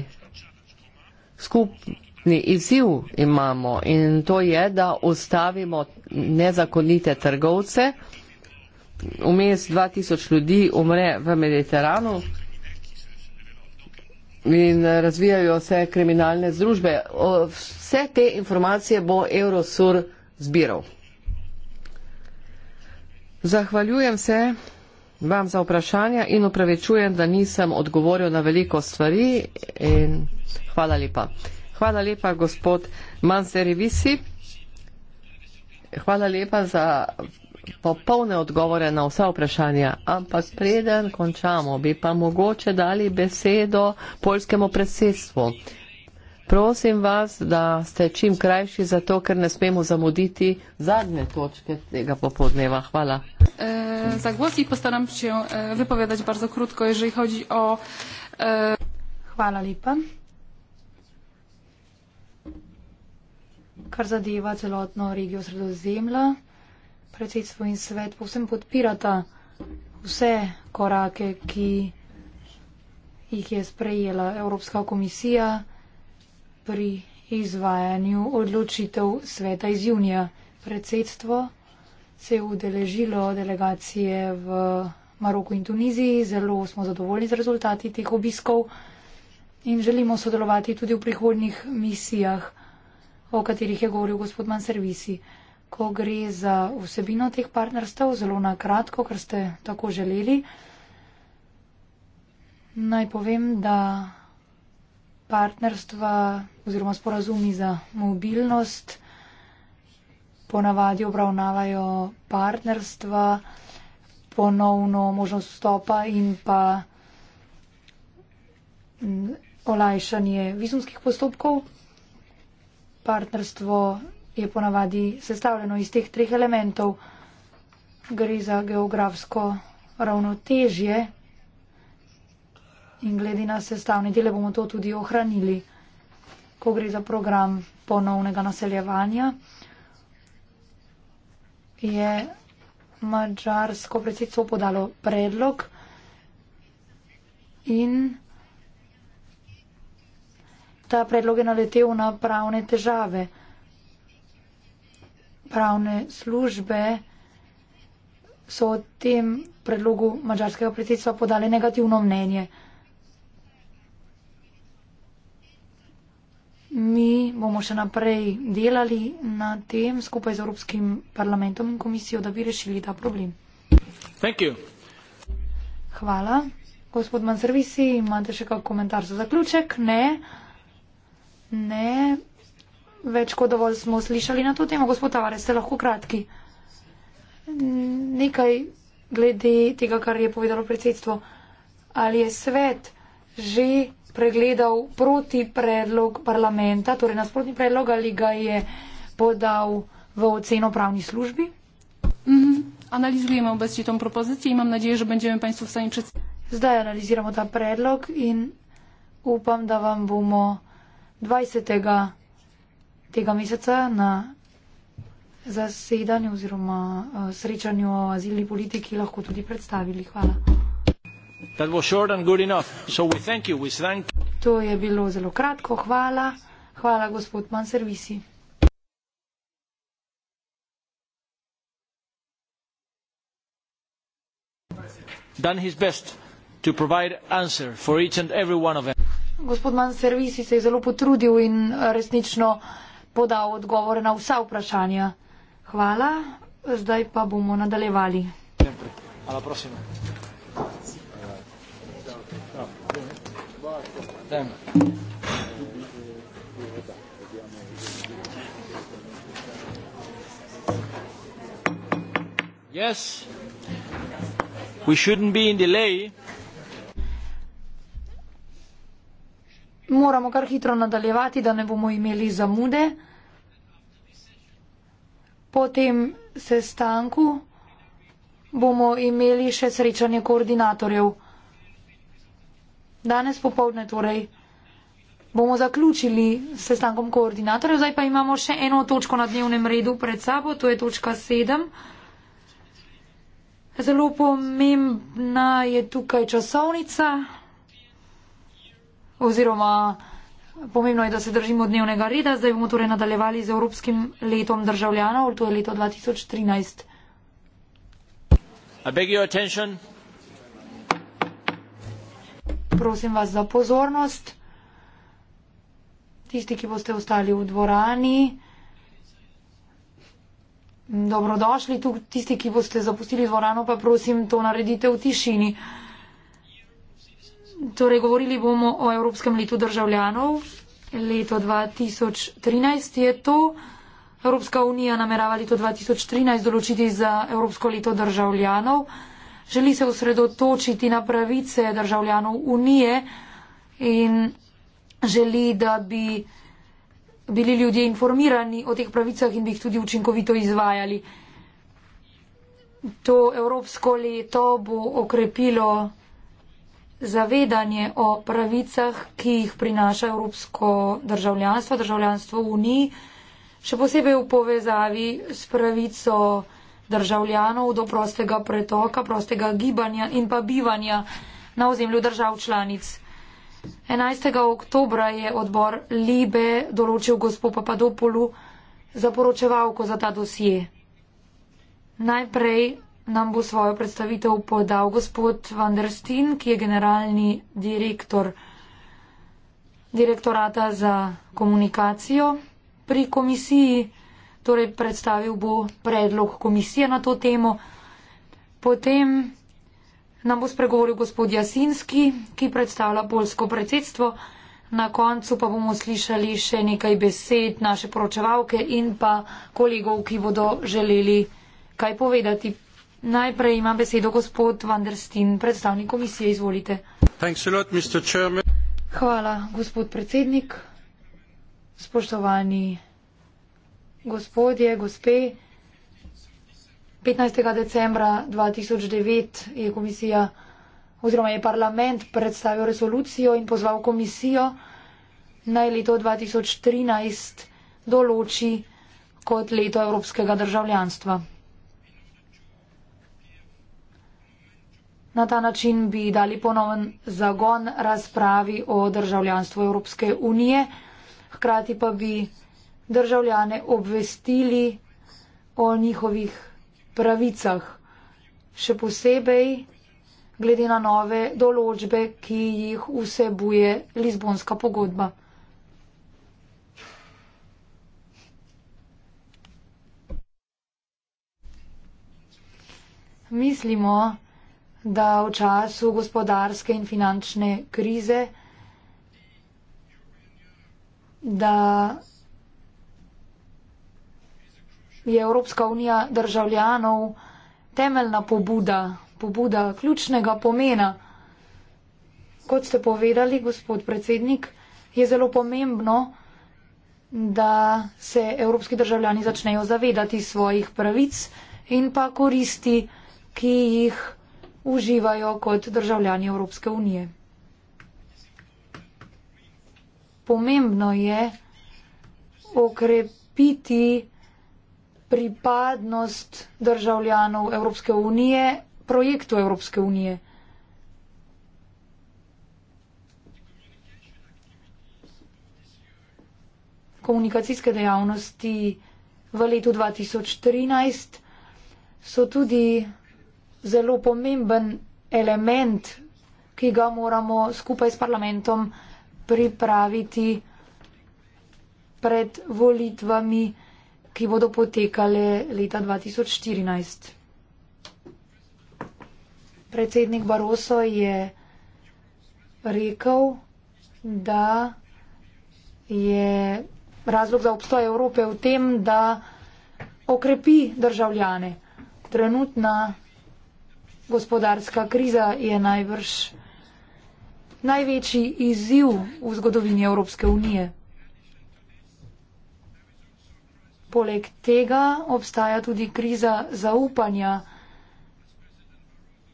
A: skupni izziv imamo in to je, da ustavimo nezakonite trgovce. Vmes 2000 ljudi umre v Mediteranu, in eh, razvijajo se kriminalne združbe. Vse te informacije bo Eurosur zbiral. Zahvaljujem se vam za vprašanja in upravičujem, da nisem odgovoril na veliko stvari. Hvala lepa. Hvala lepa, gospod Manzerivisi. Hvala lepa za popolne odgovore na vsa vprašanja, ampak preden končamo, bi pa mogoče dali besedo polskemu predsedstvu. Prosim vas, da ste čim krajši, zato ker ne smemo zamuditi zadnje točke tega popodneva. Hvala. E,
C: za glas jih postaram se vypovedati bardzo krutko, jeżeli hodi o. E... Hvala lepa. Kar zadeva celotno regijo sredozemlja predsedstvo in svet povsem podpirata vse korake, ki jih je sprejela Evropska komisija pri izvajanju odločitev sveta iz junija. Predsedstvo se je udeležilo delegacije v Maroku in Tuniziji. Zelo smo zadovoljni z rezultati teh obiskov in želimo sodelovati tudi v prihodnih misijah, o katerih je govoril gospod Manservisi ko gre za vsebino teh partnerstev, zelo na kratko, ker ste tako želeli. Naj povem, da partnerstva oziroma sporazumi za mobilnost ponavadi obravnavajo partnerstva, ponovno možnost vstopa in pa mm, olajšanje vizumskih postopkov. Partnerstvo je ponavadi sestavljeno iz teh treh elementov. Gre za geografsko ravnotežje in glede na sestavne dele bomo to tudi ohranili, ko gre za program ponovnega naseljevanja. Je mačarsko predsedstvo podalo predlog in ta predlog je naletel na pravne težave pravne službe so o tem predlogu mađarskega predsedstva podale negativno mnenje. Mi bomo še naprej delali na tem skupaj z Evropskim parlamentom in komisijo, da bi rešili ta problem. Thank you. Hvala. Gospod Manservisi, imate še kak komentar za zaključek? Ne. Ne več kot dovolj smo slišali na to temo. Gospod Tavares, ste lahko kratki. Nekaj glede tega, kar je povedalo predsedstvo. Ali je svet že pregledal proti predlog parlamenta, torej nasprotni predlog, ali ga je podal v oceno pravni službi? Mm -hmm. Analizujemo obesti tom propozicijo, imam nadje, že bendžemo panjstvo v sami čas. Zdaj analiziramo ta predlog in upam, da vam bomo 20 tega meseca na zasedanju oziroma uh, srečanju o azilni politiki lahko tudi predstavili. Hvala. So we thank you. We thank... To je bilo zelo kratko. Hvala. Hvala, gospod Manservisi. Gospod Manservisi se je zelo potrudil in eh, resnično podal odgovore na vsa vprašanja. Hvala, zdaj pa bomo nadaljevali. Hvala, prosim.
B: Yes. We shouldn't be in delay.
C: Moramo kar hitro nadaljevati, da ne bomo imeli zamude po tem sestanku bomo imeli še srečanje koordinatorjev. Danes popovdne torej bomo zaključili s sestankom koordinatorjev, zdaj pa imamo še eno točko na dnevnem redu pred sabo, to je točka 7. Zelo pomembna je tukaj časovnica oziroma Pomembno je, da se držimo dnevnega reda. Zdaj bomo torej nadaljevali z Evropskim letom državljanov. To je leto 2013. Prosim vas za pozornost. Tisti, ki boste ostali v dvorani. Dobrodošli tu, tisti, ki boste zapustili dvorano, pa prosim to naredite v tišini. Torej, govorili bomo o Evropskem letu državljanov. Leto 2013 je to. Evropska unija namerava leto 2013 določiti za Evropsko leto državljanov. Želi se osredotočiti na pravice državljanov unije in želi, da bi bili ljudje informirani o teh pravicah in bi jih tudi učinkovito izvajali. To Evropsko leto bo okrepilo zavedanje o pravicah, ki jih prinaša evropsko državljanstvo, državljanstvo Uniji, še posebej v povezavi s pravico državljanov do prostega pretoka, prostega gibanja in pa bivanja na ozemlju držav članic. 11. oktobra je odbor Libe določil gospod Papadopolu za poročevalko za ta dosje. Najprej nam bo svojo predstavitev podal gospod Van der Steen, ki je generalni direktor direktorata za komunikacijo pri komisiji. Torej, predstavil bo predlog komisije na to temo. Potem nam bo spregovoril gospod Jasinski, ki predstavlja polsko predsedstvo. Na koncu pa bomo slišali še nekaj besed naše poročevalke in pa kolegov, ki bodo želeli kaj povedati Najprej ima besedo gospod Van der Steen, predstavnik komisije. Izvolite. Lot, Hvala, gospod predsednik. Spoštovani gospodje, gospe. 15. decembra 2009 je komisija oziroma je parlament predstavil resolucijo in pozval komisijo naj leto 2013 določi kot leto evropskega državljanstva. Na ta način bi dali ponoven zagon razpravi o državljanstvu Evropske unije, hkrati pa bi državljane obvestili o njihovih pravicah, še posebej glede na nove določbe, ki jih vsebuje Lizbonska pogodba. Mislimo, da v času gospodarske in finančne krize, da je Evropska unija državljanov temeljna pobuda, pobuda ključnega pomena. Kot ste povedali, gospod predsednik, je zelo pomembno, da se evropski državljani začnejo zavedati svojih pravic in pa koristi, ki jih uživajo kot državljani Evropske unije. Pomembno je okrepiti pripadnost državljanov Evropske unije projektu Evropske unije. Komunikacijske dejavnosti v letu 2013 so tudi zelo pomemben element, ki ga moramo skupaj s parlamentom pripraviti pred volitvami, ki bodo potekale leta 2014. Predsednik Baroso je rekel, da je razlog za obstoj Evrope v tem, da okrepi državljane. Trenutna Gospodarska kriza je najbrž največji izziv v zgodovini Evropske unije. Poleg tega obstaja tudi kriza zaupanja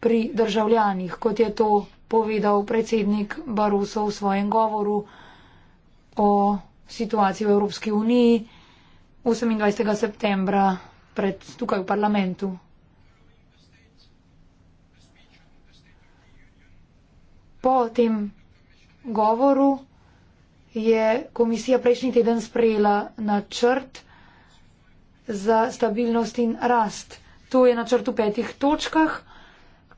C: pri državljanih, kot je to povedal predsednik Baruso v svojem govoru o situaciji v Evropski uniji 28. septembra pred tukaj v parlamentu. po tem govoru je komisija prejšnji teden sprejela načrt za stabilnost in rast. To je načrt v petih točkah,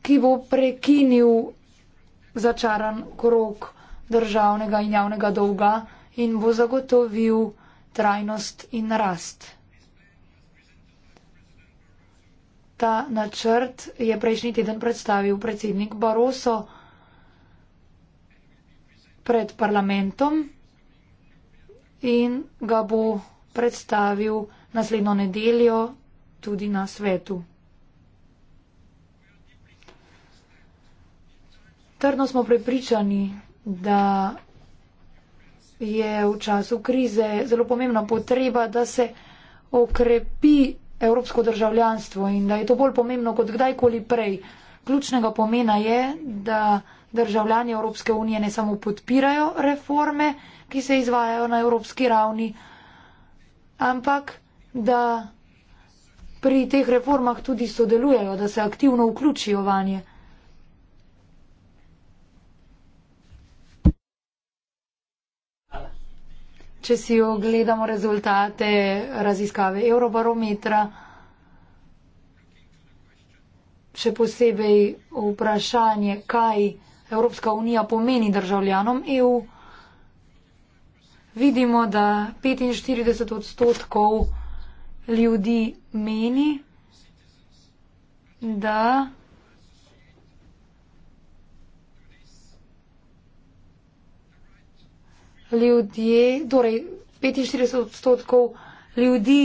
C: ki bo prekinil začaran krok državnega in javnega dolga in bo zagotovil trajnost in rast. Ta načrt je prejšnji teden predstavil predsednik Baroso pred parlamentom in ga bo predstavil naslednjo nedeljo tudi na svetu. Trdno smo prepričani, da je v času krize zelo pomembna potreba, da se okrepi evropsko državljanstvo in da je to bolj pomembno kot kdajkoli prej. Ključnega pomena je, da državljani Evropske unije ne samo podpirajo reforme, ki se izvajajo na evropski ravni, ampak da pri teh reformah tudi sodelujejo, da se aktivno vključijo vanje. Če si ogledamo rezultate raziskave Eurobarometra, še posebej vprašanje, kaj Evropska unija pomeni državljanom EU, vidimo, da 45 odstotkov ljudi meni, da ljudje, torej 45 odstotkov ljudi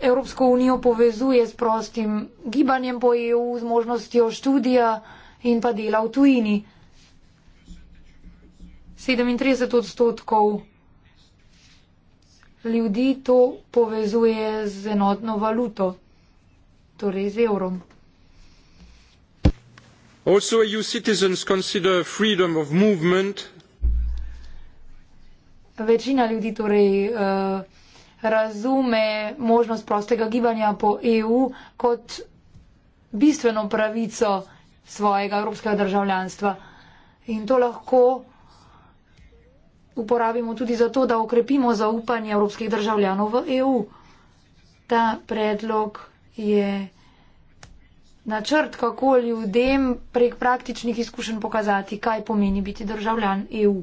C: Evropsko unijo povezuje s prostim gibanjem po EU, z možnostjo študija in pa dela v tujini. 37 odstotkov ljudi to povezuje z enotno valuto, torej z evrom.
B: Also EU citizens consider freedom of movement.
C: Večina ljudi torej uh, razume možnost prostega gibanja po EU kot bistveno pravico svojega evropskega državljanstva. In to lahko uporabimo tudi za to, da okrepimo zaupanje evropskih državljanov v EU. Ta predlog je načrt, kako ljudem prek praktičnih izkušenj pokazati, kaj pomeni biti državljan EU.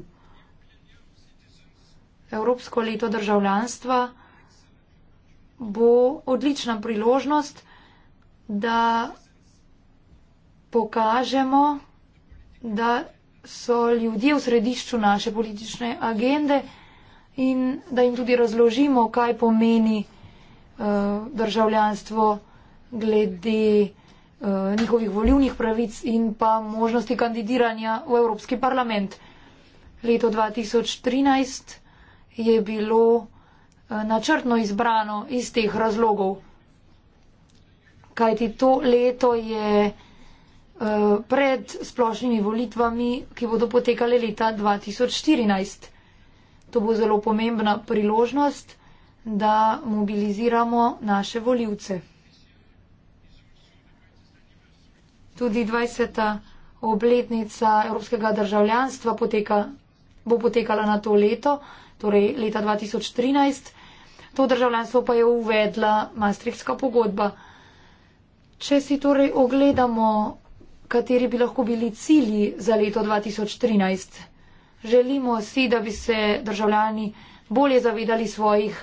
C: Evropsko leto državljanstva bo odlična priložnost, da pokažemo, da so ljudje v središču naše politične agende in da jim tudi razložimo, kaj pomeni uh, državljanstvo glede uh, njihovih voljivnih pravic in pa možnosti kandidiranja v Evropski parlament. Leto 2013 je bilo eh, načrtno izbrano iz teh razlogov. Kajti to leto je Eh, pred splošnimi volitvami, ki bodo potekale leta 2014. To bo zelo pomembna priložnost, da mobiliziramo naše voljivce. Tudi 20. obletnica evropskega državljanstva poteka, bo potekala na to leto, torej leta 2013. To državljanstvo pa je uvedla Maastrichtska pogodba. Če si torej ogledamo kateri bi lahko bili cilji za leto 2013. Želimo si, da bi se državljani bolje zavedali svojih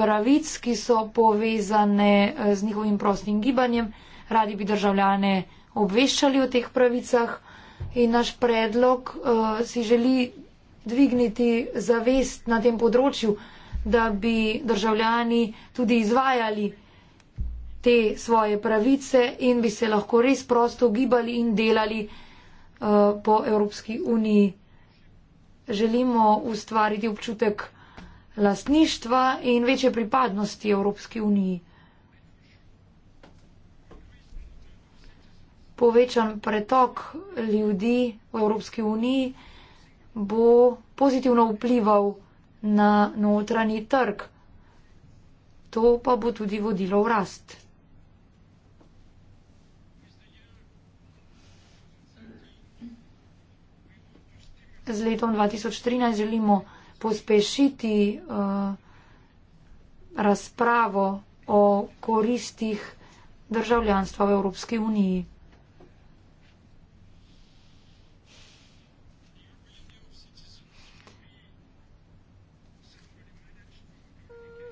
C: pravic, ki so povezane eh, z njihovim prostim gibanjem. Radi bi državljane obveščali o teh pravicah in naš predlog uh, si želi dvigniti zavest na tem področju, da bi državljani tudi izvajali te svoje pravice in bi se lahko res prosto gibali in delali uh, po Evropski uniji. Želimo ustvariti občutek lastništva in večje pripadnosti Evropski uniji. Povečan pretok ljudi v Evropski uniji bo pozitivno vplival na notranji trg. To pa bo tudi vodilo v rast. z letom 2013 želimo pospešiti eh, razpravo o koristih državljanstva v Evropski uniji.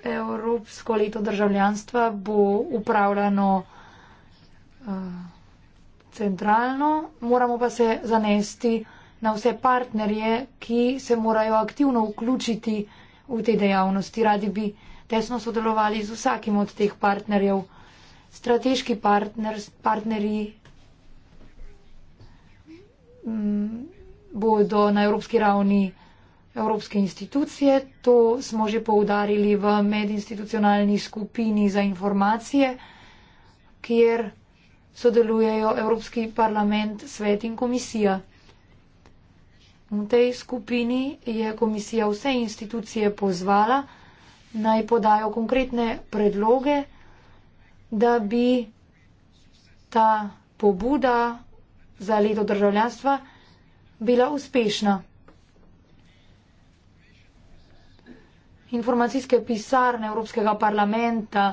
C: Evropsko leto državljanstva bo upravljano uh, centralno, moramo pa se zanesti uh, na vse partnerje, ki se morajo aktivno vključiti v te dejavnosti. Radi bi tesno sodelovali z vsakim od teh partnerjev. Strateški partner, partneri m, mm, bodo na evropski ravni evropske institucije. To smo že poudarili v medinstitucionalni skupini za informacije, kjer sodelujejo Evropski parlament, svet in komisija. V tej skupini je komisija vse institucije pozvala, naj podajo konkretne predloge, da bi ta pobuda za leto državljanstva bila uspešna. Informacijske pisarne Evropskega parlamenta,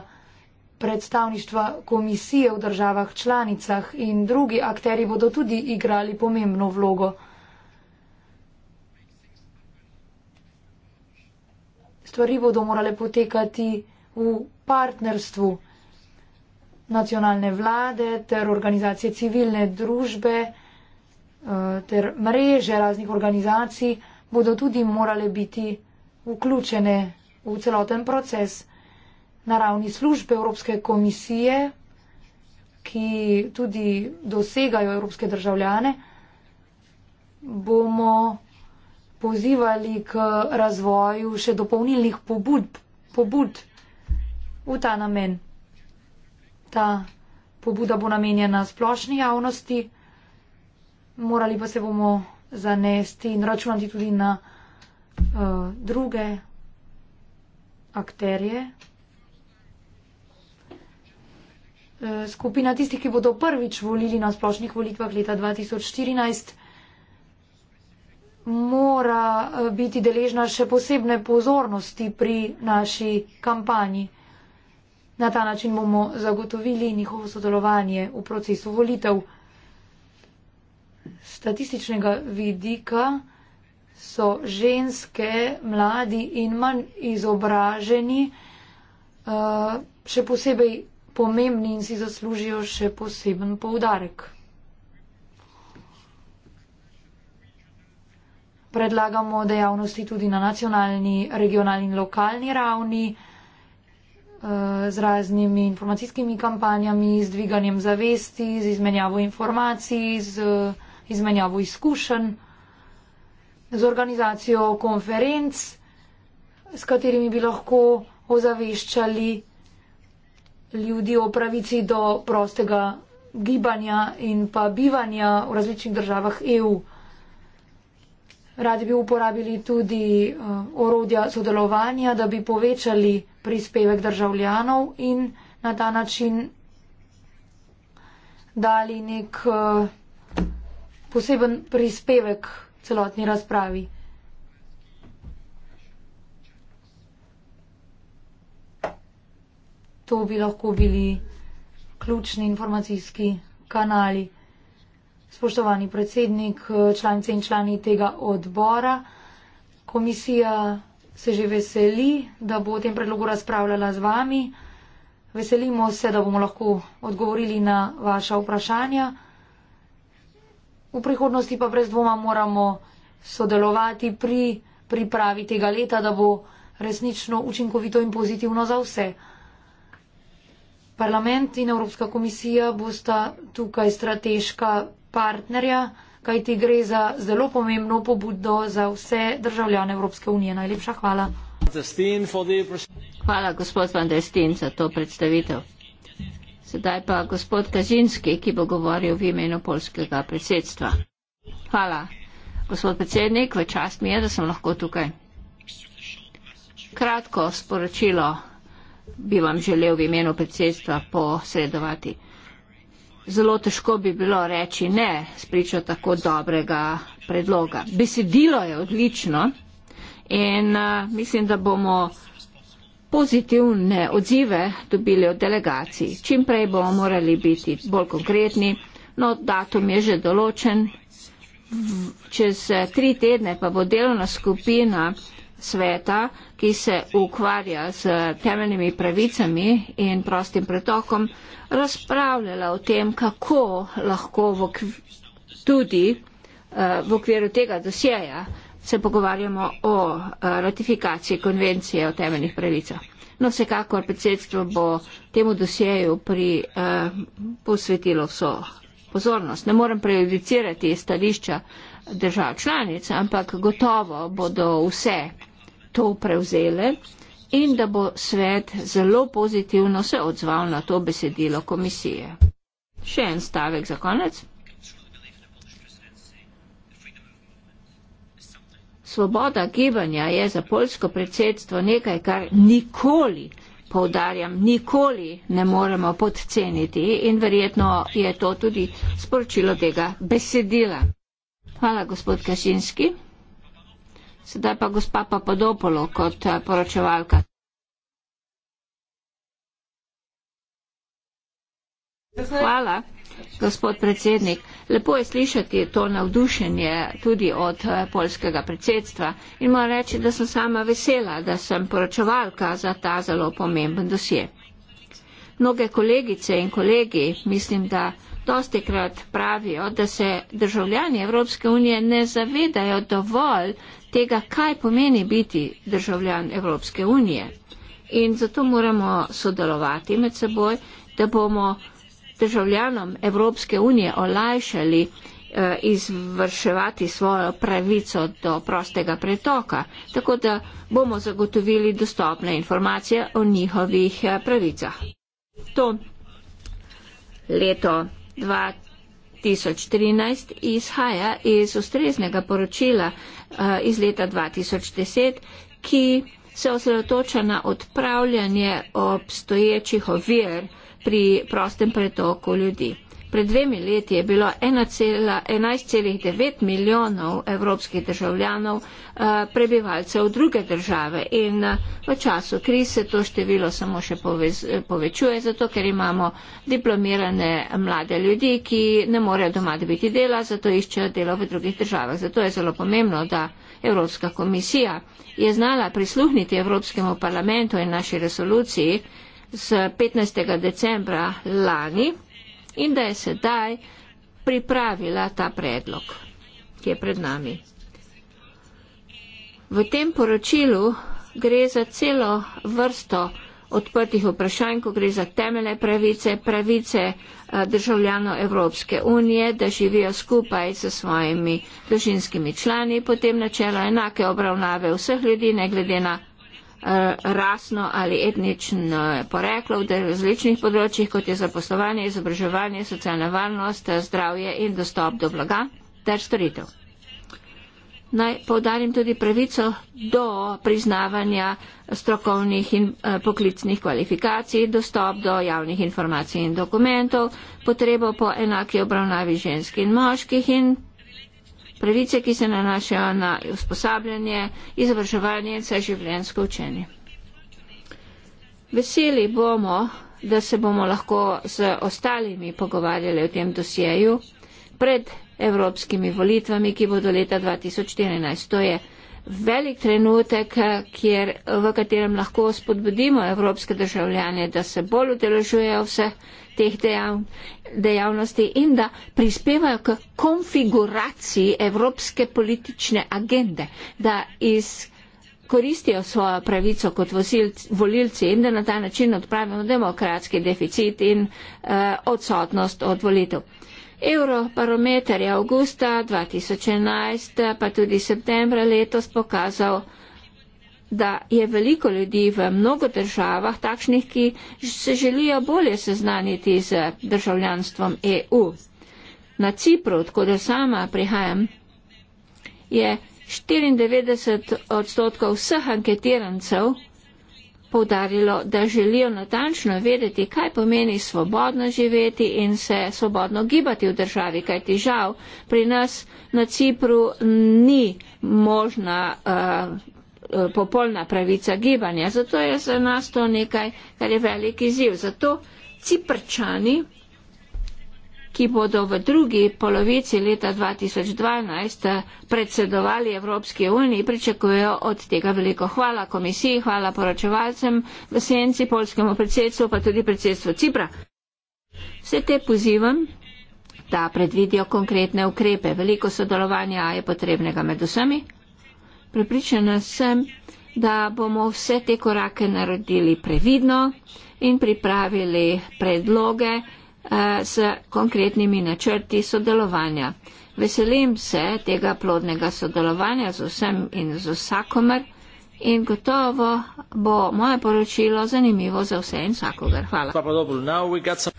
C: predstavništva komisije v državah članicah in drugi akteri bodo tudi igrali pomembno vlogo. stvari bodo morale potekati v partnerstvu nacionalne vlade ter organizacije civilne družbe eh, ter mreže raznih organizacij bodo tudi morale biti vključene v celoten proces na ravni službe Evropske komisije, ki tudi dosegajo evropske državljane, bomo pozivali k razvoju še dopolnilnih pobud, pobud v ta namen. Ta pobuda bo namenjena splošni javnosti, morali pa se bomo zanesti in računati tudi na uh, druge akterje. Eh, skupina tistih, ki bodo prvič volili na splošnih volitvah leta 2014, mora eh, biti deležna še posebne pozornosti pri naši kampanji. Na ta način bomo zagotovili njihovo sodelovanje v procesu volitev. Statističnega vidika so ženske, mladi in manj izobraženi eh, še posebej pomembni in si zaslužijo še poseben poudarek. predlagamo dejavnosti tudi na nacionalni, regionalni in lokalni ravni eh, z raznimi informacijskimi kampanjami, z dviganjem zavesti, z izmenjavo informacij, z eh, izmenjavo izkušenj, z organizacijo konferenc, s katerimi bi lahko ozaveščali ljudi o pravici do prostega gibanja in pa bivanja v različnih državah EU radi bi uporabili tudi uh, orodja sodelovanja, da bi povečali prispevek državljanov in na ta način dali nek uh, poseben prispevek celotni razpravi. To bi lahko bili ključni informacijski kanali. Spoštovani predsednik, članice in člani tega odbora, komisija se že veseli, da bo o tem predlogu razpravljala z vami. Veselimo se, da bomo lahko odgovorili na vaša vprašanja. V prihodnosti pa brez dvoma moramo sodelovati pri pripravi tega leta, da bo resnično učinkovito in pozitivno za vse. Parlament in Evropska komisija bosta tukaj strateška partnerja, kajti gre za zelo pomembno pobudo za vse državljane Evropske
B: unije. Najlepša hvala. Hvala, gospod Van der Steen, za to predstavitev. Sedaj pa gospod Kazinski, ki bo govoril v imenu polskega predsedstva. Hvala, gospod predsednik, v čast mi je, da sem lahko tukaj. Kratko sporočilo bi vam želel v imenu predsedstva posredovati zelo težko bi bilo reči ne spričo tako dobrega predloga. Besedilo je odlično in uh, mislim, da bomo pozitivne odzive dobili od delegacij. Čim prej bomo morali biti bolj konkretni, no datum je že določen. V, čez eh, tri tedne pa bo delovna skupina sveta, ki se ukvarja z temeljnimi pravicami in prostim pretokom, razpravljala o tem, kako lahko v tudi eh, v okviru tega dosjeja se pogovarjamo o eh, ratifikaciji konvencije o temeljnih pravicah. No, vsekakor predsedstvo bo temu dosjeju pri, eh, posvetilo vso pozornost. Ne morem prejudicirati stališča držav članic, ampak gotovo bodo vse to prevzele in da bo svet zelo pozitivno se odzval na to besedilo komisije. Še en stavek za konec. Svoboda gibanja je za polsko predsedstvo nekaj, kar nikoli, povdarjam, nikoli ne moremo podceniti in verjetno je to tudi sporočilo tega besedila. Hvala, gospod Kašinski. Sedaj pa gospa Papadopolo kot eh, poročevalka. Hvala, gospod predsednik. Lepo je slišati to navdušenje tudi od eh, polskega predsedstva in moram reči, da sem sama vesela, da sem poročevalka za ta zelo pomemben dosje. Mnoge kolegice in kolegi, mislim, da dosti krat pravijo, da se državljani Evropske unije ne zavedajo dovolj tega, kaj pomeni biti državljan Evropske unije. In zato moramo sodelovati med seboj, da bomo državljanom Evropske unije olajšali eh, izvrševati svojo pravico do prostega pretoka, tako da bomo zagotovili dostopne informacije o njihovih eh, pravicah. To leto 2013 izhaja iz ustreznega poročila eh, iz leta 2010, ki se osredotoča na odpravljanje obstoječih ovir pri prostem pretoku ljudi pred dvemi leti je bilo 1,11,9 milijonov evropskih državljanov eh, prebivalcev druge države in eh, v času krize to število samo še povez, povečuje, zato ker imamo diplomirane mlade ljudi, ki ne morejo doma dobiti dela, zato iščejo delo v drugih državah. Zato je zelo pomembno, da Evropska komisija je znala prisluhniti Evropskemu parlamentu in naši resoluciji z 15. decembra lani in da je sedaj pripravila ta predlog, ki je pred nami. V tem poročilu gre za celo vrsto odprtih vprašanj, ko gre za temeljne pravice, pravice eh, državljanov Evropske unije, da živijo skupaj s svojimi družinskimi člani, potem načelo enake obravnave vseh ljudi, ne glede na Eh, rasno ali etnično poreklo v različnih področjih, kot je zaposlovanje, izobraževanje, socialna varnost, zdravje in dostop do blaga ter storitev. Naj povdarim tudi pravico do priznavanja strokovnih in eh, poklicnih kvalifikacij, dostop do javnih informacij in dokumentov, potrebo po enaki obravnavi ženskih in moških in pravice, ki se nanašajo na usposabljanje, izobraževanje in vse življenjsko učenje. Veseli bomo, da se bomo lahko z ostalimi pogovarjali o tem dosjeju pred evropskimi volitvami, ki bodo leta 2014. To je velik trenutek, kjer, v katerem lahko spodbudimo evropske državljane, da se bolj udeležujejo vseh teh dejav, dejavnosti in da prispevajo k konfiguraciji evropske politične agende, da izkoristijo svojo pravico kot volilci in da na ta način odpravimo demokratski deficit in uh, odsotnost od volitev. Uh, Eurobarometer je avgusta 2011, pa tudi septembra letos pokazal, da je veliko ljudi v mnogo državah takšnih, ki se želijo bolje seznaniti z državljanstvom EU. Na Cipru, odkud sama prihajam, je 94 odstotkov vseh anketirancev poudarilo, da želijo natančno vedeti, kaj pomeni svobodno živeti in se svobodno gibati v državi, kaj ti žal pri nas na Cipru ni možna uh, popolna pravica gibanja. Zato je za nas to nekaj, kar je veliki ziv. Zato Ciprčani ki bodo v drugi polovici leta 2012 predsedovali Evropski uniji, pričakujejo od tega veliko hvala komisiji, hvala poročevalcem v senci, polskemu predsedstvu, pa tudi predsedstvu Cipra. Vse te pozivam, da predvidijo konkretne ukrepe. Veliko sodelovanja je potrebnega med vsemi. Pripričana sem, da bomo vse te korake naredili previdno in pripravili predloge, s konkretnimi načrti sodelovanja. Veselim se tega plodnega sodelovanja z vsem in z vsakomer in gotovo bo moje poročilo zanimivo za vse in vsakogar. Hvala.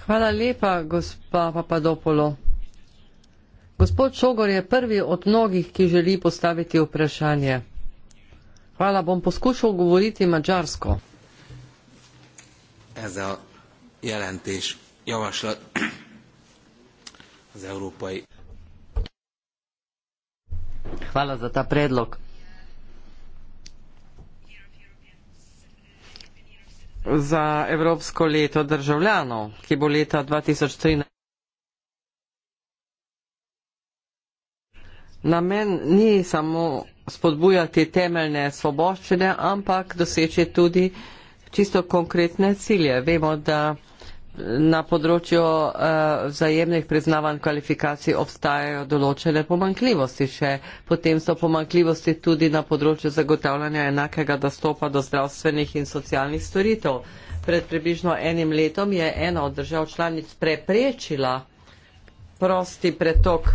A: Hvala lepa, gospa Papadopolo. Gospod Šogor je prvi od mnogih, ki želi postaviti vprašanje. Hvala, bom poskušal govoriti mađarsko.
B: Ez a jelentés javaslat az európai.
A: Hvala za ta predlog. Za Evropsko leto državljanov, ki bo leta 2013. Namen ni samo spodbujati temeljne svoboščine, ampak doseči tudi čisto konkretne cilje. Vemo, da na področju uh, vzajemnih priznavanj kvalifikacij obstajajo določene pomankljivosti. Še potem so pomankljivosti tudi na področju zagotavljanja enakega dostopa do zdravstvenih in socialnih storitev. Pred približno enim letom je ena od držav članic preprečila prosti pretok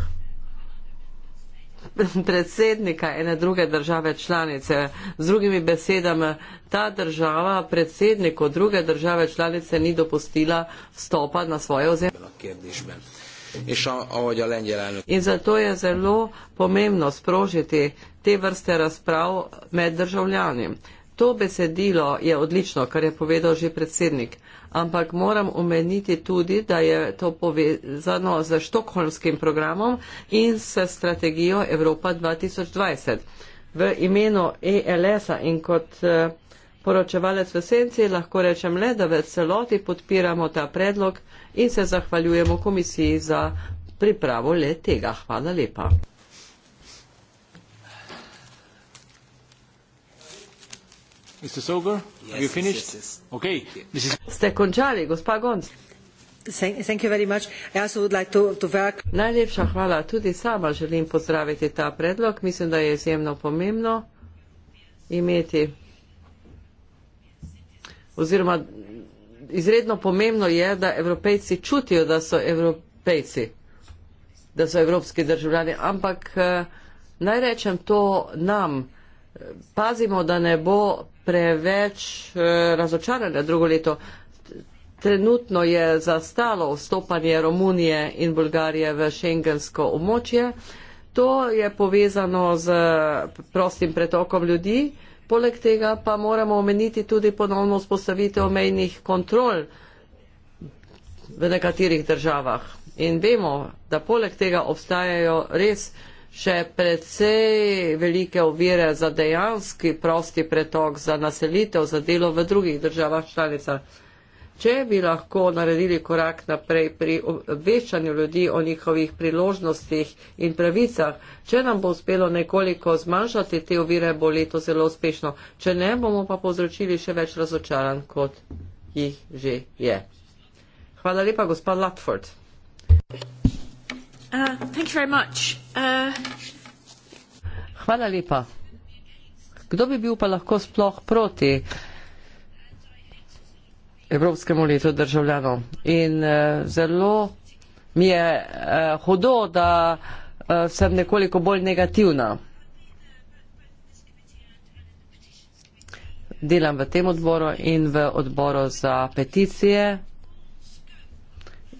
A: predsednika ene druge države članice. Z drugimi besedami, ta država predsedniku druge države članice ni dopustila vstopa na svoje ozemlje. In zato je zelo pomembno sprožiti te vrste razprav med državljani. To besedilo je odlično, kar je povedal že predsednik, ampak moram omeniti tudi, da je to povezano z štokholmskim programom in s strategijo Evropa 2020. V imenu ELS-a in kot eh, poročevalec v senci lahko rečem le, da v celoti podpiramo ta predlog in se zahvaljujemo komisiji za pripravo le tega. Hvala lepa. Mr. Sogar, yes, have you finished? Yes, yes. Okay. Yes. Mrs. Ste končali, gospa Gonc? Thank, thank you very much. Yes, like to, to work. Najlepša hvala. Tudi sama želim pozdraviti ta predlog. Mislim, da je izjemno pomembno imeti oziroma izredno pomembno je, da evropejci čutijo, da so evropejci, da so evropski državljani, ampak eh, naj rečem to nam, pazimo, da ne bo preveč eh, razočarane drugo leto. Trenutno je zastalo vstopanje Romunije in Bolgarije v šengensko območje. To je povezano z prostim pretokom ljudi. Poleg tega pa moramo omeniti tudi ponovno vzpostavitev mejnih kontrol v nekaterih državah. In vemo, da poleg tega obstajajo res še precej velike ovire za dejanski prosti pretok, za naselitev, za delo v drugih državah članica. Če bi lahko naredili korak naprej pri obveščanju ljudi o njihovih priložnostih in pravicah, če nam bo uspelo nekoliko zmanjšati te ovire, bo leto zelo uspešno. Če ne, bomo pa povzročili še več razočaran, kot jih že je. Hvala lepa, gospod Latford.
B: Uh, uh, Hvala lepa.
A: Kdo bi bil pa lahko sploh proti Evropskemu letu državljanov? In uh, zelo mi je uh, hudo, da uh, sem nekoliko bolj negativna. Delam v tem odboru in v odboru za peticije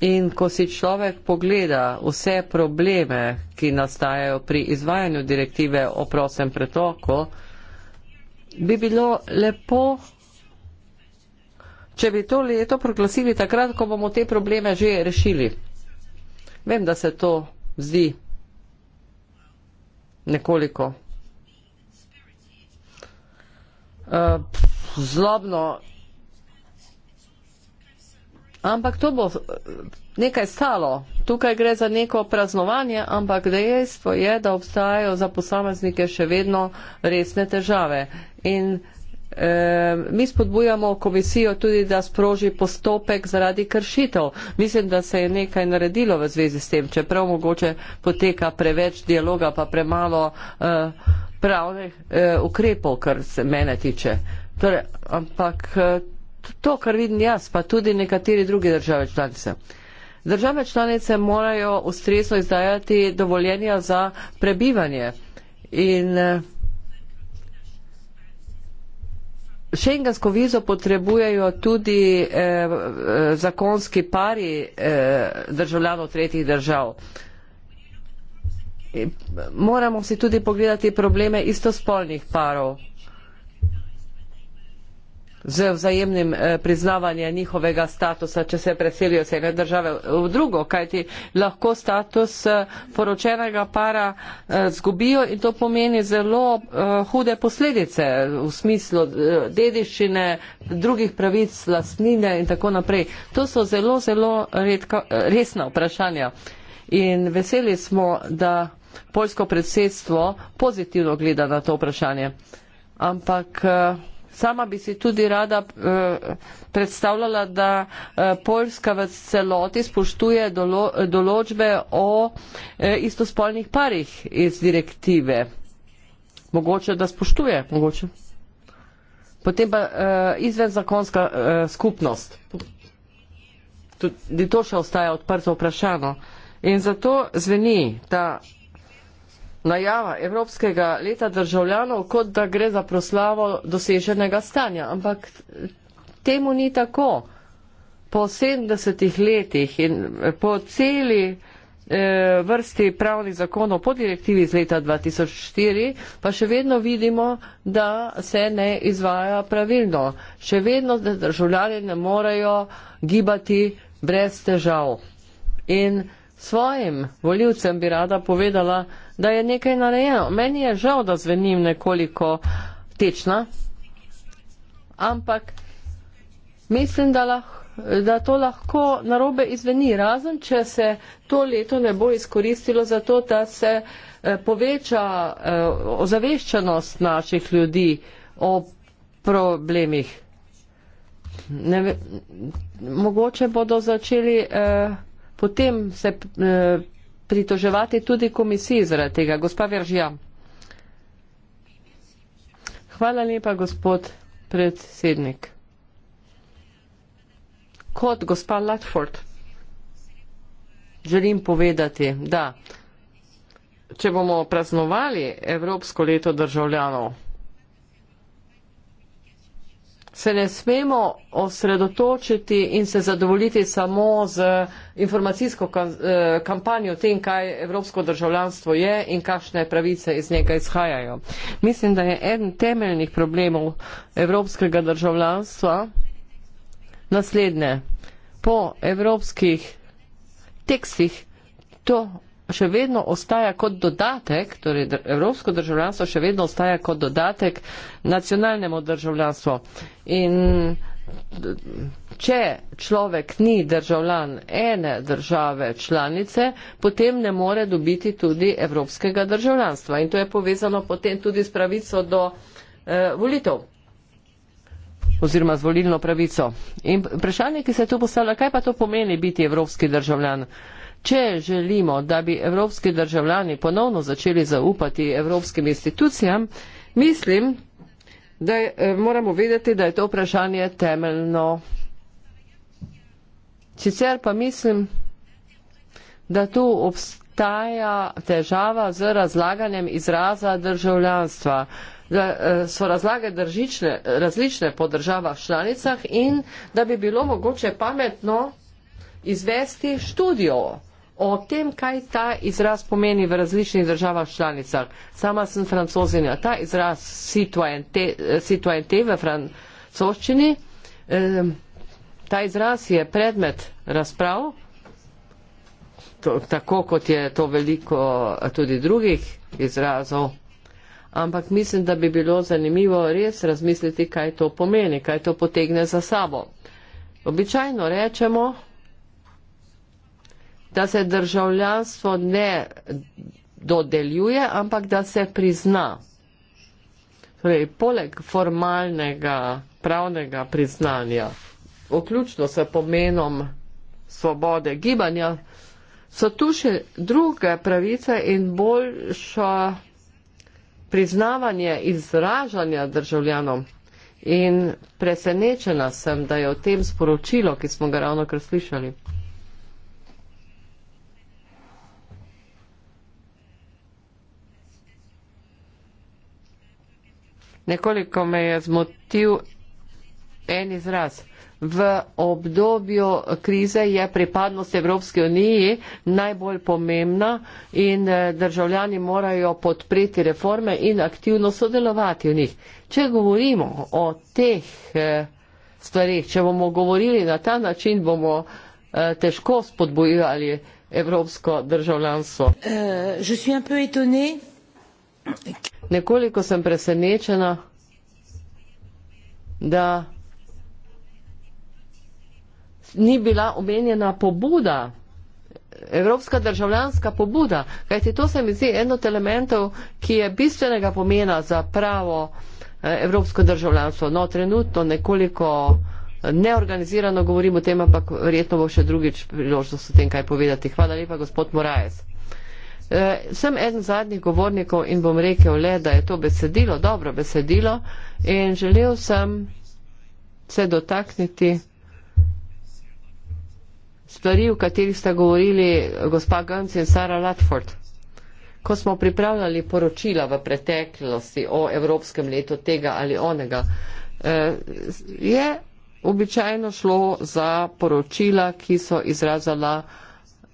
A: In ko si človek pogleda vse probleme, ki nastajajo pri izvajanju direktive o prosem pretoku, bi bilo lepo, če bi to leto proglasili takrat, ko bomo te probleme že rešili. Vem, da se to zdi nekoliko. Uh, eh, pf, zlobno Ampak to bo nekaj stalo. Tukaj gre za neko praznovanje, ampak dejstvo je, da obstajajo za posameznike še vedno resne težave. In eh, Mi spodbujamo komisijo tudi, da sproži postopek zaradi kršitev. Mislim, da se je nekaj naredilo v zvezi s tem, čeprav mogoče poteka preveč dialoga, pa premalo uh, pravnih uh, ukrepov, kar se mene tiče. Torej, ampak uh, to, kar vidim jaz, pa tudi nekateri druge države članice. Države članice morajo ustrezno izdajati dovoljenja za prebivanje. In eh, šengensko vizo potrebujejo tudi eh, zakonski pari eh, državljanov tretjih držav. In moramo si tudi pogledati probleme istospolnih parov z vzajemnim eh, priznavanjem njihovega statusa, če se preselijo z ene države v drugo, kajti lahko status eh, poročenega para eh, zgubijo in to pomeni zelo hude posledice v smislu dediščine, drugih pravic, lastnine in tako naprej. To so zelo, zelo redka, resna vprašanja. In veseli smo, da poljsko predsedstvo pozitivno gleda na to vprašanje. Ampak Sama bi si tudi rada uh, predstavljala, da uh, Poljska v celoti spoštuje dolo določbe o uh, istospolnih parih iz direktive. Mogoče, da spoštuje, mogoče. Potem pa uh, izven zakonska uh, skupnost. Tudi to še ostaja odprto vprašanje. In zato zveni ta najava Evropskega leta državljanov, kot da gre za proslavo doseženega stanja. Ampak temu ni tako. Po 70 letih in eh, po celi eh, vrsti pravnih zakonov po direktivi iz leta 2004 pa še vedno vidimo, da se ne izvaja pravilno. Še vedno, da državljani ne morejo gibati brez težav. In svojim voljivcem bi rada povedala, da je nekaj narejeno. Meni je žal, da zvenim nekoliko tečna, ampak mislim, da, lah, da to lahko narobe izveni, razen če se to leto ne bo izkoristilo za to, da se eh, poveča eh, ozaveščenost naših ljudi o problemih. Ne, mogoče bodo začeli eh, potem se eh, pritoževati tudi komisiji zaradi tega. Gospa Veržja. Hvala lepa, gospod predsednik. Kot gospa Latford želim povedati, da če bomo praznovali Evropsko leto državljanov, se ne smemo osredotočiti in se zadovoljiti samo z informacijsko eh, kampanjo o tem, kaj evropsko državljanstvo je in kakšne pravice iz njega izhajajo. Mislim, da je eden temeljnih problemov evropskega državljanstva naslednje. Po evropskih tekstih to še vedno ostaja kot dodatek, torej evropsko državljanstvo še vedno ostaja kot dodatek nacionalnemu državljanstvu. In če človek ni državljan ene države članice, potem ne more dobiti tudi evropskega državljanstva. In to je povezano potem tudi s pravico do eh, volitev oziroma z volilno pravico. In vprašanje, ki se je tu postavlja, kaj pa to pomeni biti evropski državljan? Eh, Če želimo, da bi evropski državljani ponovno začeli zaupati evropskim institucijam, mislim, da eh, moramo vedeti, da je to vprašanje temeljno. Sicer pa mislim, da tu obstaja težava z razlaganjem izraza državljanstva. Da eh, so razlage držične, različne po državah članicah in da bi bilo mogoče pametno izvesti študijo o tem, kaj ta izraz pomeni v različnih državah članicah. Sama sem francozinja. Ta izraz situajente v francoščini, ta izraz je predmet razprav, to, tako kot je to veliko tudi drugih izrazov. Ampak mislim, da bi bilo zanimivo res razmisliti, kaj to pomeni, kaj to potegne za sabo. Običajno rečemo, da se državljanstvo ne dodeljuje, ampak da se prizna. Torej, poleg formalnega pravnega priznanja, vključno s pomenom svobode gibanja, so tu še druge pravice in boljša priznavanje izražanja državljanom. In presenečena sem, da je v tem sporočilo, ki smo ga ravno kar slišali. Nekoliko me je zmotil en izraz. V obdobju krize je pripadnost Evropske unije najbolj pomembna in eh, državljani morajo podpreti reforme in aktivno sodelovati v njih. Če govorimo o teh eh, stvarih, če bomo govorili na ta način, bomo eh, težko spodbojali Evropsko državljanstvo. Uh, Nekoliko sem presenečena, da ni bila omenjena pobuda, evropska državljanska pobuda, kajti to se mi zdi eno od elementov, ki je bistvenega pomena za pravo eh, evropsko državljanstvo. No, trenutno nekoliko eh, neorganizirano govorim o tem, ampak verjetno bo še drugič priložnost o tem kaj povedati. Hvala lepa, gospod Morajez. Eh, sem eden zadnjih govornikov in bom rekel le, da je to besedilo, dobro besedilo in želel sem se dotakniti stvari, o katerih sta govorili gospa Gunc in Sara Latford. Ko smo pripravljali poročila v preteklosti o Evropskem letu tega ali onega, eh, je običajno šlo za poročila, ki so izrazala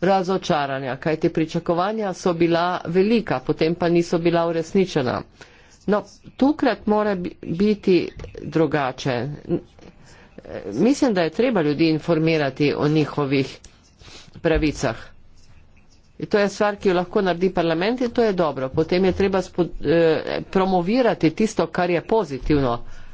A: razočaranja, kajti pričakovanja so bila velika, potem pa niso bila uresničena. No, tukrat mora biti drugače. Mislim, da je treba ljudi informirati o njihovih pravicah. To je stvar, ki jo lahko naredi parlament in to je dobro. Potem je treba spod, eh, promovirati tisto, kar je pozitivno. Eh,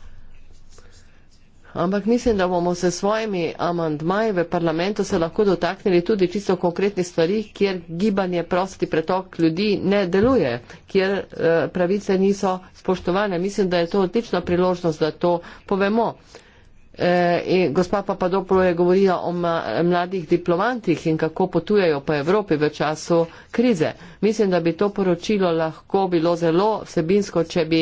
A: ampak mislim, da bomo se svojimi amandmaji v parlamentu se lahko dotaknili tudi čisto konkretnih stvari, kjer gibanje prosti pretok ljudi ne deluje, kjer eh, pravice niso spoštovane. Mislim, da je to odlična priložnost, da to povemo. E, in gospa Papadopolo je govorila o mladih diplomantih in kako potujejo po Evropi v času krize. Mislim, da bi to poročilo lahko bilo zelo vsebinsko, če bi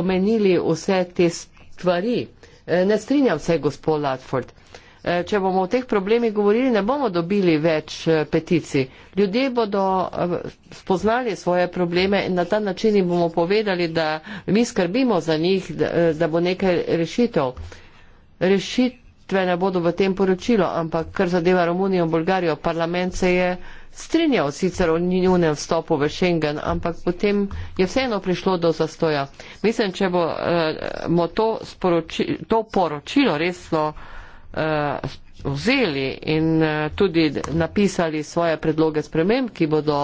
A: omenili vse te stvari. Eh, ne strinjam se, gospod Latford. Eh, če bomo o teh problemih govorili, ne bomo dobili več eh, peticij. Ljudje bodo spoznali svoje probleme in na ta način jim bomo povedali, da mi skrbimo za njih, da bo nekaj rešitev. Rešitve ne bodo v tem poročilu, ampak kar zadeva Romunijo in Bolgarijo, parlament se je strinjal sicer o njunem vstopu v Schengen, ampak potem je vseeno prišlo do zastoja. Mislim, če bomo eh, to, sporoči, to poročilo resno eh, vzeli in eh, tudi napisali svoje predloge sprememb, ki bodo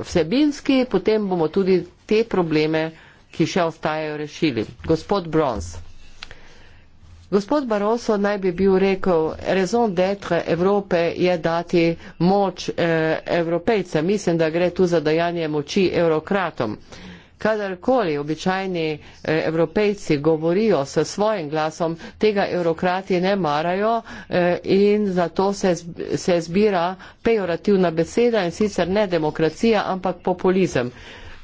A: vsebinski, potem bomo tudi te probleme, ki še ostajajo, rešili. Gospod Bronze. Gospod Barroso naj bi bil rekel, raison d'être Evrope je dati moč eh, evropejcem. Mislim, da gre tu za dajanje moči eurokratom. Kadarkoli običajni eh, evropejci govorijo s svojim glasom, tega eurokrati ne marajo eh, in zato se, se zbira pejorativna beseda in sicer ne demokracija, ampak populizem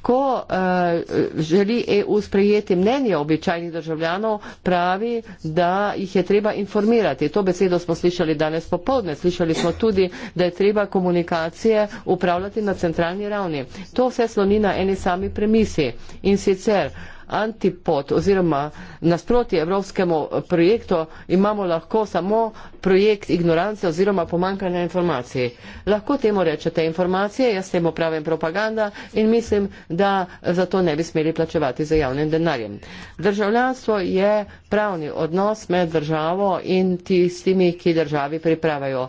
A: lahko uh, eh, želi EU sprejeti mnenje običajnih državljanov, pravi, da jih je treba informirati. To besedo smo slišali danes popovdne. Slišali smo tudi, da je treba komunikacije upravljati na centralni ravni. To vse sloni na eni sami premisi. In sicer, antipod oziroma nasproti evropskemu projektu imamo lahko samo projekt ignorance oziroma pomankanja informacij. Lahko temu rečete informacije, jaz temu pravim propaganda in mislim, da za to ne bi smeli plačevati za javnim denarjem. Državljanstvo je pravni odnos med državo in tistimi, ki državi pripravajo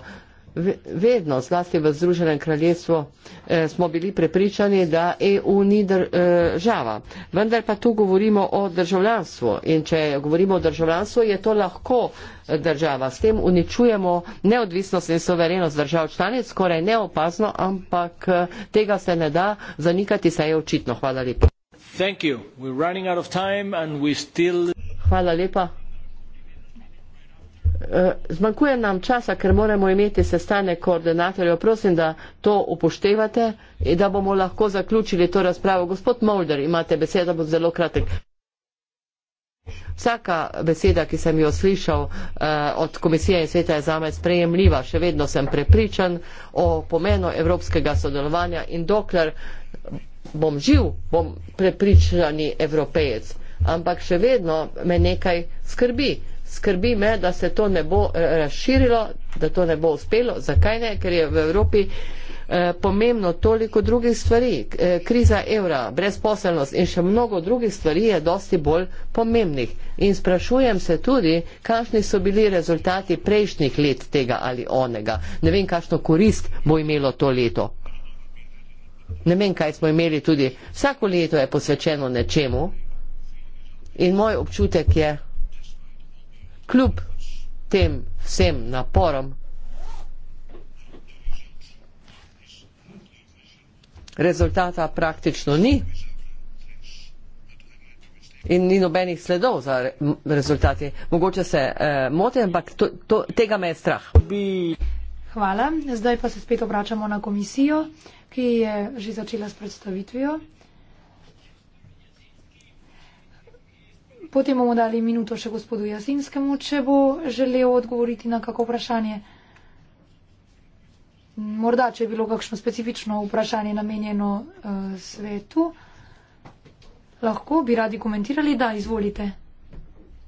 A: vedno, zlasti v Združenem kraljestvu, eh, smo bili prepričani, da EU ni država. Vendar pa tu govorimo o državljanstvu in če govorimo o državljanstvu, je to lahko država. S tem uničujemo neodvisnost in soverenost držav članic, skoraj neopazno, ampak eh, tega se ne da zanikati, saj je očitno. Hvala lepa. Hvala lepa. Eh, zmanjkuje nam časa, ker moramo imeti sestane koordinatorjev. Prosim, da to upoštevate in da bomo lahko zaključili to razpravo. Gospod Molder, imate besedo, bo zelo kratek. Vsaka beseda, ki sem jo slišal eh, od komisije in sveta je zame sprejemljiva. Še vedno sem prepričan o pomenu evropskega sodelovanja in dokler bom živ, bom prepričani evropejec. Ampak še vedno me nekaj skrbi skrbi me, da se to ne bo eh, razširilo, da to ne bo uspelo. Zakaj ne? Ker je v Evropi eh, pomembno toliko drugih stvari. Eh, kriza evra, brezposelnost in še mnogo drugih stvari je dosti bolj pomembnih. In sprašujem se tudi, kakšni so bili rezultati prejšnjih let tega ali onega. Ne vem, kakšno korist bo imelo to leto. Ne vem, kaj smo imeli tudi. Vsako leto je posvečeno nečemu. In moj občutek je, kljub tem vsem naporom. Rezultata praktično ni in ni nobenih sledov za re rezultati. Mogoče se eh, motim, ampak to, to, tega me je strah.
C: Hvala. Zdaj pa se spet obračamo na komisijo, ki je že začela s predstavitvijo. Potem bomo dali minuto še gospodu Jasinskemu, če bo želel odgovoriti na kako vprašanje. Morda, če je bilo kakšno specifično vprašanje namenjeno uh, svetu, lahko bi radi komentirali. Da, izvolite.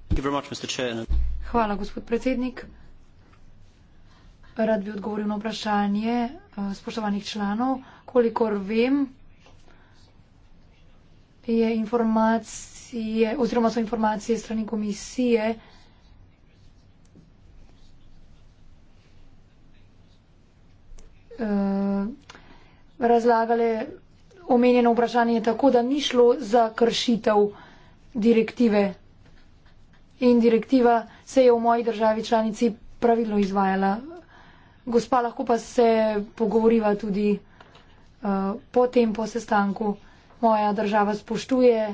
A: Much,
C: Hvala, gospod predsednik. Rad bi odgovoril na vprašanje uh, spoštovanih članov. Kolikor vem, je informacija komisije oziroma so informacije strani komisije. Eh, razlagale omenjeno vprašanje tako, da ni šlo za kršitev direktive. In direktiva se je v moji državi članici pravilno izvajala. Gospa lahko pa se pogovoriva tudi uh, po tem, po sestanku. Moja država spoštuje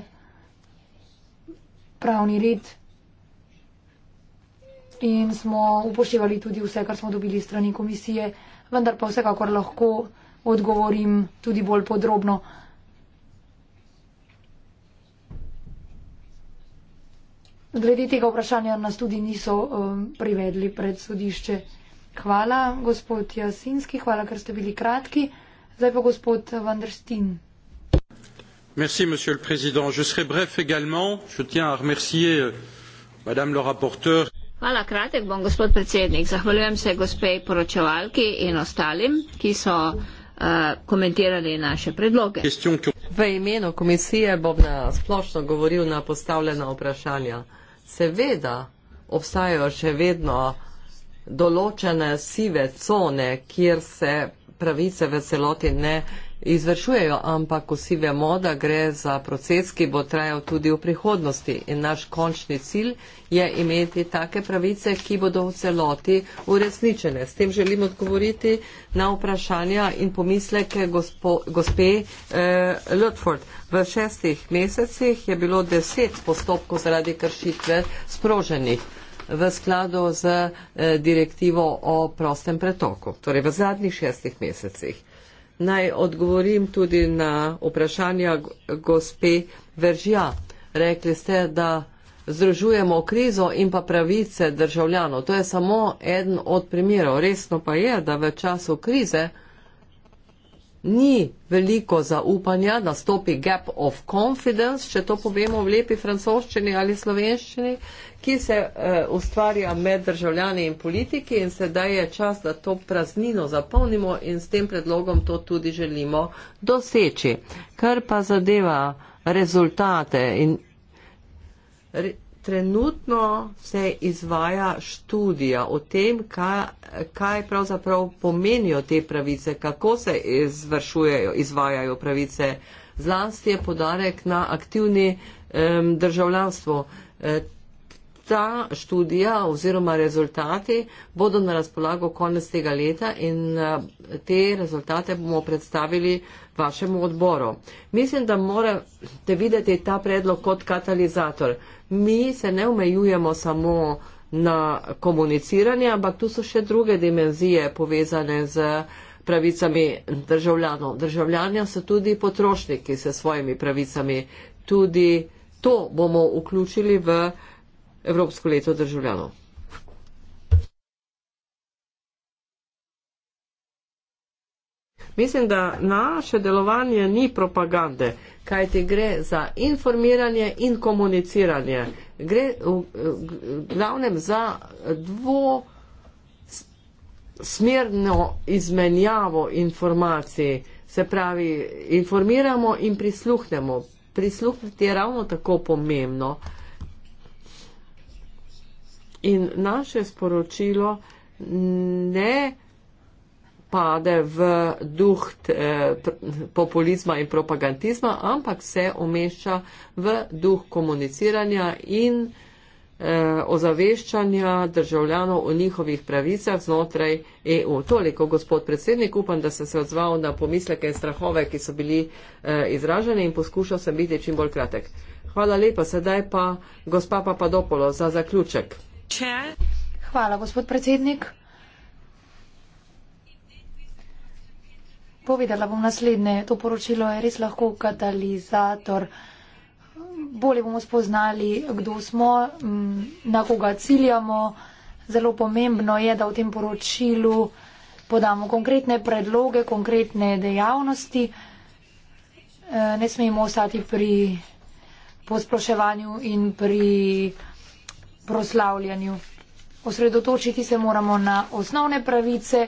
C: pravni red in smo upoštevali tudi vse, kar smo dobili strani komisije, vendar pa vsekakor lahko odgovorim tudi bolj podrobno. Glede tega vprašanja nas tudi niso um, privedli pred sodišče. Hvala, gospod Jasinski, hvala, ker ste bili kratki. Zdaj pa gospod
B: Vandrstin
A: monsieur le président je serai bref également je tiens à remercier euh, madame la rapporteure
B: Hvala, kratek bom, gospod predsednik. Zahvaljujem se gospe poročevalki in ostalim, ki so uh, komentirali naše predloge.
A: V imenu komisije bom na splošno govoril na postavljena vprašanja. Seveda obstajajo še vedno določene sive cone, kjer se pravice v celoti ne izvršujejo, ampak vsi vemo, da gre za proces, ki bo trajal tudi v prihodnosti. In naš končni cilj je imeti take pravice, ki bodo v celoti uresničene. S tem želim odgovoriti na vprašanja in pomisleke gospo, gospe eh, Ludford. V šestih mesecih je bilo deset postopkov zaradi kršitve sproženih v skladu z eh, direktivo o prostem pretoku, torej v zadnjih šestih mesecih naj odgovorim tudi na vprašanja gospe Veržja. Rekli ste, da združujemo krizo in pa pravice državljanov. To je samo eden od primerov. Resno pa je, da v času krize ni veliko zaupanja, nastopi gap of confidence, če to povemo v lepi francoščini ali slovenščini, ki se eh, ustvarja med državljani in politiki in sedaj je čas, da to praznino zapolnimo in s tem predlogom to tudi želimo doseči. Kar pa zadeva rezultate in. Re, trenutno se izvaja študija o tem, kaj, kaj pravzaprav pomenijo te pravice, kako se izvršujejo, izvajajo pravice. Zlasti je podarek na aktivni um, državljanstvo. E, ta študija oziroma rezultati bodo na razpolago konec tega leta in eh, te rezultate bomo predstavili vašemu odboru. Mislim, da morate videti ta predlog kot katalizator. Mi se ne omejujemo samo na komuniciranje, ampak tu so še druge dimenzije povezane z pravicami državljanov. Državljanja so tudi potrošniki s svojimi pravicami. Tudi to bomo vključili v Evropsko leto državljanov. Mislim, da naše delovanje ni propagande, kaj ti gre za informiranje in komuniciranje. Gre v glavnem za dvosmerno izmenjavo informacij. Se pravi, informiramo in prisluhnemo. Prisluhniti je ravno tako pomembno. Uh, In naše sporočilo ne pade v duh eh, populizma in propagandizma, ampak se omešča v duh komuniciranja in eh, ozaveščanja državljanov o njihovih pravicah znotraj EU. Toliko, gospod predsednik, upam, da ste se odzval na pomisleke in strahove, ki so bili eh, izraženi in poskušal sem biti čim bolj kratek. Hvala lepa, sedaj pa gospa Papadopolo za zaključek.
C: Hvala, gospod predsednik. Povedala bom naslednje. To poročilo je res lahko katalizator. Bolje bomo spoznali, kdo smo, na koga ciljamo. Zelo pomembno je, da v tem poročilu podamo konkretne predloge, konkretne dejavnosti. E, ne smemo ostati pri posploševanju in pri proslavljanju. Osredotočiti se moramo na osnovne pravice,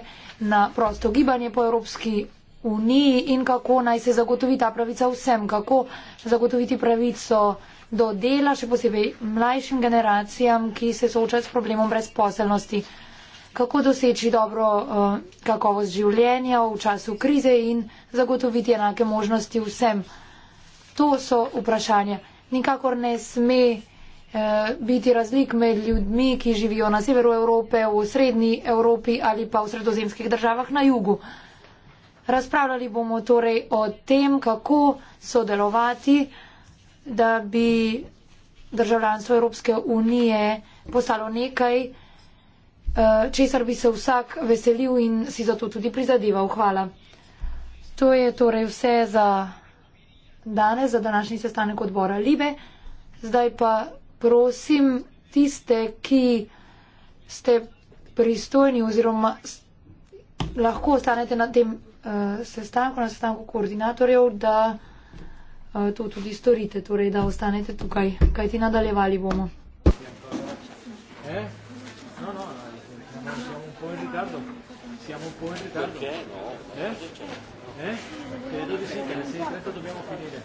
C: na prosto gibanje po Evropski uniji in kako naj se zagotovi ta pravica vsem, kako zagotoviti pravico do dela, še posebej mlajšim generacijam, ki se soočajo s problemom brezposelnosti, kako doseči dobro eh, kakovost življenja v času krize in zagotoviti enake možnosti vsem. To so vprašanja. Nikakor ne sme Eh, biti razlik med ljudmi, ki živijo na severu Evrope, v srednji Evropi ali pa v sredozemskih državah na jugu. Razpravljali bomo torej o tem, kako sodelovati, da bi državljanstvo Evropske unije postalo nekaj, eh, česar bi se vsak veselil in si zato tudi prizadeval. Hvala. To je torej vse za danes, za današnji sestanek odbora Libe. Zdaj pa prosim tiste, ki ste pristojni oziroma lahko ostanete na tem uh, sestanku, na sestanku koordinatorjev, da uh, to tudi storite, torej da ostanete tukaj, kaj ti nadaljevali
B: bomo.
A: Eh? No, no, no, siamo un po' in ritardo. Siamo un po' in ritardo. Perché? No. Eh? Eh? Credo di sì, che
C: alle 6.30 e dobbiamo finire.